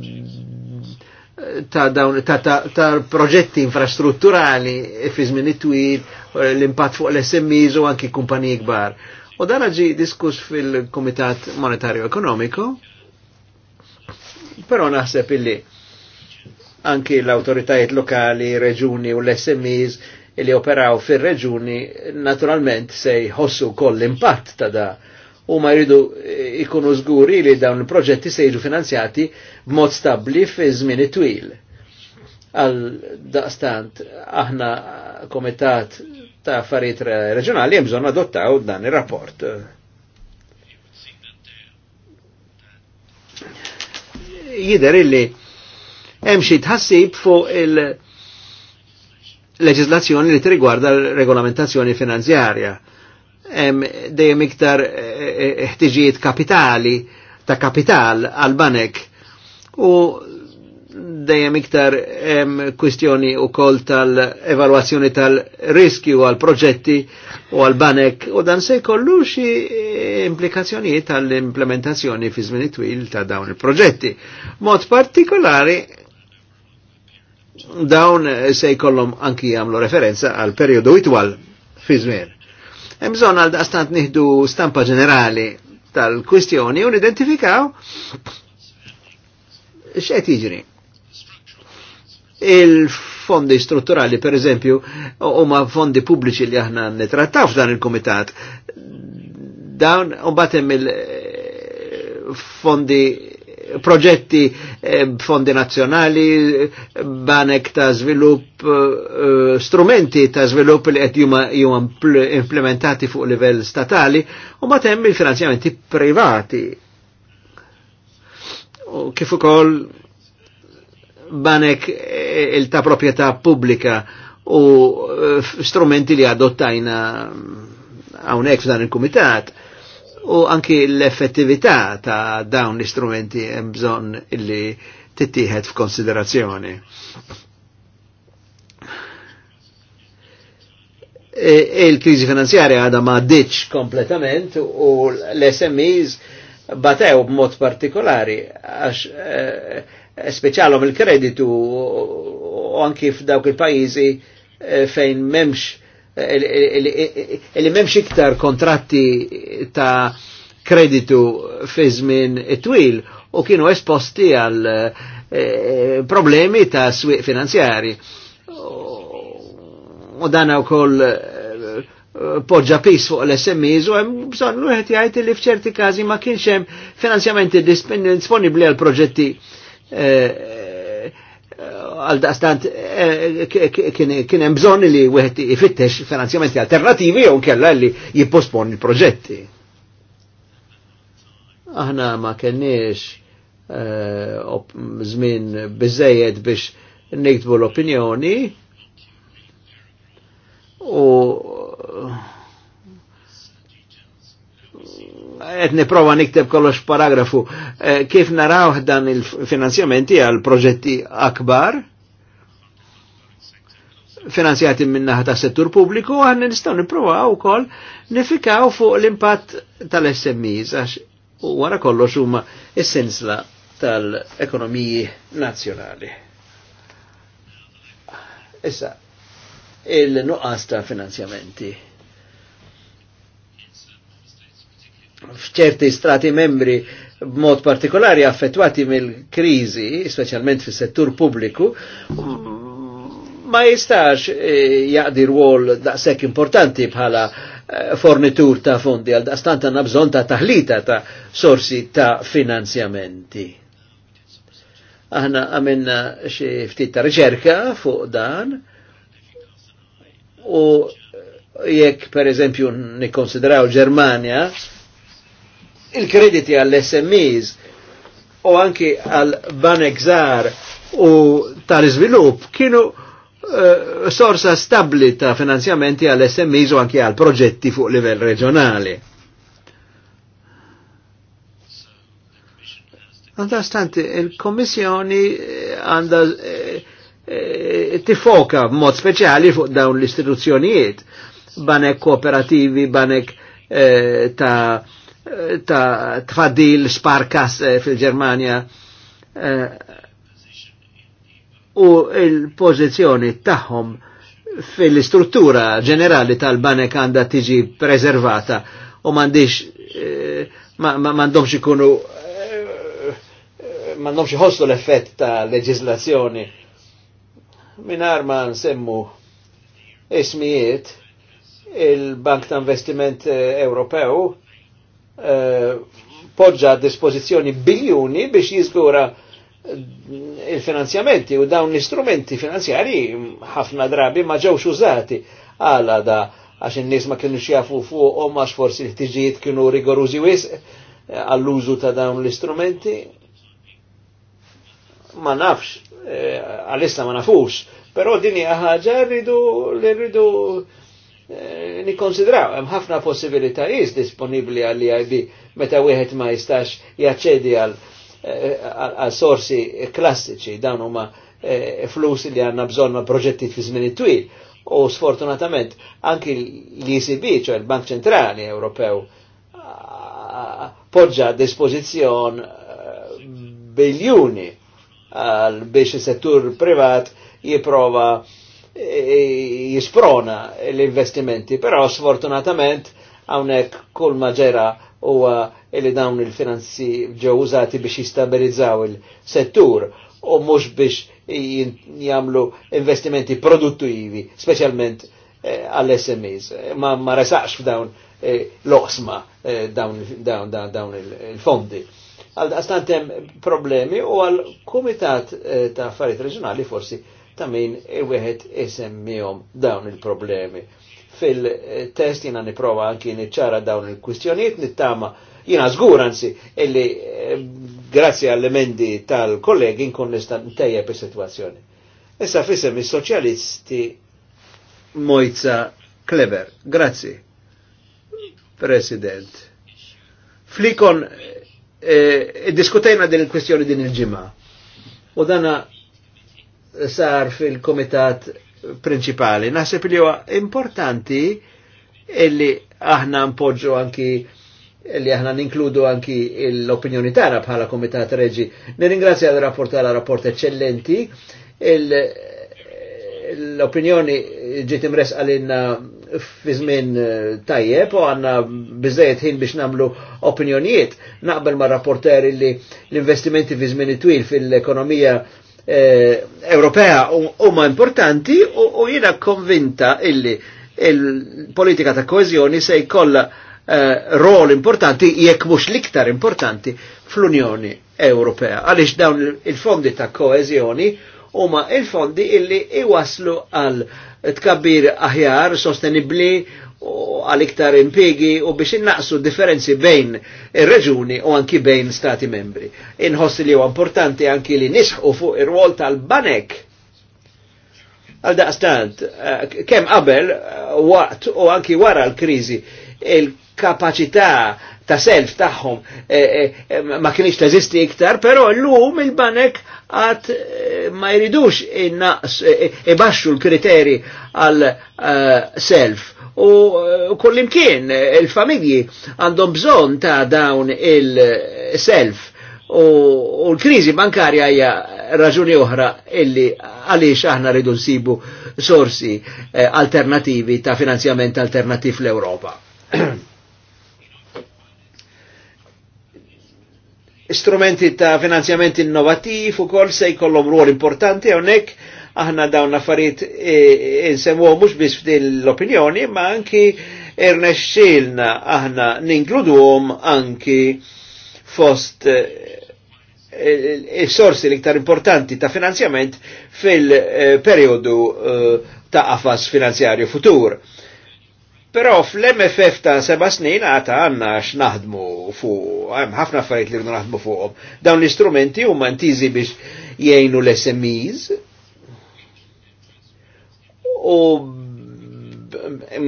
ta' dawn ta', ta, ta proġetti infrastrutturali fi żmien it-twil, l-impatt fuq l-SMEs u anki kumpaniji kbar. U dan ġi diskuss fil-Komitat Monetarju Ekonomiku, però naħseb illi anki l-autoritajiet lokali, reġuni u l-SMEs li operaw fil-reġuni naturalment se jħossu koll impatt ta' da' u ma jridu ikunu zguri li dawn il-proġetti se jiġu finanzjati b'mod stabli fi żmien twil. Għal daqstant aħna komitat ta' affarijiet reġjonali hemm bżonn adottaw dan ir-rapport. Jider illi hemm xi tħassib fuq il-leġislazzjoni li tirrigwarda l-regolamentazzjoni finanzjarja. Hemm dejjem iktar eh, eh, ħtiġijiet kapitali ta' kapital għal banek u dejjem iktar hemm kwistjoni wkoll tal-evalwazzjoni tal-riskju għal proġetti u għal banek u dan se jkollu xi eh, implikazzjonijiet tal-implementazzjoni fi żmien twil ta' dawn il-proġetti. Mod partikolari dawn se jkollhom anki jagħmlu referenza għal perjodu itwal fi żmien. Hemm bżonn għal daqstant nieħdu stampa ġenerali tal-kwistjoni u nidentifikaw x'qed jiġri Il-fondi strutturali, per eżempju, huma fondi pubbliċi li aħna nitrattaw f'dan il-komitat. Dawn u batem il-fondi eh, proġetti eh, fondi nazjonali, banek ta' svilupp, eh, strumenti ta' svilupp li qed juma implementati fuq livell statali, u ma temmi il-finanzjamenti privati. U kif ukoll banek eh, il-ta' proprjetà pubblika u eh, strumenti li adottajna mm, hawnhekk f'dan il-kumitat u anki l-effettività ta' dawn l-istrumenti hemm bżonn illi tittieħed f'konsiderazzjoni. il-kriżi e, e finanzjarja għadha ma ditx kompletament u l-SMEs batew b'mod partikolari għax eh, speċjalhom il-kreditu anki f'dawk il-pajjiżi eh, fejn memx li memx iktar kontratti ta' kreditu fi żmien twil u kienu esposti għal eh, problemi ta' swieq finanzjari. U dan ukoll eh, poġġa pis fuq l-SMEs u hemm bżonn wieħed jgħid li f'ċerti każi ma kienx hemm finanzjamenti disponibbli għal proġetti Eh, eh, għal daqstant eh, kien hemm bżonn li wieħed ifittex finanzjamenti alternativi jew kella li jippospon il-proġetti. Aħna ma kenniex żmien biżejjed biex nikdbu l-opinjoni u qed niprova nikteb kollox paragrafu eh, kif naraw dan il-finanzjamenti għal proġetti akbar finanzjati minnaħa ta' settur pubbliku għanni nistaw niprovaw ukoll nifikaw fuq l-impatt tal-SMEs għax wara kollox huma essenzla tal-ekonomiji nazzjonali. Issa, il-nuqqas ta' finanzjamenti f'ċerti strati membri b'mod partikolari affettwati mill-krizi, specialment fis settur pubbliku, ma jistax eh, jaqdi rwol daqshekk importanti bħala eh, fornitur ta' fondi għal daqstant għanna bżon ta' taħlita ta' sorsi ta' finanzjamenti. Aħna għamenna xie ftit ta' riċerka fuq dan u jekk per eżempju nikonsideraw Ġermania, il-krediti għall-SMEs u anki għall banek u tal-izvilup kienu uh, sorsa stabli ta' finanzjamenti għall-SMEs u anki għall proġetti fuq livell reġjonali. Għandastant, il-Komissjoni għanda eh, eh, tifoka mod speċjali fuq dawn l-istituzzjonijiet, banek kooperativi, banek eh, ta' ta' tfadil, sparkas eh, fil-Germania eh, u il-pozizjoni tagħhom fil-istruttura ġenerali tal-banek għandha tiġi preservata u m'għandix eh, m'għandhomx ikunu m'għandhomx iħossu l-effett ta' legislazzjoni minar ma nsemmu ismijiet il-Bank ta' Investiment Ewropew Eh, poġġa a dispożizzjoni biljuni biex jiżgura eh, il-finanzjamenti u dawn l-istrumenti finanzjari ħafna drabi ma ġewx użati għala da għax in-nies ma kienu xjafu fuq u għax forsi l-ħtiġijiet kienu rigorużi wis eh, għall-użu ta' dawn l-istrumenti. Ma nafx, għalissa ma nafux, però din hija ħaġa rridu li rridu Eh, konsidraw, hemm ħafna possibilitajiet disponibli għall e IB meta wieħed ma jistax jaċċedi għal eh, sorsi klassiċi dan huma eh, flus li għandna ma' proġetti fi żmien twil u sfortunatament anki l-ECB, ċoħ il-Bank Ċentrali Ewropew, poġġa a dispozizjon biljuni għal biex settur privat jiprova jisprona l-investimenti, però sfortunatament għawnek kull maġera u li dawn il-finanzi ġew użati biex jistabilizzaw il-settur u mhux biex jagħmlu investimenti produttivi, specialment eh, għall-SMEs. ma, ma resaqx f'dawn eh, l-oqsma eh, dawn, dawn, dawn, dawn il-fondi. Il għal-għastantem problemi u għal-Kumitat eh, ta' Affarijiet Reġjonali forsi ta' min wieħed isemmihom dawn il-problemi. Fil-test jina niprova anki niċċara dawn il-kwistjonijiet nittama jina żgur anzi illi eh, grazzi għall-emendi tal-kollegi nkun nista' ntejjeb is-sitwazzjoni. Issa fisem is-soċjalisti Mojza Kleber. Grazzi. President. Flikon eh, eh diskutejna din il kwistjoni din il ġimma U dana sar fil-komitat principali. Naħseb li huwa importanti illi aħna npoġġu anki illi aħna ninkludu anki l-opinjoni tagħna bħala Komitat Reġi. Nirringrazzja l rapport għal rapport eccellenti. L-opinjoni ġiet imres għalina fi żmien eh, tajjeb u għandna biżejjed ħin biex nagħmlu opinjonijiet. Naqbel ma' rapporter li l-investimenti fi żmien twil fil-ekonomija Eh, Ewropea huma importanti u jiena konvinta illi il-politika ta' koezjoni se jkollha eh, rol importanti jekk mhux l-iktar importanti fl-Unjoni Ewropea. Għaliex dawn il-fondi ta' koezjoni huma il-fondi illi iwaslu għal tkabbir aħjar, sostenibli għal iktar impiegi u biex innaqsu differenzi bejn ir-reġuni u anki bejn stati membri. Inħoss li huwa importanti anki li nisħu fuq ir-rwol tal-banek għal daqstant, eh, kem qabel eh, waqt u anki wara l-krizi, kapacità ta' self tagħhom eh, eh, ma kienx teżisti iktar, però llum il-banek għat e, ma jridux e, ibaxxu l-kriteri għal self u kullimkien il-familji għandhom bżonn ta' dawn il-self u, u l-kriżi bankarja hija raġuni oħra illi għaliex aħna rridu nsibu sorsi alternativi ta' finanzjament alternativ l-Ewropa. strumenti ta' finanzjament innovativ u kol se jkollhom ruol importanti hawnhekk aħna dawn affarijiet e, e, insemmuhom mhux biss f'dil-opinjoni, ma anki irnexxilna aħna ninkluduhom anki fost il-sorsi e, l-iktar importanti ta' finanzjament fil-periodu ta' qafas finanzjarju futur. Pero fl-MFF ta' seba snin għata għanna x'naħdmu fuq, għem ħafna fajt li rridu naħdmu fuqhom. Dawn l-istrumenti huma ntiżi biex jgħinu l-SMEs u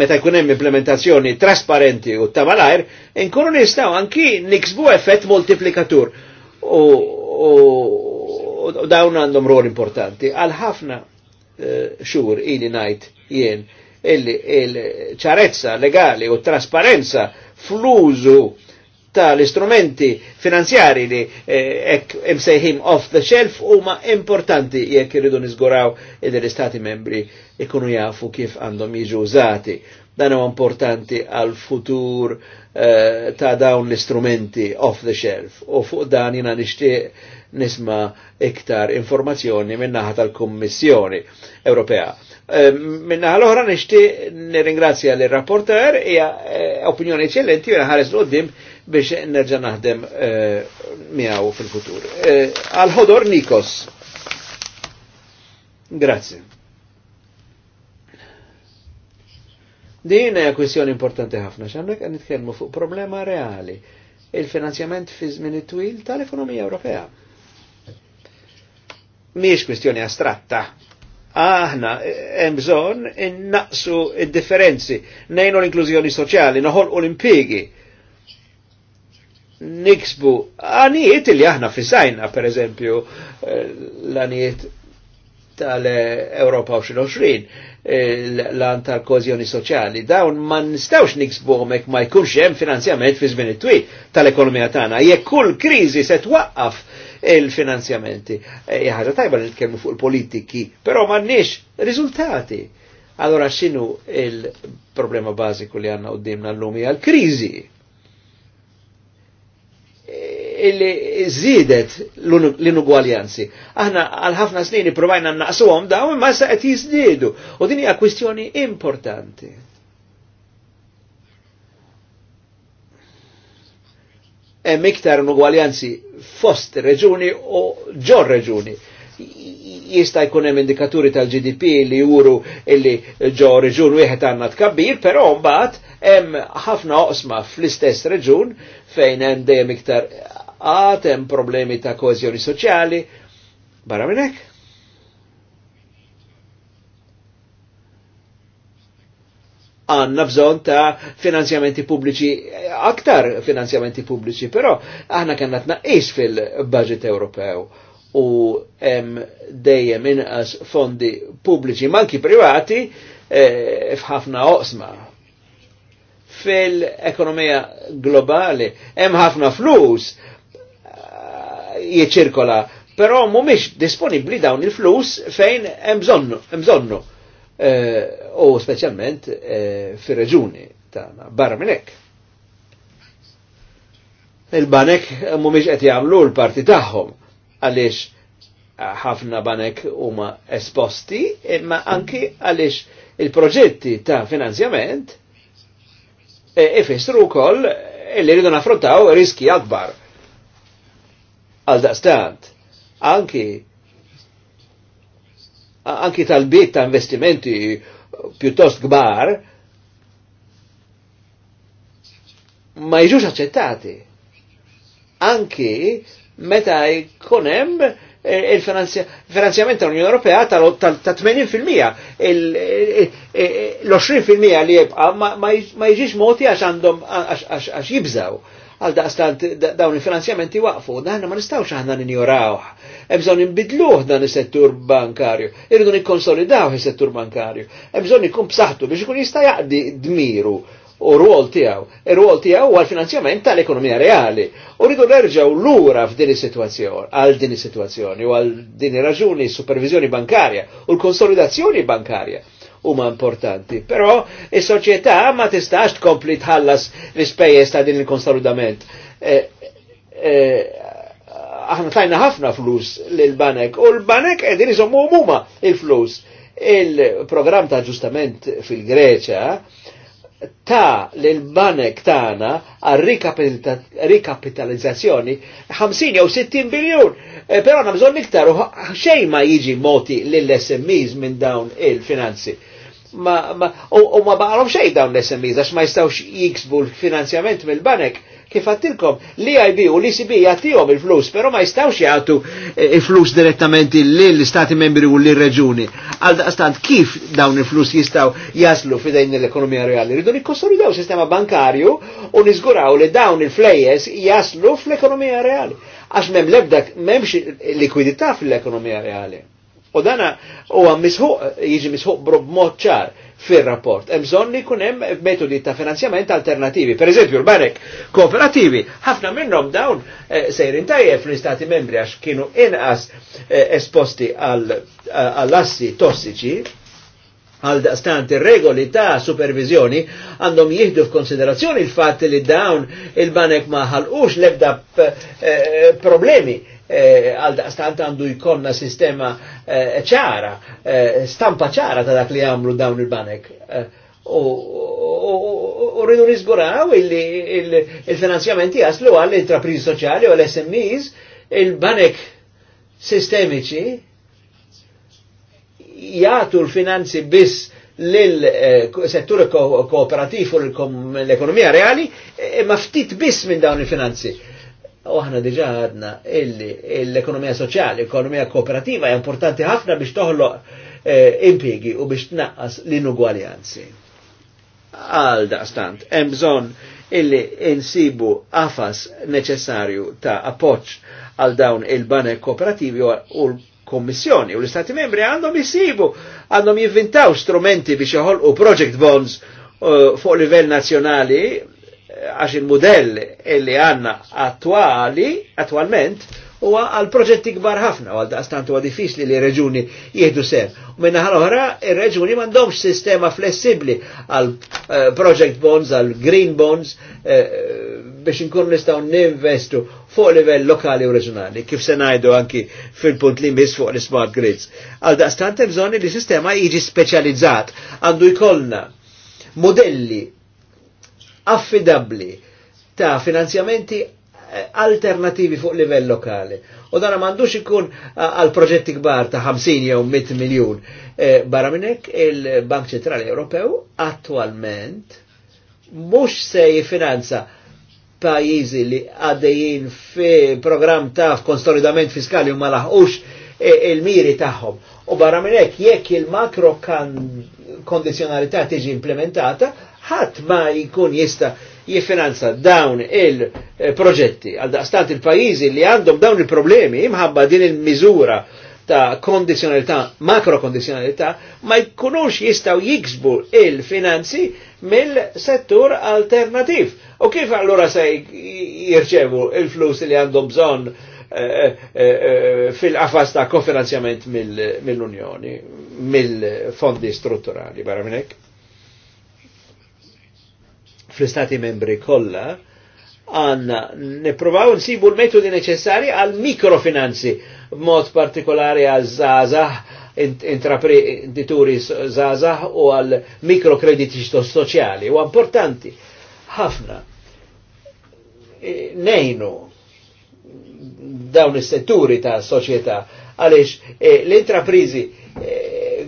meta jkun hemm implementazzjoni trasparenti u tamalajr, inkunu nistgħu anki niksbu effett multiplikatur. U, u, u dawn għandhom rol importanti. Għal ħafna xur eh, xhur ili ngħid jien il-ċarezza legali u trasparenza fl-użu l istrumenti finanzjari li eh, ek imsejħim off the shelf u ma' importanti jekk irridu nizguraw id l-istati membri ikunu jafu kif għandhom jiġu użati. Dan huwa importanti għal futur eh, ta' dawn l-istrumenti off the shelf u fuq dan jina nixtieq nisma iktar informazzjoni minnaħa tal-Kommissjoni Ewropea. Ehm, minnaħa l-oħra nishti nirringrazzja l-rapporter, hija eh, opinjoni eccellenti u ħares l-qoddim biex nerġa' naħdem eh, miegħu fil-futur. Eh, għal-ħodor Nikos. Grazie. Din hija kwestjoni importanti ħafna x'għandek qed nitkellmu fuq problema reali il-finanzjament fi żmien twil tal-ekonomija Ewropea miex kwistjoni astratta. Aħna hemm bżonn innaqsu id-differenzi, nejnu l-inklużjoni soċjali, u l-impjegi. Niksbu għanijiet li aħna fissajna, per eżempju, eh, l-għanijiet tal-Europa 2020, eh, l-għan tal-kozjoni soċjali, dawn ma nistawx niksbu għomek ma jkunx hemm finanzjament fi żmien it-twil tal-ekonomija tagħna. Jekk kull kriżi se twaqqaf il-finanzjamenti. E, Jħagħa tajba li nitkellmu fuq il-politiki, però m'għandniex riżultati. Allora x'inhu il-problema bażiku li għandna qudiemna llum hija l-kriżi e, illi żiedet l-inugwaljanzi. Aħna għal ħafna snin provajna naqsuhom dawn imma issa qed jiżdiedu. U din hija kwistjoni importanti. hemm iktar ugwaljanzi fost reġuni u ġor reġuni. Jista' jkun hemm indikaturi tal-GDP li juru illi ġo reġun wieħed għandna tkabbir, però mbagħad hemm ħafna oqsma fl-istess reġun fejn hemm dejjem iktar għat, hemm problemi ta' koeżjoni soċjali. Barra minn għanna bżon ta' finanzjamenti pubbliċi, aktar finanzjamenti pubbliċi, però aħna kanna tnaqqis fil-budget Ewropew u hemm dejjem inqas fondi pubbliċi manki privati e, f'ħafna oqsma. Fil-ekonomija globali hemm ħafna flus eh, jiċirkola, però mhumiex disponibbli dawn il-flus fejn hemm bżonnu. Eh, u specialment eh, fir-reġuni tagħna barra minn Il-banek mhumiex qed jagħmlu l-parti tagħhom għaliex ħafna banek huma esposti imma anki għaliex il-proġetti ta' finanzjament eh, ifissru wkoll li rridu naffrontaw riski akbar. Għal daqstant, anki anki tal-bit ta' investimenti pjuttost gbar, ma jiġux accettati. Anki meta jkunem eh, il-finanzjament tal-Unjoni Ewropea tal-80% eh, eh, l-20% li jibqa ma jiġix moti għax għandhom għax jibżaw għal daqstant dawn il-finanzjamenti waqfu, daħna ma nistawx aħna ninjoraw. Ebżon nbidluh dan il settur bankarju, irridu n-konsolidaw il settur bankarju, ebżon ikun b'saħħtu biex ikun jista' jaqdi dmiru u ruol tiegħu. Ir-rwol tiegħu huwa finanzjament tal-ekonomija reali. U rridu l lura f'din il sitwazzjoni għal din is-sitwazzjoni u għal din il raġuni supervizjoni bankarja u l-konsolidazzjoni bankarja huma importanti. Però is-soċjetà ma tistax tkompli tħallas l-ispejjeż ta' din il-konsolidament. Eh, eh, aħna tajna ħafna flus lill banek u l-banek qegħdin iżommu huma il-flus. Il-programm ta' ġustament fil-Greċa ta' l-banek tana għal rikapitalizzazzjoni 50 jew 60 biljon. Eh, però għanna bżonn iktar u xej ma jiġi moti l-SMEs minn dawn il-finanzi ma, ma, u, ma baqalom xej dawn l-SMEs, għax ma jistawx jiksbu l-finanzjament mill-banek, kif għattilkom, l-IB e u l-ICB e jgħattijom il-flus, pero ma jistawx jgħattu eh, il-flus direttament l-istati membri u li reġuni Għal daqstant, kif dawn il-flus jistaw jaslu fidejn l-ekonomija reali? Ridu nikkonsolidaw sistema bankarju u nizguraw li dawn il-flejes jaslu fl-ekonomija reali. Għax mem lebdak, memx likwidità fl-ekonomija reali U dana huwa misħuq jiġi misħuq brob ċar fir-rapport. Hemm bżonn li jkun hemm metodi ta' finanzjament alternativi. Per eżempju, l-banek kooperativi, ħafna minnhom dawn eh, sejrin tajjeb fl-istati membri għax kienu inqas eh, esposti għall-assi eh, tossiċi, għal daqstant regoli ta' supervizjoni għandhom jihdu f'konsiderazzjoni il-fat li dawn il-banek maħal ux lebda problemi Eh, għal daqstant għandu jkonna sistema eh, ċara, eh, stampa ċara ta' dak li għamlu dawn il-banek. U rridu nizguraw il-finanzjamenti għaslu għall intrapriż soċjali u l-SMEs, il-banek sistemiċi jgħatu l-finanzi biss l settur kooperativ u l-ekonomija reali, ma ftit biss minn dawn il-finanzi u aħna diġa għadna illi l-ekonomija soċjali, l-ekonomija kooperativa importanti ħafna biex toħloq eh, impiegi u biex tnaqqas l-inugwaljanzi. Għal daqstant, hemm bżonn illi insibu għafas neċessarju ta' appoġġ għal dawn il-banek kooperativi u l-Kommissjoni u l-Istati membri għandhom jisibu, għandhom jivvintaw strumenti biex joħolqu project bonds eh, fuq livell nazzjonali għax il-modell li għanna attuali, attualment, huwa għal proġetti kbar ħafna, għal daqstant huwa diffiċli li reġuni jieħdu sem. U minna ħal-oħra, il-reġuni mandomx sistema flessibli għal eh, project bonds, għal green bonds, eh, biex nkun nistaw ninvestu fuq livell lokali u reġunali, kif se ngħidu anki fil-punt li mis fuq l-smart grids. Għal daqstant bżonni li sistema jiġi speċjalizzat, għandu jkollna modelli affidabli ta' finanzjamenti eh, alternativi fuq livell lokali. U dan mandux ikun eh, għal proġetti kbar ta' 50 jew 100 miljun. E, barra minnek il-Bank Ċentrali Ewropew attualment mhux se jifinanza pajjiżi li għaddejjin fi program ta' konsolidament fiskali u ma laħqux il-miri tagħhom. U barra minnek jekk il-makro kondizjonalità tiġi implementata, ħadd ma jkun jista' jifinanza dawn il-proġetti għal daqstant il-pajjiżi li għandhom dawn il-problemi imħabba din il mizura ta' kondizjonalità, makro kondizjonalità, ma jkunux jistaw jiksbu il-finanzi mill-settur alternativ. U kif allora se jirċevu il-flus li għandhom bżon eh, eh, eh, fil-qafas ta' kofinanzjament mill-Unjoni, mill mill-fondi strutturali, barra minnek? fl-istati membri kolla, għanna niprovaw nsibu l-metodi neċessari għal mikrofinanzi mod partikolari għal zazah intraprenditori zazah u għal mikrokrediti soċjali u importanti ħafna e, nejnu dawn is-setturi ta' soċjetà għaliex e, l-intraprizi e,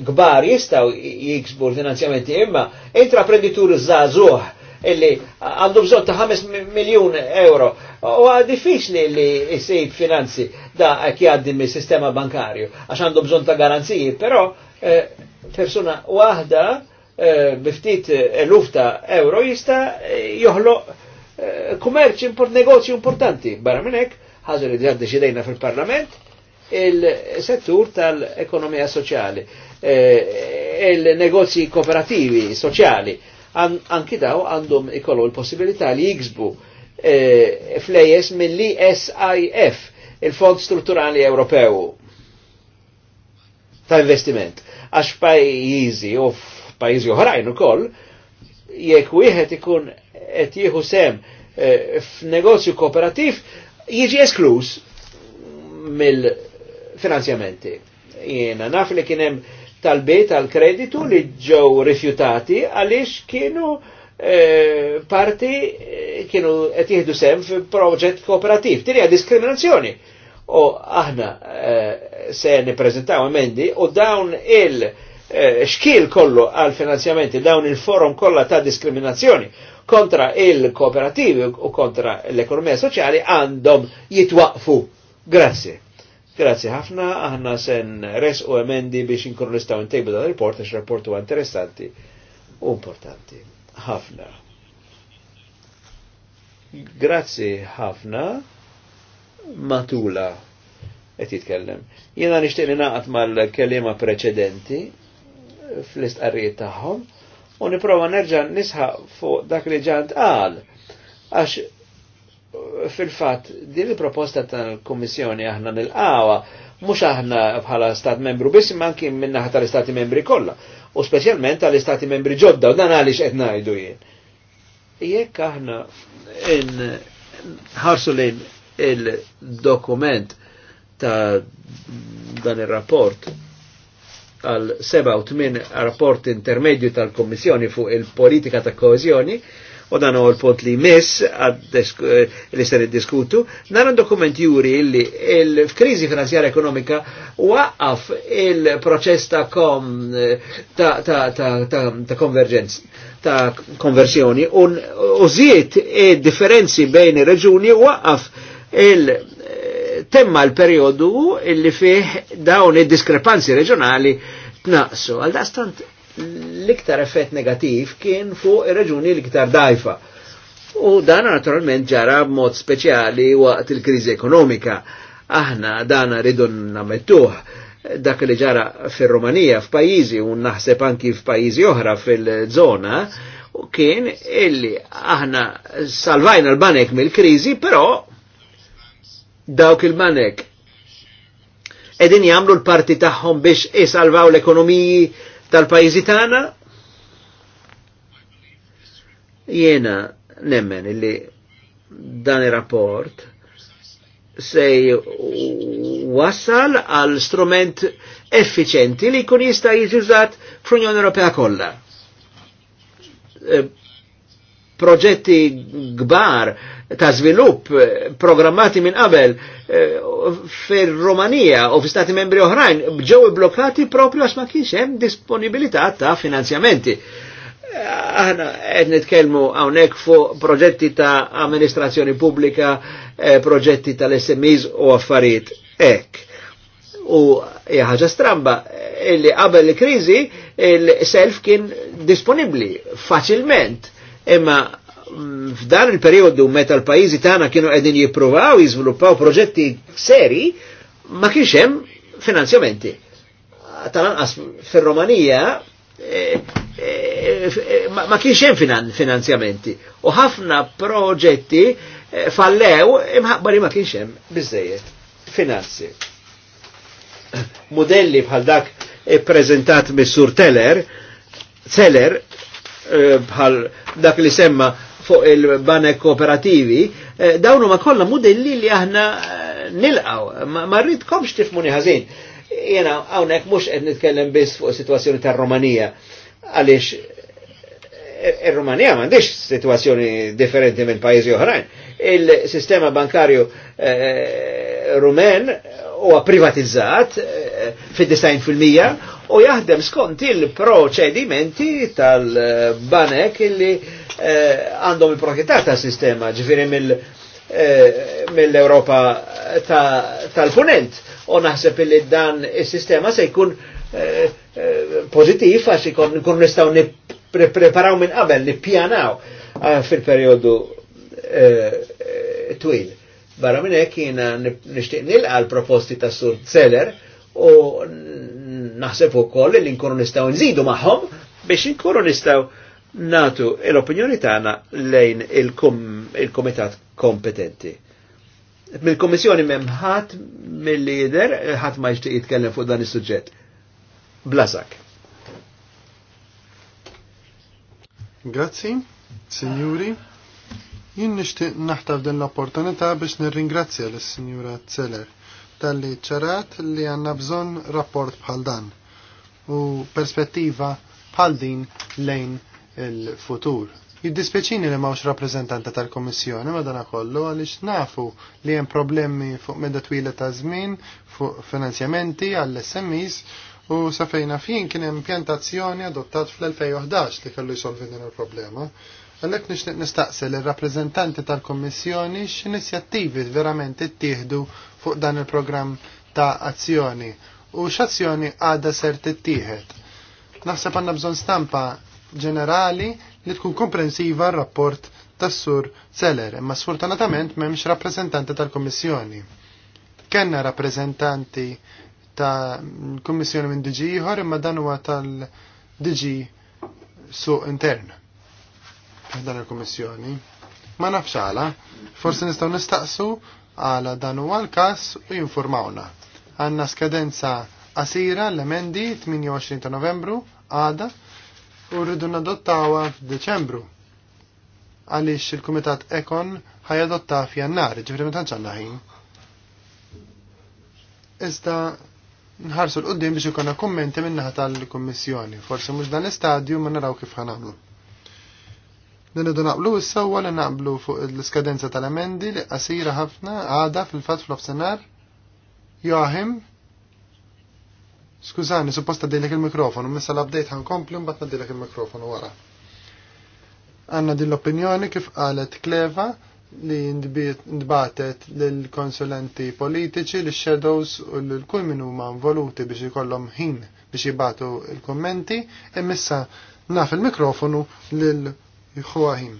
gbar jistaw jiksbu finanzjamenti imma intraprenditur zazuħ illi għandu bżon ta' 5 miljun euro. U diffiċli li jisib finanzi da kjaddi mis sistema bankarju, għax għandu bżon ta' garanziji, però eh, persuna wahda eh, biftit eh, eluf ta' euro jista joħlo eh, kummerċ import negozju importanti. Barra minnek, ħazur id deċidejna fil-parlament, il-settur tal-ekonomija soċjali, eh, il-negozji kooperativi soċjali, anki daw għandhom ikollu l-possibilità li jiksbu e, flejes mill-ISIF, il-Fond Strutturali Ewropew ta' investiment. Għax pajizi u pajizi oħrajn ukoll, jekk wieħed ikun qed jieħu sem eh, f'negozju kooperativ jiġi esklus mill-finanzjamenti. Jiena naf li kien hemm tal-bejt tal-kreditu li ġew rifjutati għaliex kienu eh, parti eh, kienu qed jieħdu sem f'proġett kooperativ. Tiri diskriminazzjoni. U aħna eh, se nippreżentaw emendi u dawn il- xkil kollu għal finanzjamenti dawn il-forum kollha ta' diskriminazzjoni kontra il-kooperativi u kontra l-ekonomija soċjali għandhom jitwaqfu. Grazie. Grazzi ħafna, aħna sen res u emendi biex inkunu nistaw intejbu dan il-report, għax rapport huwa interessanti u importanti. Ħafna. Grazzi ħafna, matula, qed jitkellem. Jiena nishtiq li naqgħod mal-kelima preċedenti fl istqarriet tagħhom u nipprova nerġa' nisħaq fuq dak li ġant qal għax fil-fat, din il-proposta tal-Kommissjoni aħna nil-qawa, mux aħna bħala stat membru, biss manki ħata tal-istati membri kolla, u specialment tal-istati membri ġodda, u dan għalix etnajdu jien. Jekk aħna in ħarsu lejn il-dokument ta' dan il-rapport għal 7 u 8 rapport intermedju tal-Kommissjoni fuq il-politika ta' kohezjoni, u dan huwa l-punt li mis eh, li ser diskutu nara dokument juri li il-krizi finanzjarja ekonomika waqqaf il-proċess ta' kom ta', konverġenz ta' konversjoni u il differenzi bejn il reġuni waqqaf il- temma l-periodu illi fih dawn id-diskrepanzi reġjonali tnaqsu. Għal-dastant l-iktar effett negativ kien fuq ir-reġuni l-iktar dajfa. U dan naturalment ġara mod speċjali waqt il-kriżi ekonomika. Aħna dan rridu nammettuħ dak li ġara fir-Romanija f'pajjiżi u naħseb anki f'pajjiżi oħra fil-żona kien illi aħna salvajna l-banek mill-kriżi, però dawk il-banek edin jamlu l-parti tagħhom biex isalvaw l-ekonomiji tal-pajizi tagħna jiena nemmen illi dan ir-rapport se wassal għal strument effiċenti li jkun jista' jiġi użat fl-Unjoni Ewropea kollha. Eh, proġetti gbar ta' svilup eh, programmati minn qabel eh, fir romania u stati membri oħrajn ġew blokati propju għax ma kienx hemm disponibilità ta' finanzjamenti. Eh, aħna qed nitkellmu hawnhekk fuq proġetti ta' amministrazzjoni pubblika, proġetti tal-SMEs u affarijiet hekk. U ħaġa stramba illi qabel il-kriżi il-self kien disponibbli faċilment imma f'dan il-periodu meta l-pajizi tagħna kienu qegħdin jippruvaw jiżviluppaw proġetti seri ma kienx hemm finanzjamenti. Tal-anqas fir-Romanija eh, eh, ma, kienx hemm finanzjamenti. U ħafna proġetti eh, fallew imħabbar ma kienx hemm biżejjed finanzi. Modelli bħal dak prezentat mis-sur Teller, Teller bħal dak li semma fuq il-banek kooperativi, eh, dawnu ma kollha modelli li aħna eh, nilqaw, ma rridkomx tifmuni ħażin. Jena hawnhekk mhux qed nitkellem biss fuq is-sitwazzjoni tar-Romanija għaliex eh, ir rumanija m'għandix sitwazzjoni differenti minn pajjiżi oħrajn. Il-sistema bankarju rumen huwa privatizzat fid-90% u jaħdem skont il-proċedimenti tal-banek illi Eh, għandhom il-proprietà ta' sistema, ġifiri mill- eh, mill-Europa tal-punent. u naħseb li dan il-sistema se jkun eh, eh pozitiv għax ikun nistaw nipreparaw minn qabel, nippjanaw fil-periodu twil. Barra minn hekk jiena nixtieq nilqa' l-proposti ta' Sur Zeller u naħseb ukoll li nkunu nistgħu nżidu magħhom biex inkunu nistgħu natu l-opinjoni tagħna lejn il-komitat kompetenti. Mill-komissjoni m'hemm ħadd mill-lider ħadd ma jixtieq jitkellem fuq dan is-suġġett. Blażak. Grazzi, signori.
Jien nixtieq naħtaf din l-opportunità biex nirringrazzja lis-Sinjura Zeller tal-li ċarat li għanna bżon rapport bħal dan u perspettiva bħal din lejn il-futur. Jiddispeċini li mawx rappresentanta tal-Komissjoni madana kollu għalix nafu li hemm problemi fuq medda twila ta' żmien fuq finanzjamenti għall smis u safejna fin kien hemm pjantazzjoni adottat fl-2011 li kellu jsolvi din il-problema. Għalhekk nixtieq nistaqsel ir-rappreżentanti tal-Kommissjoni x'inizjattivi verament ittieħdu fuq dan il-programm ta' azzjoni u x'azzjoni għadha ser tittieħed. Naħseb għandna bżonn stampa ġenerali li tkun komprensiva r-rapport tas-sur Seller, imma sfortunatament m'hemmx rappreżentanti tal-Kummissjoni. Kenna rappreżentanti ta' kummissjoni minn DG ieħor imma dan huwa tal-DG suq intern. Dan il-Kummissjoni. Ma nafx għala, forsi nistgħu nistaqsu għala dan huwa l-każ u jinformawna. Għandna skadenza qasira l-emendi 28 ta' Novembru għada u rridu nadottawa f'Deċembru għaliex il-Kumitat Ekon ħajadotta f'Jannar, ġifri ma ġanna ħin. Iżda nħarsu l-qoddim biex ikonna kommenti minnaħa tal-Kommissjoni, forsi mhux dan l-istadju ma naraw kif ħanamlu. Nirridu naqblu s-sewwa li naqblu fuq l skadenza tal-emendi li qasira ħafna għada fil-fat fl-ofsenar joħim, Skużani, supposta dilek il-mikrofonu, missa l-update għan komplu, mbatt nadilek il-mikrofonu wara. Għanna din l-opinjoni kif qalet Kleva li ndbatet l-konsulenti politiċi, l-shadows u l-kull minn huma involuti biex jikollom ħin biex jibatu il-kommenti, emissa naf il-mikrofonu lil-ħuahim.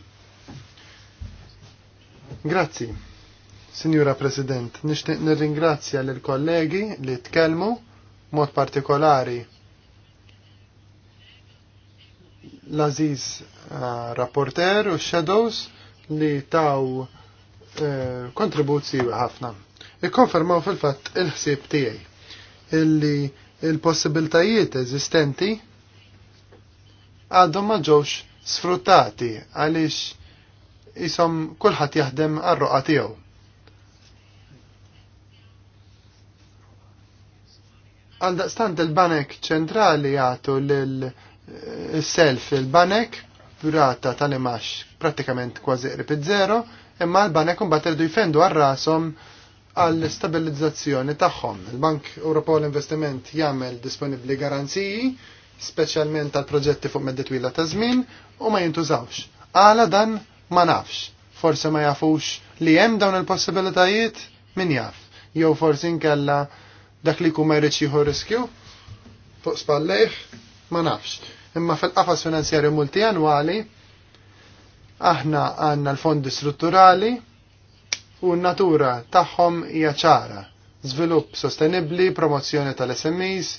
Grazzi, Signora President, nishtiq nirringrazzja l-kollegi li tkellmu mod partikolari l-Aziz eh, rapporter u Shadows li taw eh, kontribuzzi ħafna. Ikkonfermaw fil-fatt il-ħsieb tiegħi illi il-possibiltajiet eżistenti għadhom ma ġewx sfruttati għaliex isom kulħadd jaħdem għar-roqa tiegħu. Għaldaqstant il-banek ċentrali jagħtu l-self eh, il-banek rata tal-imax pratikament kważi qrib iż-żero, imma l-banek imbagħad irdu jfendu għal rashom għall stabilizzazzjoni tagħhom. Il-Bank Ewropew l-Investiment jagħmel disponibbli garanziji, speċjalment għal proġetti fuq medda twila ta' żmien, u ma jintużawx. Għala dan ma nafx. Forse ma jafux li hemm dawn il-possibilitajiet min jaf. Jew forsi nkella dak li jkun ma jrid riskju fuq spallejħ, ma nafx. Imma fil-qafas finanzjarju multijanwali aħna għandna l-fondi strutturali u n-natura tagħhom hija ċara. sostenibli, sostenibbli, promozzjoni tal-SMEs,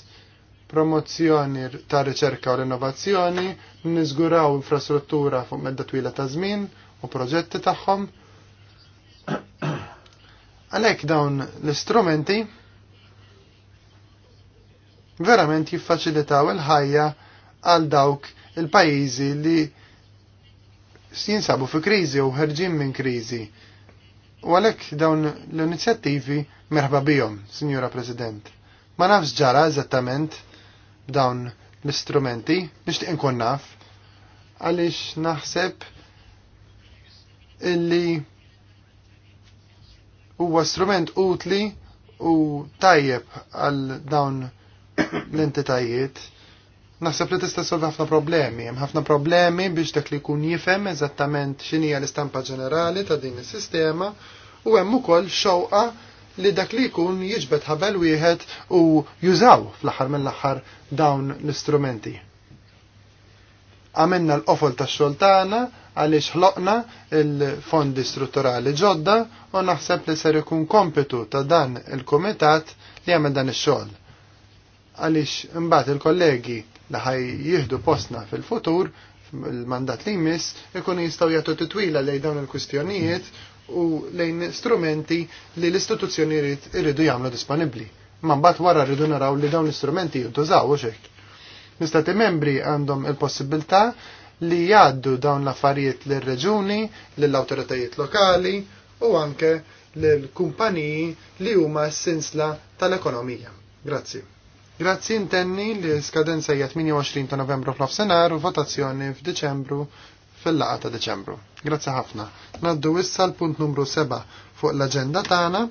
promozzjoni ta' riċerka u l-innovazzjoni, niżguraw infrastruttura fuq medda twila ta' żmien u proġetti tagħhom. Għalhekk dawn l-istrumenti verament jiffaċilitaw il-ħajja għal dawk il-pajjiżi li jinsabu fi kriżi u ħerġin minn kriżi. U għalhekk dawn l-inizjattivi merħba bihom, sinjora President. Ma nafx ġara eżattament dawn l-istrumenti, nixtieq inkun naf, għaliex naħseb illi huwa strument utli u tajjeb għal dawn l-entitajiet Naħseb li tista' solvi ħafna problemi, hemm ħafna problemi biex dak li jkun jifhem eżattament x'inhi l-istampa ġenerali ta' din is-sistema u hemm ukoll xewqa li dak li jkun jiġbed ħabel wieħed u jużaw fl-aħħar mill-aħħar dawn l-istrumenti. Għamilna l-qofol tax xogħol tagħna għaliex ħloqna il-fondi strutturali ġodda u naħseb li ser ikun kompitu ta' dan il-kumitat li għamel dan ix-xogħol għaliex imbagħad il-kollegi li ħaj jieħdu postna fil-futur il-mandat li jmiss ikun jistgħu jagħtu titwila lejn dawn il-kwistjonijiet u lejn strumenti li l-istituzzjoni jridu jagħmlu disponibbli. Ma mbagħad wara rridu naraw li dawn l-istrumenti jintużaw u xejn. L-istati membri għandhom il-possibilità li jgħaddu dawn l-affarijiet l-reġuni, l-autoritajiet lokali u anke l-kumpaniji li huma sinsla tal-ekonomija. Grazzi. Grazzi intenni li skadenza hija 28 ta' Novembru fl senar u votazzjoni f'Diċembru fil-laqa ta' Deċembru. Grazzi ħafna. Naddu issa l-punt numru 7 fuq l-agenda tagħna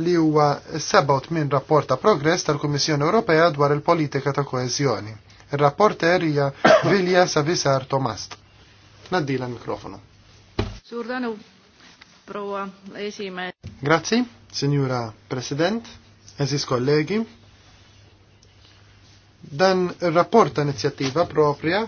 li huwa 7 rapport ta' progress tal-Kummissjoni Ewropea dwar il-politika ta' koeżjoni. Il-rapporter hija Vilja Savisar Tomast. Naddi l-mikrofonu.
Sur danu, esime.
Grazzi, Signora President, eżis kollegi, Dan ir-rapport ta' inizjattiva propria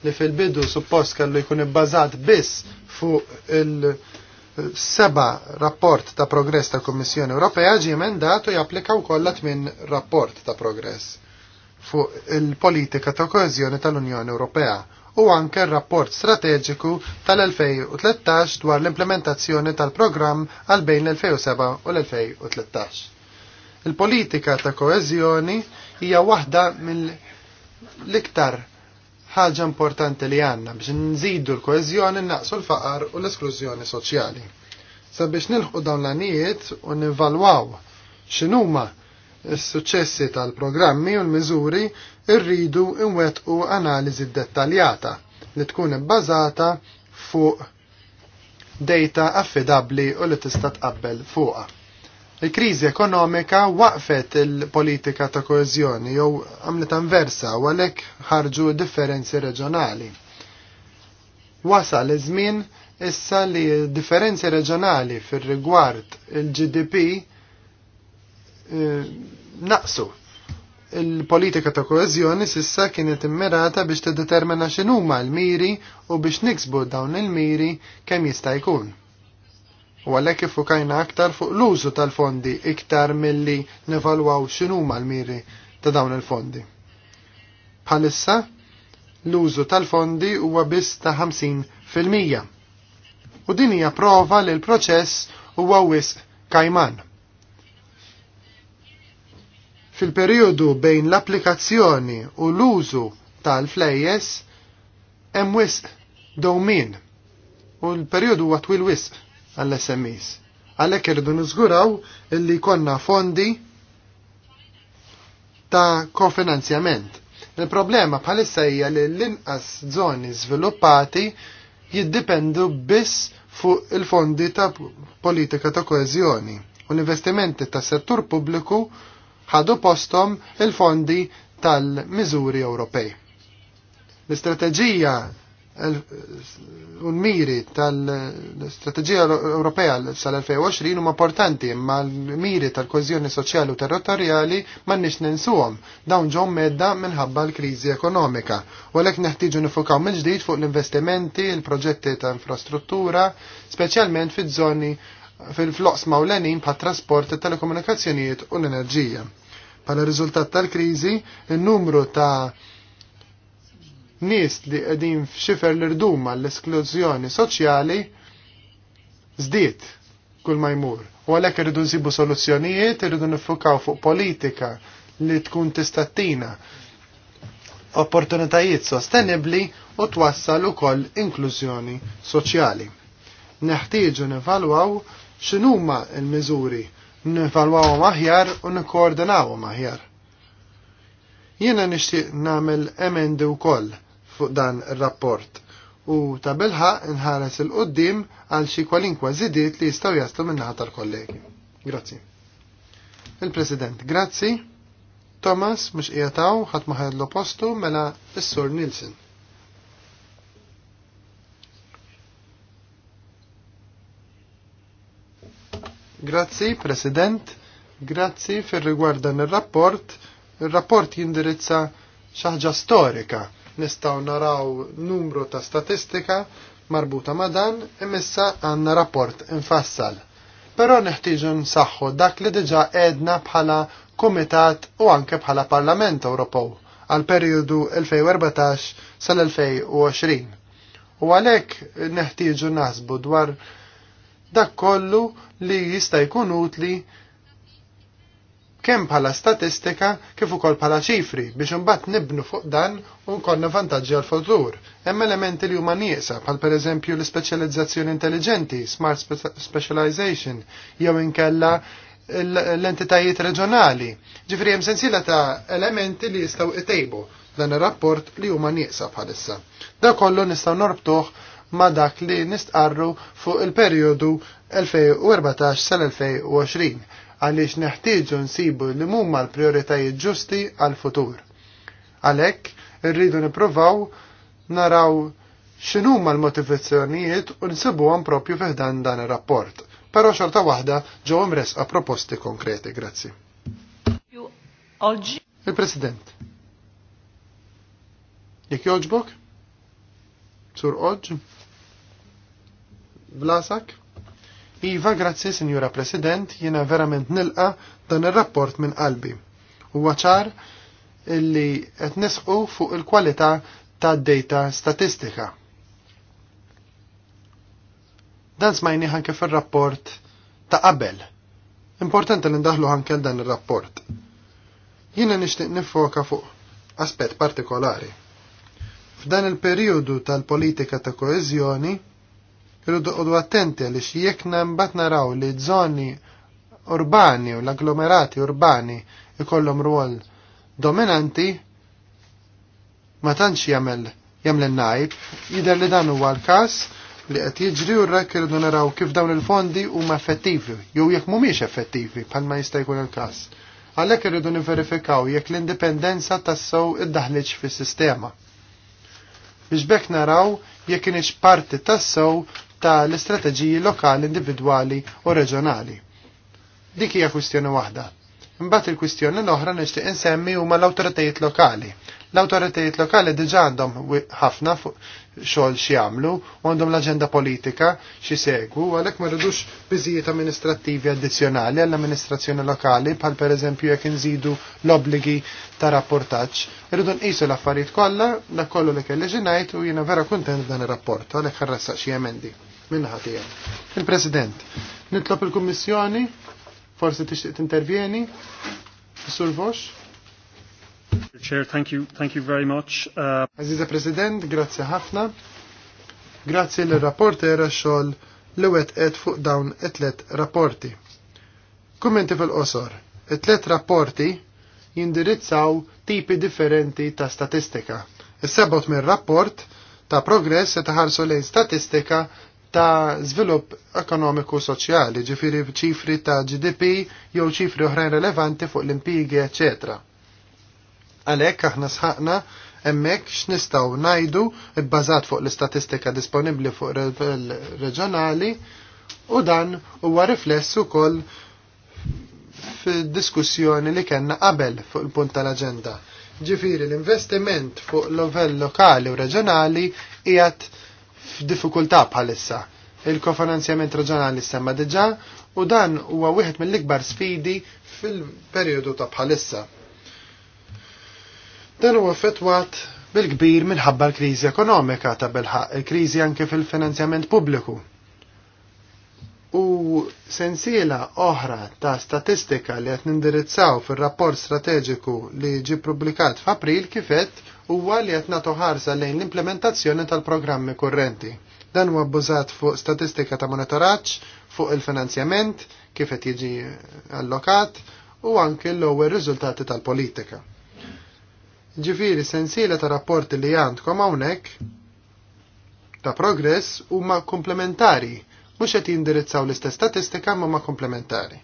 li fil-bidu suppost kellu jkun ibbażat biss fuq il-seba rapport ta' progress ta' Kommissjoni Ewropea ġie emendat u japplika wkoll minn rapport ta' progress fuq il-politika ta' koeżjoni tal-Unjoni Ewropea u anke r-rapport strateġiku tal-2013 dwar l-implementazzjoni tal-programm għal bejn l-2007 u l-2013. Il-politika ta' koeżjoni hija waħda mill-iktar ħaġa importanti li għanna biex nżidu l-koezjoni, naqsu l-faqar u l-esklużjoni soċjali. Sabiex nilħu dawn l-anijiet u nivalwaw x'inhuma s-suċessi tal-programmi u l-miżuri irridu nwettqu analiżi dettaljata li tkun bbażata fuq data affidabli u li tista' tqabbel fuqha. Il-kriżi ekonomika waqfet il-politika ta' koezjoni jew għamlet anversa u għalhekk ħarġu differenzi reġjonali. Wasal iż-żmien issa li differenzi reġjonali fir-rigward il-GDP eh, naqsu. Il-politika ta' koezjoni sissa kienet immirata biex tiddetermina x'inhuma l-miri u biex niksbu dawn il-miri kemm jista' jkun u għalhekk ifukajna aktar fuq l-użu tal-fondi iktar milli nevalwaw x'inhuma l-miri ta' dawn il-fondi. Bħalissa l-użu tal-fondi huwa biss ta' 50%. U din hija prova li l-proċess huwa wisq kajman. Fil-periodu bejn l-applikazzjoni u l-użu tal-flejjes hemm wisq dowmin u l-periodu huwa twil wisq għall-SMEs. Għalhekk irridu niżguraw illi jkollna fondi ta' kofinanzjament. Il-problema bħalissa hija li l-inqas żoni żviluppati jiddipendu biss fuq il-fondi ta' politika ta' koeżjoni u l-investimenti ta' settur pubbliku ħadu postom il-fondi tal-miżuri Ewropej. L-istrateġija l-miri tal-Strategija Ewropea sal-2020 huma importanti, ma l-miri tal-kozjoni soċjali u territorjali ma nix ninsuhom. Dawn ġew medda minħabba l-kriżi ekonomika. U għalhekk neħtieġu nifukaw mill-ġdid fuq l-investimenti, il-proġetti ta' infrastruttura, speċjalment fiż-żoni fil-floqs mawlenin pa' trasport, telekomunikazzjonijiet u l-enerġija. Pala riżultat tal-kriżi, il-numru ta' nies li qegħdin f'xifer l-irduma l-esklużjoni soċjali zdiet kull ma jmur. U għalhekk irridu nsibu soluzzjonijiet, irridu nifukaw fuq politika li tkun tistattina opportunitajiet sostenibli u twassal ukoll inklużjoni soċjali. Neħtieġu nivalwaw x'inhuma l-miżuri, nivalwawhom aħjar u nikkoordinawhom aħjar jiena nixtieq nagħmel emendi wkoll fuq dan ir-rapport u ta' nħares il-qoddim għal xi kwalinkwa zidiet li jistgħu jaslu minnaħa tal-kollegi. Grazzi. Il-President, grazzi. Thomas mhux qiegħtaw ħadd ma ħadlu postu mela s-Sur Nilsen. Grazzi, President. Grazzi fir rigward dan ir-rapport. Ir-rapport jindirizza xi ħaġa storika Nistaw naraw numru ta' statistika marbuta ma' dan imissa għanna rapport infassal. Però neħtieġu nsaħħu dak li diġa edna bħala Kumitat u anke bħala Parlament Ewropew għal periodu 2014 sal-2020. U għalhekk neħtieġu nasbu dwar dak kollu li jista' jkun utli kemm bħala statistika kif ukoll bħala ċifri biex imbagħad nibnu fuq dan u nkollna vantaġġi għal futur. Hemm elementi li huma nieqsa bħal pereżempju l-ispeċjalizzazzjoni intelligenti, smart specialization, jew inkella l-entitajiet reġjonali. Ġifri hemm sensiela ta' elementi li jistgħu itejbu dan ir-rapport li huma nieqsa bħalissa. Da kollu nistgħu norbtuh ma' dak li nistqarru fuq il-perjodu 2014 sal-2020 għaliex neħtieġu nsibu li mumma l-prioritajiet ġusti għal-futur. Għalhekk irridu nippruvaw naraw x'inhuma l-motivazzjonijiet u nsibuhom propju fiħdan dan ir-rapport. Però xorta waħda ġew imresqa proposti konkreti, grazzi.
Il-President.
Jekk joġbok? Sur oġ? Vlasak? Iva, grazzi, Signora President, jiena verament nilqa dan ir-rapport minn qalbi. Huwa ċar illi qed nisqu fuq il-kwalità tad-data statistika. Dan smajni anke fir-rapport ta' qabel. Importanti li ndaħlu anke dan ir-rapport. Jiena nixtieq nifoka fuq aspett partikolari. F'dan il-perjodu tal-politika ta' koeżjoni, Irridu attenti li jekk mbagħad naraw li żoni urbani u l-agglomerati urbani ikollhom rwol dominanti ma tantx jagħmel jagħmel najb jidher li dan huwa l-każ li qed jiġri u rek irridu naraw kif dawn il-fondi huma effettivi jew jekk mhumiex effettivi bħalma jista' jkun il-każ. Għalhekk irridu niverifikaw jekk l-indipendenza tassew daħliġ fis-sistema. Biex bekk naraw jekk kienx parti tassew tal-istrateġiji lokali, individwali u reġjonali. Dik hija kwistjoni waħda. Mbagħad il-kwistjoni l-oħra nixtieq insemmi huma l-awtoritajiet lokali. L-awtoritajiet lokali diġà għandhom ħafna xogħol xi jagħmlu u għandhom l-aġenda politika xi segwu għalhekk ma rridux biżijiet amministrattivi addizzjonali għall-amministrazzjoni lokali bħal pereżempju jekk inżidu l-obbligi ta' rapportaġġ. Irridu nqisu l-affarijiet kollha dak kollu li kelli xi ngħid u jiena vera kuntent dan ir-rapport għalhekk ħarressaq xi emendi minnaħa Il-President, nitlob il-Kummissjoni Forsi tixtieq tintervjeni? Sur Vosh? Chair, thank you, thank you very much. Uh... Aziza President, grazzi ħafna. Grazzi l-rapporter xogħol li et fuq dawn etlet tlet rapporti. Kummenti fil-qosor. It-tlet rapporti jindirizzaw tipi differenti ta' statistika. is sebot minn rapport ta' progress se taħarsu lejn statistika ta' żvilupp ekonomiku soċjali, ġifiri ċifri ta' GDP jew ċifri oħrajn relevanti fuq l-impigi, ecc. Għalhekk aħna sħaqna hemmhekk x'nistgħu ngħidu bbażat fuq l-istatistika disponibbli fuq reġjonali u dan huwa rifless ukoll fid-diskussjoni li kellna qabel fuq il-punt tal-aġenda. Ġifiri l-investiment fuq l-level lokali u reġjonali qiegħed f'diffikultà bħalissa. Il-kofinanzjament reġjonali semma diġà u dan huwa wieħed mill-ikbar sfidi fil-perjodu ta' bħalissa. Dan huwa fetwat bil-kbir minħabba l-kriżi ekonomika ta' bilħaq il-kriżi anke fil-finanzjament pubbliku. U sensiela oħra ta' statistika li qed nindirizzaw fir-rapport strateġiku li ġi publikat f'April kifet huwa li qed nagħtu ħarsa lejn l-implementazzjoni tal-programmi kurrenti. Dan huwa bbużat fuq statistika ta' monitoraġġ, fuq il-finanzjament, kif qed jiġi allokat u anke l-ewwel riżultati tal-politika. Ġifieri sensiela ta' rapporti li għandkom hawnhekk ta' progress huma komplementari, mhux qed jindirizzaw l-istess statistika ma komplementari.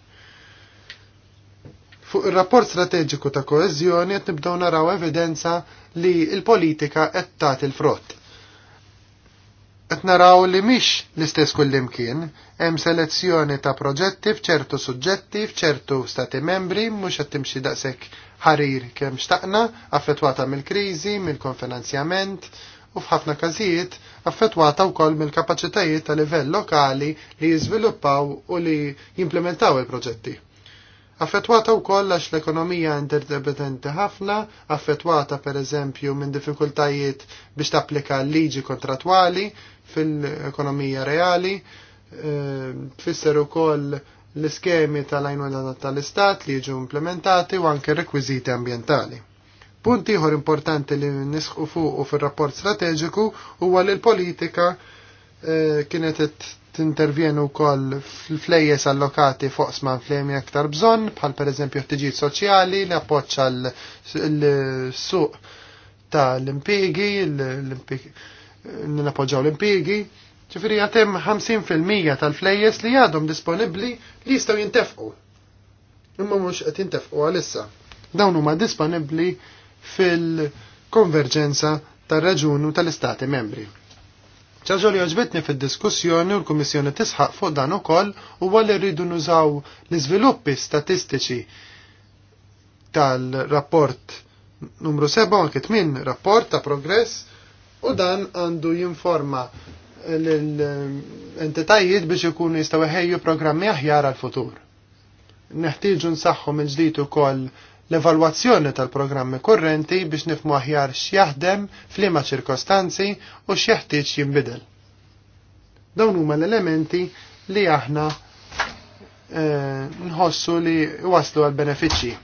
Fuq ir-rapport strateġiku ta' koeżjoni qed nibdew naraw evidenza li l-politika qed tagħti il frott Qed naraw li mhix l-istess kullimkien, hemm selezzjoni ta' proġetti f'ċertu suġġetti f'ċertu stati membri mhux qed timxi daqshekk ħarir kemm xtaqna, affettwata mill-kriżi, mill-konfinanzjament, u f'ħafna każijiet affettwata wkoll mill-kapaċitajiet ta' livell lokali li jiżviluppaw u li jimplementaw il-proġetti. Affettwata wkoll għax l-ekonomija interdependenti ħafna, affettwata pereżempju minn diffikultajiet biex tapplika liġi kontratwali fil-ekonomija reali, eh, tfisser ukoll l-iskemi tal-għajnuna tal-istat li jiġu implementati u anke rekwiżiti ambjentali. Punt ieħor importanti li nisħu fuq fir-rapport strateġiku huwa li l-politika eh, kienet tintervjenu wkoll fl-flejjes allokati fuq sman flejmi aktar bżonn, bħal pereżempju ħtiġijiet soċjali li appoċċa l-suq ta' l-impigi, l-appoġġaw l-impigi. ċifiri għatem 50% tal-flejjes li għadhom disponibli li jistaw jintefqu. Imma mux qed jintefqu għalissa. Dawn huma disponibli fil-konverġenza tar-raġunu tal-istati membri ċaġoli oġbitni fil-diskussjoni u l-Komissjoni tisħaq fuq dan ukoll u għalli rridu nużaw l-iżviluppi statistiċi tal-rapport numru 7 anke min rapport ta' progress u dan għandu jinforma l-entitajiet biex ikunu jistaw ħejju programmi aħjar għal-futur. Neħtieġu nsaħħu minn ġdid ukoll l-evalwazzjoni tal-programmi korrenti biex nifmu aħjar x'jaħdem f'liema ċirkostanzi u x'jeħtieġ jinbidel. Dawn huma l-elementi li aħna eh, nħossu li waslu għal benefiċċji.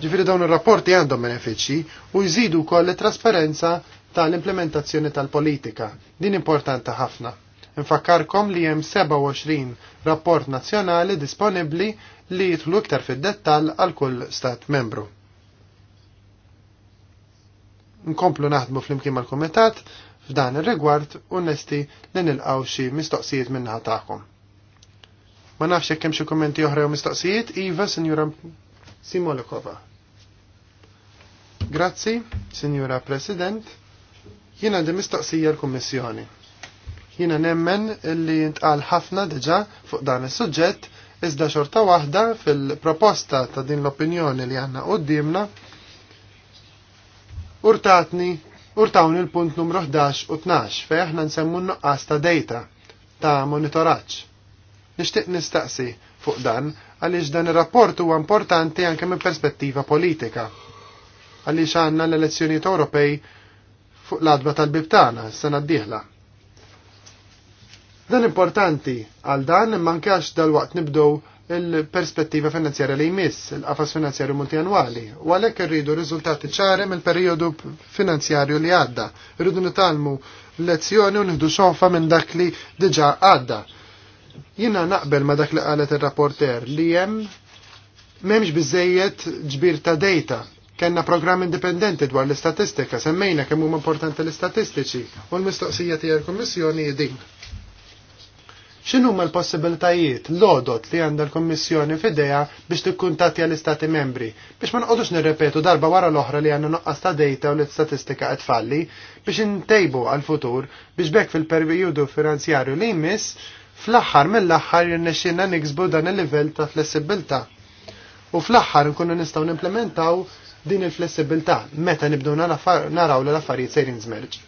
Ġifieri dawn ir-rapporti għandhom benefiċċji u jżidu it trasparenza tal-implementazzjoni tal-politika. Din importanti ħafna. Infakkarkom li hemm 27 rapport nazzjonali disponibbli li jidħlu iktar fid-dettall għal kull stat membru. Nkomplu naħdmu fl-imkien mal-Kumitat f'dan ir-rigward u nesti li nilqgħu xi mistoqsijiet minnaħa tagħkom. Ma nafx jekk hemm xi kummenti oħra jew mistoqsijiet, iva Sinjura Simolikova. Grazzi, Sinjura President. Jiena di mistoqsija l-Kummissjoni Jiena nemmen li jintqal ħafna diġa fuq dan is-suġġett iżda xorta waħda fil-proposta ta' din l-opinjoni li għanna d-dimna urtatni urtawni l-punt numru 11 u 12 fej aħna nsemmu nuqqas ta' data ta' monitoraċ. Nixtieq nistaqsi fuq dan għaliex dan ir-rapport huwa importanti anke minn perspettiva politika. Għaliex għandna l-elezzjonijiet Ewropej fuq l-adba tal-bib tagħna s-sena d-dieħla Dan importanti għal dan imma dal-waqt nibdew il-perspettiva finanzjarja li jmiss, il-qafas finanzjarju multianwali, u għalhekk rridu riżultati ċari mill-perjodu finanzjarju li għadda. Rridu nitalmu lezzjoni u nħdu xofa minn dak li diġà għadda. Jiena naqbel ma dak li qalet ir-rapporter li hemm m'hemmx biżejjed ġbir ta' data. Kenna program indipendenti dwar l-istatistika, semmejna kemm huma importanti l-istatistiċi u l-mistoqsija tiegħi l-Kummissjoni din xinu ma l-possibilitajiet l-odot li għandha l-Kommissjoni fideja biex t-kuntati l-Istati membri biex ma nqogħdux nirrepetu darba wara l-oħra li għandna noqqas ta' dejta u l-istatistika qed falli biex intejbu għal-futur biex bekk fil-perjodu finanzjarju li jmiss fl-aħħar mill-aħħar jirnexxina niksbu dan il-livell ta' flessibilta. U fl-aħħar nkunu nistgħu nimplementaw din il-flessibilità meta nibdu naraw l affarijiet sejrin żmerġ.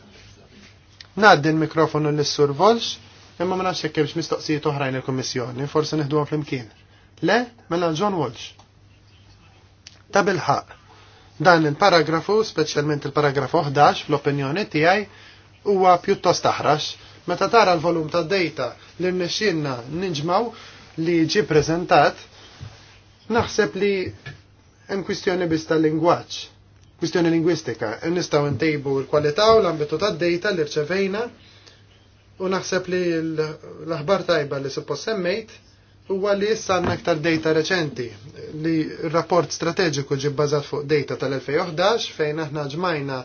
Ngħaddi l-mikrofonu lis sur Volx imma ma nafx jekk hemmx mistoqsijiet oħrajn il-Kummissjoni, forsi neħduhom flimkien. Le, mela John Walsh. Ta' bilħaq. Dan il-paragrafu, speċjalment il-paragrafu 11 fl-opinjoni tiegħi, huwa pjuttost aħrax meta tara l-volum ta' data li rnexxielna ninġmaw li ġi preżentat, naħseb li hemm kwistjoni biss tal-lingwaġġ kwistjoni lingwistika. nistgħu ntejbu l-kwalità u l-ambitu tad data li rċevejna u naħseb li l-aħbar tajba li suppost semmejt huwa li issa għandna aktar data reċenti li rapport strateġiku ġib bbażat fuq data tal-2011 fejn aħna ġmajna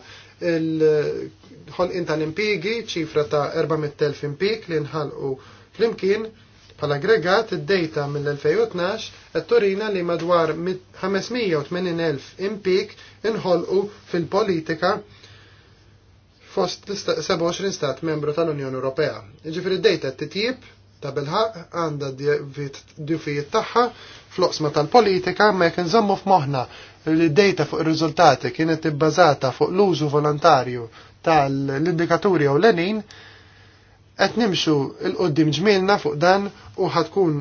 il-ħolqin tal-impigi ċifra ta' 400.000 impig li nħalqu flimkien bħala aggregat id-data mill-2012 qed turina li madwar 580.000 impig inħolqu fil-politika fost 27 stat membru tal-Unjoni Ewropea. Ġifri d-dejta t-titjib ta' bilħaq għanda d-dufijiet tagħha fl-oqsma tal-politika ma jekk nżommu f'moħħna li d-dejta fuq ir-riżultati kienet ibbażata fuq l-użu volontarju tal-indikaturi u l-enin qed nimxu l-qoddim ġmilna fuq dan u ħatkun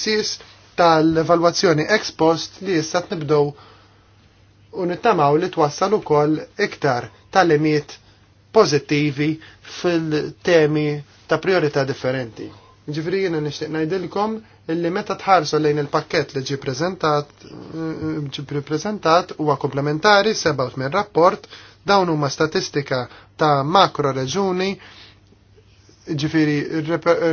sis tal-evalwazzjoni ex post li issa nibdow u nittamaw li twassal ukoll iktar tal-imiet pozittivi fil-temi ta' priorità differenti. Ġifri jena nishtiq najdilkom illi meta tħarsu lejn il-pakket li ġi prezentat, eh, ġi prezentat huwa komplementari seba' minn rapport dawn huma statistika ta' makro reġuni ġifiri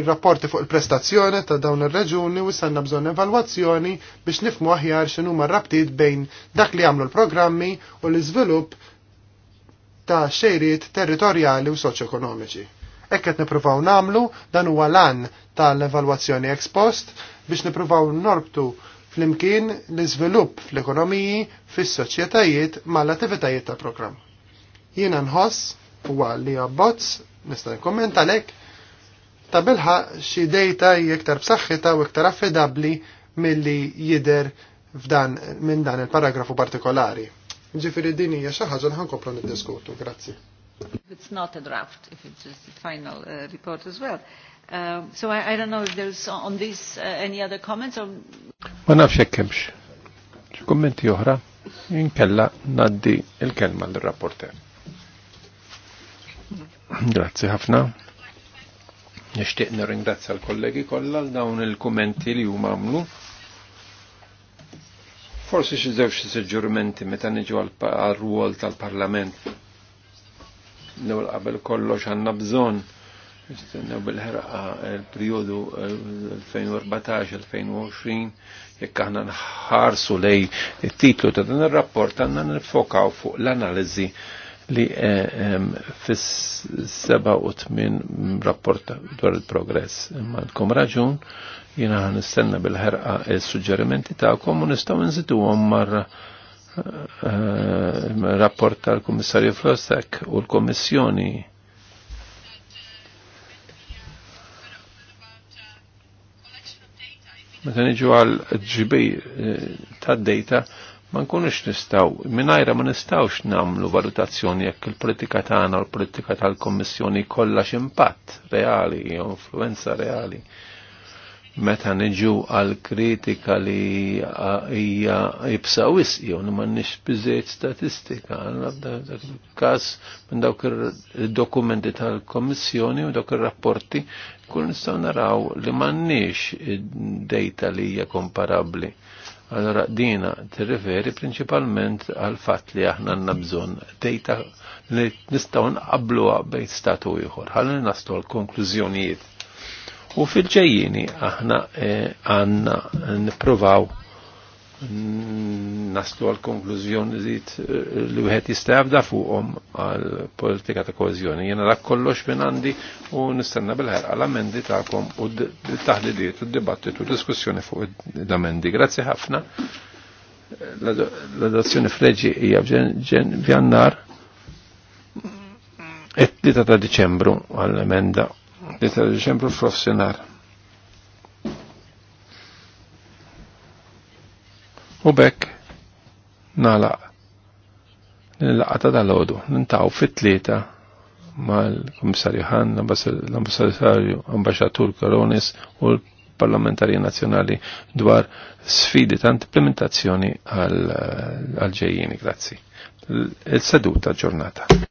rapporti fuq il-prestazzjoni ta' dawn ir-reġuni u sanna bżonn evalwazzjoni biex nifmu aħjar xinu marrabtid rabtiet bejn dak li għamlu l-programmi u l-iżvilupp ta' xejriet territorjali u soċjoekonomiċi. Ekk qed nippruvaw namlu dan huwa lan tal-evalwazzjoni ex post biex nippruvaw norbtu flimkien l-iżvilupp fl-ekonomiji fis-soċjetajiet mal-attivitajiet ta' programm. Jiena nħoss huwa li abbozz nista' nikkomment għalhekk ta' bilħa xi dejta iktar b'saħħitha u iktar affidabbli milli jider f'dan minn dan il-paragrafu partikolari. Ġifiri din hija xi ħaġa li ħankomplu
niddiskutu. Grazzi.
If It's not a draft, if it's just the final uh, report as well. Uh, so I, I don't know if there's uh, on this uh, any other comments or...
Ma nafx hekk hemmx. uħra, oħra, inkella naddi il-kelma l-rapporter. Grazzi ħafna. Nishtiq nirringrazzja l-kollegi kollha għal dawn il-kummenti li huma għamlu. Forsi xi żewġ suġġurimenti meta niġu għal ruol tal-Parlament. L-ewwel qabel kollox għandna bżonn nistennew bil-ħerqa il periodu 2014-2020 jekk aħna nħarsu lej it-titlu ta' dan ir-rapport għandna nifokaw fuq l-analiżi li eh, fis-87 rapport dwar il-progress. Imma raġun Jina nistenna bil-ħerqa il-suġġerimenti ta'kom u nistaw nżidu għom marra eh, eh, rapport tal-Kummissarju Flostek u l-Kommissjoni meta niġu għal ġibej eh, ta' data ma nkunux nistaw, minnajra ma nistawx namlu valutazzjoni jekk il-politika tagħna u l-politika tal komissjoni kollax impatt reali jew influenza reali meta niġu għal kritika li hija ibsa wisq jew m'għandniex biżejt statistika, każ minn dawk id-dokumenti tal-Kommissjoni u dawk ir-rapporti kull nistgħu naraw li m'għandniex data li hija komparabbli. Allora dina tirriferi prinċipalment għal fatt li aħna għandna bżonn data li nistgħu nqabluha bejn statu ieħor. Ħalli nastu l-konklużjonijiet u fil-ġejjini aħna eh, għanna nipruvaw naslu għal konklużjoni eh, li wieħed jista' jabda fuqhom għal politika ta' koeżjoni. Jiena da' kollox minn għandi u nistenna bil-ħerqa l-amendi tagħkom u d-taħdidiet u d-dibattitu u diskussjoni fuq l-amendi. Grazzi ħafna. L-adozzjoni freġi hija vjannar it-3 ta' Deċembru għall-emenda li ta' ġembru f'rofsinar. U bekk nalaq l-laqata dal-ħodu, nintaw fit-tlieta mal-Komissarju Hann, l-Ambassadorju Ambasġatur Koronis u l-Parlamentari Nazjonali dwar sfidi ta' implementazzjoni għal-ġejjini. Grazzi. Il-seduta ġurnata.